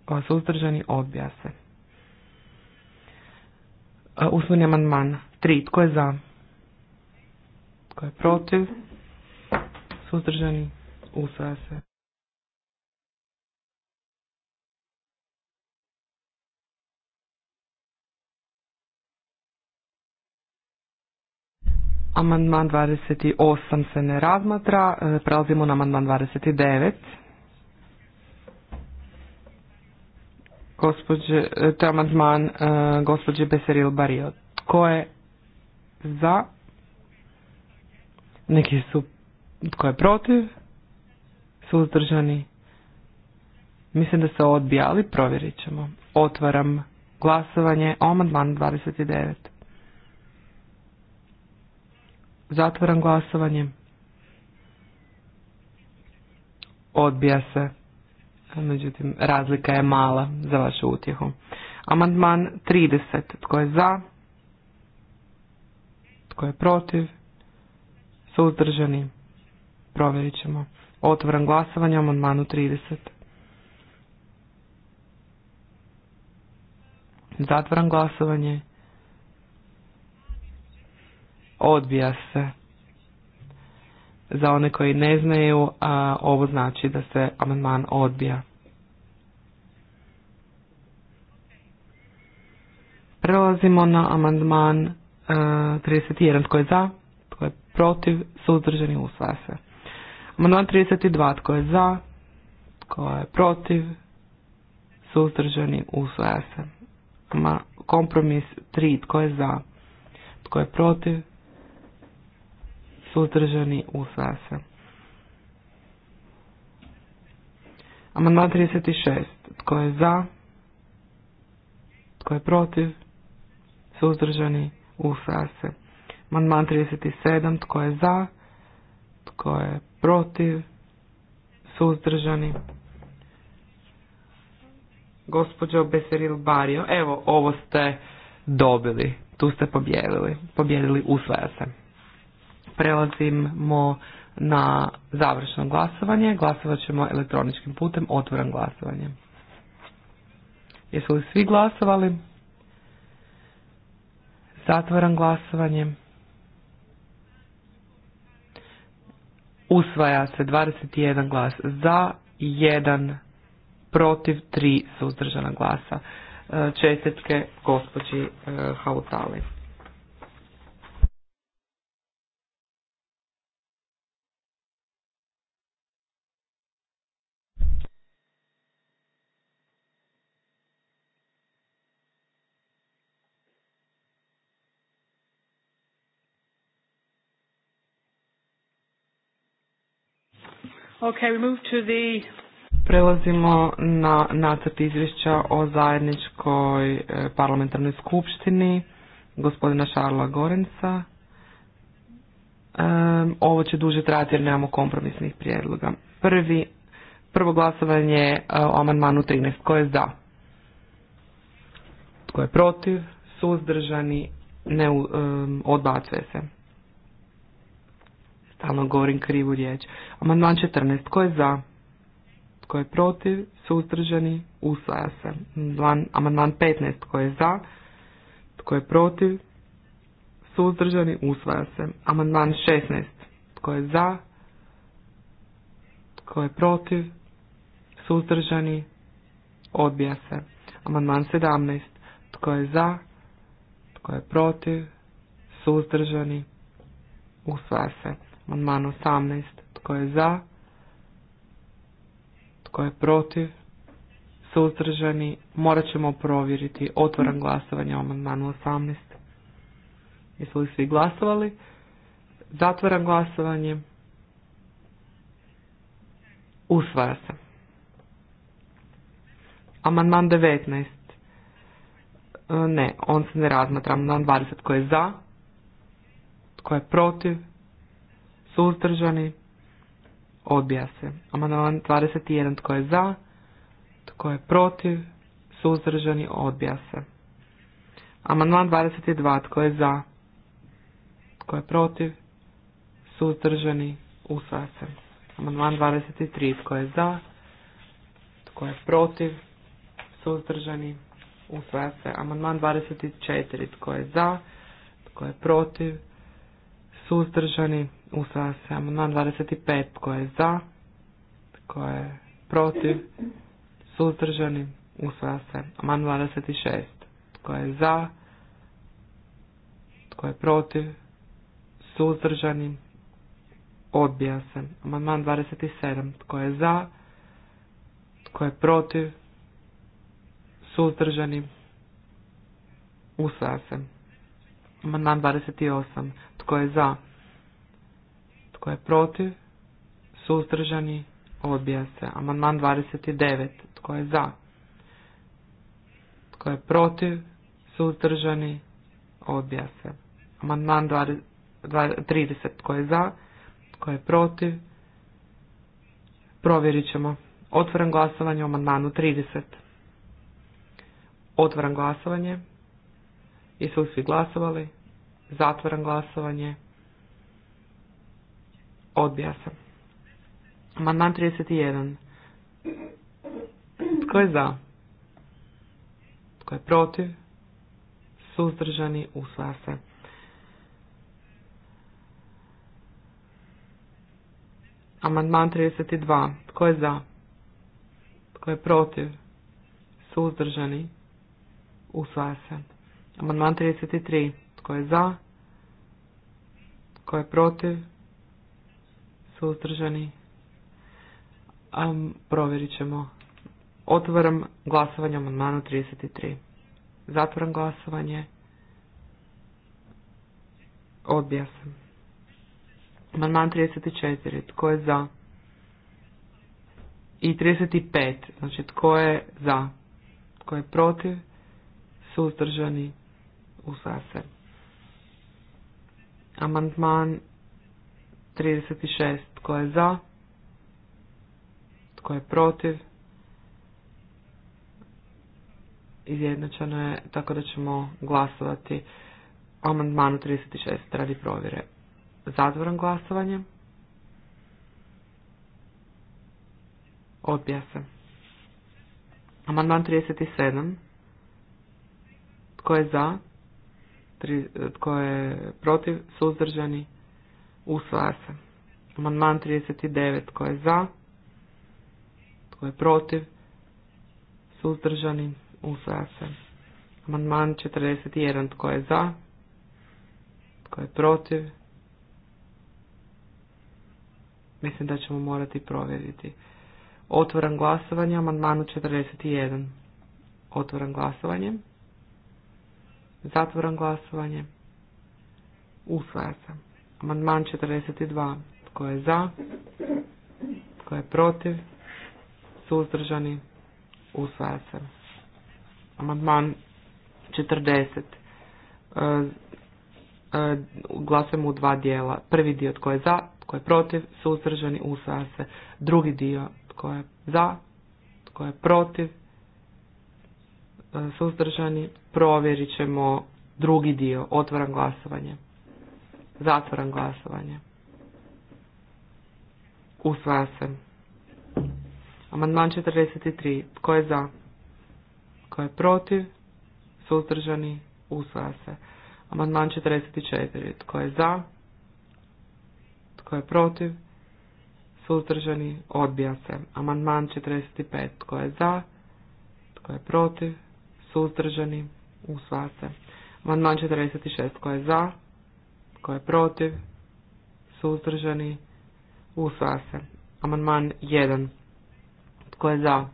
Tko je suzdržani? Odbija se. E, usmeni amandman 3. Tko je za? Tko je protiv? Suzdržani? Usvaja se. Amandman 28 se ne razmatra. E, prelazimo na amandman 29. Gospođe, e, to je amandman e, gospođe Beseril Bario. Tko je za? Neki su, tko je protiv? Suzdržani? Mislim da se odbijali. ali provjerit ćemo. Otvaram glasovanje o amandmanu 29. Zatvaram glasovanje. Odbija se. Međutim, razlika je mala za vašu utjehu. Amandman 30. Tko je za? Tko je protiv? Suzdržani? Provjerit ćemo. Otvoram glasovanje amandmanu 30. Zatvoram glasovanje odbija se. Za one koji ne znaju, a, ovo znači da se amandman odbija. Prelazimo na amandman e, a, 31. Tko je za? Tko je protiv? Suzdržani usvaja se. Amandman 32. Tko je za? Tko je protiv? Suzdržani usvaja se. Kompromis 3. Tko je za? Tko je protiv? suzdržani, usvaja se. Amandman 36. Tko je za? Tko je protiv? Suzdržani, u se. Amandman 37. Tko je za? Tko je protiv? Suzdržani. Gospođo Beseril Bario, evo ovo ste dobili, tu ste pobjedili, pobjedili usvaja se prelazimo na završno glasovanje. Glasovat ćemo elektroničkim putem, otvoran glasovanje. Jesu li svi glasovali? Zatvaram glasovanje. Usvaja se 21 glas za, 1 protiv, 3 suzdržana glasa. E, čestitke gospođi e, Hautali. Okay, we move to the... Prelazimo na nacrt izvješća o zajedničkoj e, parlamentarnoj skupštini gospodina Šarla Gorenca. Um, ovo će duže trati jer nemamo kompromisnih prijedloga. Prvi, prvo glasovanje e, o amandmanu 13. Tko je za? Tko je protiv? Suzdržani? Ne, um, odbacuje se. Stalno govorim krivu riječ. Amandman 14. Tko je za? Tko je protiv? Suzdržani? Usvaja se. Amandman 15. Tko je za? Tko je protiv? Suzdržani? Usvaja se. Amandman 16. Tko je za? Tko je protiv? Suzdržani? Odbija se. Amandman 17. Tko je za? Tko je protiv? Suzdržani? Usvaja se. Amandman 18. Tko je za? Tko je protiv? Suzdržani? Morat ćemo provjeriti. otvoran glasovanje o amandmanu 18. Jesu li svi glasovali? Zatvoram glasovanje. Usvaja se. Amandman 19. E, ne, on se ne razmatra. Amandman 20. Tko je za? Tko je protiv? suzdržani, odbija se. Amandman 21 tko je za, tko je protiv, suzdržani, odbija se. Amandman 22 tko je za, tko je protiv, suzdržani, usvaja se. Amandman 23 tko je za, tko je protiv, suzdržani, usvaja se. Amandman 24 tko je za, tko je protiv, suzdržani, Usvaja se amandman 25. Tko je za? Tko je protiv? Suzdržani? Usvaja se amandman 26. Tko je za? Tko je protiv? Suzdržani? Odbija se. Amandman 27. Tko je za? Tko je protiv? Suzdržani? Usvaja se. Amandman 28. Tko je za? Tko je protiv? Suzdržani? Odbija se. Amandman 29. Tko je za? Tko je protiv? Suzdržani? Odbija se. Amandman 30. Tko je za? Tko je protiv? Provjerit ćemo. Otvoren glasovanje o amandmanu 30. Otvoren glasovanje. su svi glasovali? zatvoren glasovanje. Odbija se. Amandman 31. Tko je za? Tko je protiv? Suzdržani usvaja se. Amandman 32. Tko je za? Tko je protiv? Suzdržani? Usvaja se. Amandman 33. Tko je za? Tko je protiv? suzdržani. provjerit ćemo. Otvaram glasovanje o amandmanu 33. Zatvaram glasovanje. Odbija sam. Amandman 34. Tko je za? I 35. Znači, tko je za? Tko je protiv? Suzdržani. u se. Amandman 36. Tko je za? Tko je protiv? Izjednačeno je tako da ćemo glasovati o amandmanu 36 radi provjere. Zadvoran glasovanje. Odbija se. Amandman 37. Tko je za? Tko je protiv? Suzdržani? Usvaja se. Amandman 39. Tko je za? Tko je protiv? Suzdržani? Usvaja se. Amandman 41. Tko je za? Tko je protiv? Mislim da ćemo morati provjeriti. Otvoram glasovanje. Amandmanu 41. Otvoran glasovanje. Zatvoram glasovanje. Usvaja se. Amandman 42. Tko je za? Tko je protiv? Suzdržani? Usvaja se. Amandman 40. E, e, glasujemo u dva dijela. Prvi dio tko je za, tko je protiv, suzdržani, usvaja se. Drugi dio tko je za, tko je protiv, e, suzdržani, provjerit ćemo drugi dio. Otvaram glasovanje. Zatvoram glasovanje. Usvaja se. Amandman 43. Tko je za? Tko je protiv? Suzdržani? Usvaja se. Amandman 44. Tko je za? Tko je protiv? Suzdržani? Odbija se. Amandman 45. Tko je za? Tko je protiv? Suzdržani? Usvaja se. Amandman 46. Tko je za? Tko je protiv? Suzdržani? Usvaja se. Amandman 1. Tko je za?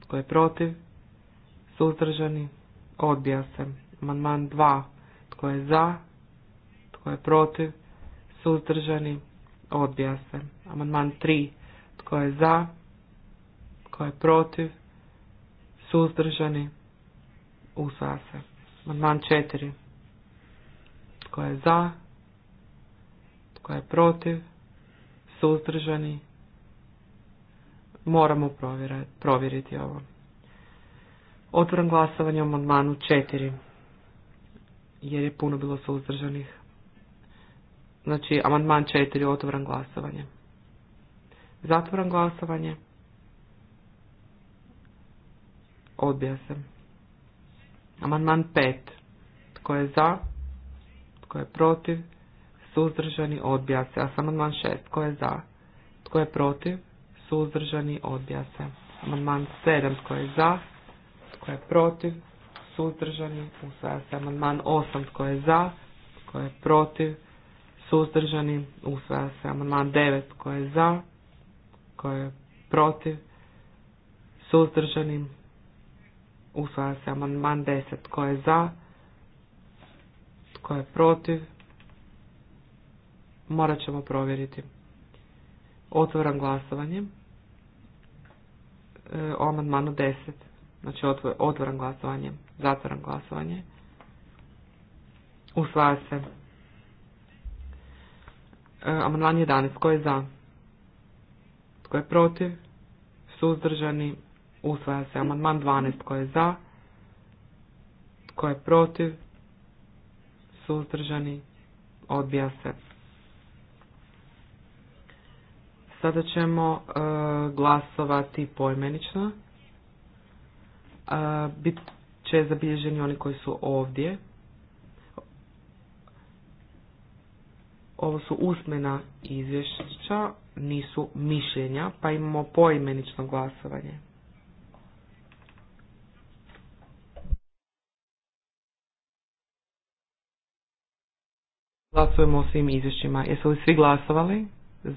Tko je protiv? Suzdržani? Odbija se. Amandman 2. Tko je za? Tko je protiv? Suzdržani? Odbija se. Amandman 3. Tko je za? Tko je protiv? Suzdržani? Usvaja se. Amandman 4. Tko je za? Tko je protiv? Suzdržani? Moramo provjeriti ovo. Otvoram glasovanje o amandmanu 4. Jer je puno bilo suzdržanih. Znači, amandman 4, otvoram glasovanje. Zatvoram glasovanje. Odbija se. Amandman 5. Tko je za? Tko je protiv? Suzdržani odbija se. Amandman 6. Tko je za? Tko je protiv? Suzdržani odbija se. Amandman 7. Tko je za? Tko je protiv? Suzdržani usvaja se. Amandman 8. Tko je za? Tko je protiv? Suzdržani usvaja se. Amandman 9. Tko je za? Tko je protiv? Suzdržani usvaja se. Amandman 10. Tko je za? Tko je protiv? Morat ćemo provjeriti. Otvoram glasovanje. E, o amandmanu 10. Znači otvoram glasovanje. Zatvoram glasovanje. Usvaja se. E, amandman 11. Tko je za? Tko je protiv? Suzdržani. Usvaja se. Amandman 12. Tko je za? Tko je protiv? suzdržani, odbija se. Sada ćemo e, glasovati poimenično. E, bit će zabilježeni oni koji su ovdje. Ovo su usmena izvješća, nisu mišljenja, pa imamo poimenično glasovanje. Glasujemo o svim izvješćima. Jesu li svi glasovali? E,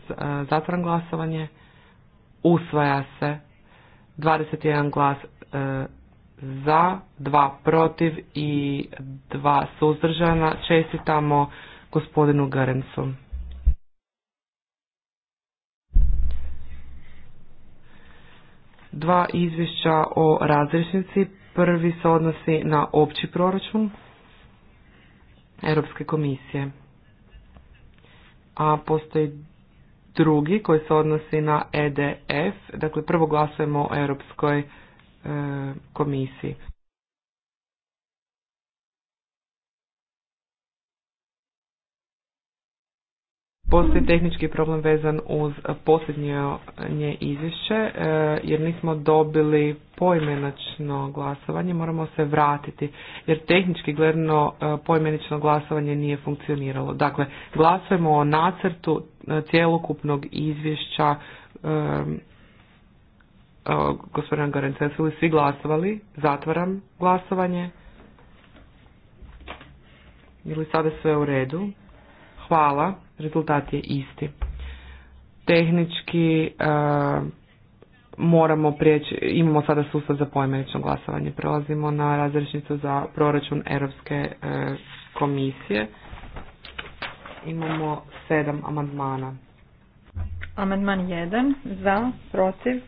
zatvaram glasovanje. Usvaja se 21 glas e, za, 2 protiv i 2 suzdržana. Čestitamo gospodinu Garencu. Dva izvješća o razrišnici. Prvi se odnosi na opći proračun Europske komisije a postoji drugi koji se odnosi na EDF, dakle prvo glasujemo o Europskoj e, komisiji. Postoji tehnički problem vezan uz posljednje izvješće, e, jer nismo dobili poimenačno glasovanje, moramo se vratiti, jer tehnički gledano e, poimenično glasovanje nije funkcioniralo. Dakle, glasujemo o nacrtu e, cjelokupnog izvješća gospodina Garenca. Su li svi glasovali? Zatvaram glasovanje. Ili sada sve u redu? Hvala rezultat je isti. Tehnički e, moramo prijeći, imamo sada sustav za pojmenično glasovanje. Prelazimo na razrešnicu za proračun Europske e, komisije. Imamo sedam amandmana. Amandman 1 za, protiv,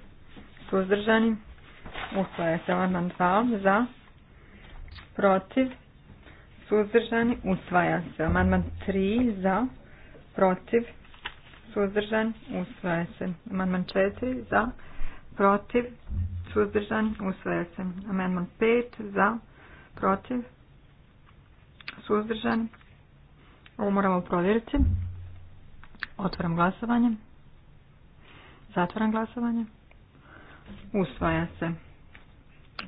suzdržani, usvaja se. Amandman 2 za, protiv, suzdržani, usvaja se. Amandman 3 za, protiv, suzdržan, usvaja se. Amandman 4 za, protiv, suzdržan, usvaja se. Amandman 5 za, protiv, suzdržan. Ovo moramo provjeriti. Otvaram glasovanje. Zatvaram glasovanje. Usvaja se.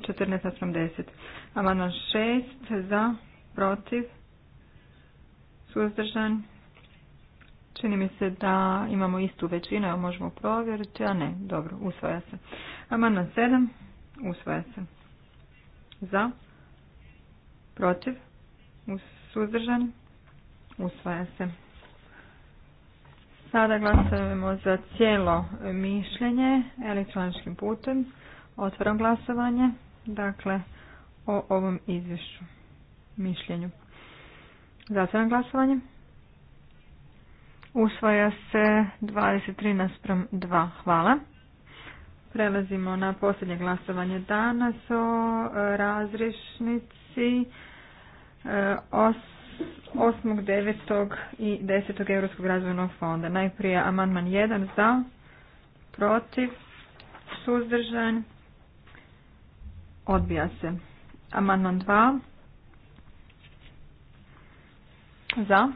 14.80. Amandman 6 za, protiv, suzdržan, Čini mi se da imamo istu većinu, evo možemo provjeriti, a ne, dobro, usvaja se. Amandman 7, usvaja se. Za, protiv, suzdržan, usvaja se. Sada glasujemo za cijelo mišljenje elektroničkim putem. Otvaram glasovanje, dakle, o ovom izvješću, mišljenju. Zatvaram glasovanje. Usvaja se 23 naspram 2. Hvala. Prelazimo na posljednje glasovanje danas o razrešnici 8. 9. i 10. Europskog razvojnog fonda. Najprije amandman 1 za, protiv, suzdržan, odbija se. Amandman 2 za,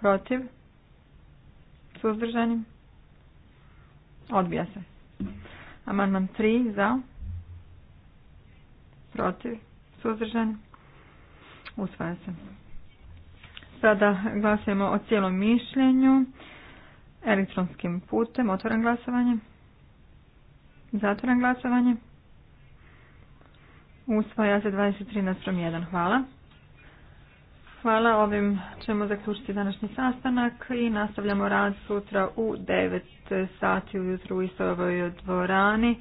Protiv? suzdržanim Odbija se. Amandman 3 za? Protiv? Suzdržani? Usvaja se. Sada glasujemo o cijelom mišljenju elektronskim putem. Otvoren glasovanje. Zatvoren glasovanje. Usvaja se 23 nasprom 1. Hvala. Hvala, ovim ćemo zaključiti današnji sastanak i nastavljamo rad sutra u 9 sati ujutru u istoj dvorani.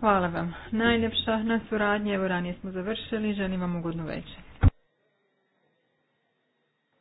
Hvala vam najljepša na suradnji, evo ranije smo završili, želim vam ugodnu večer.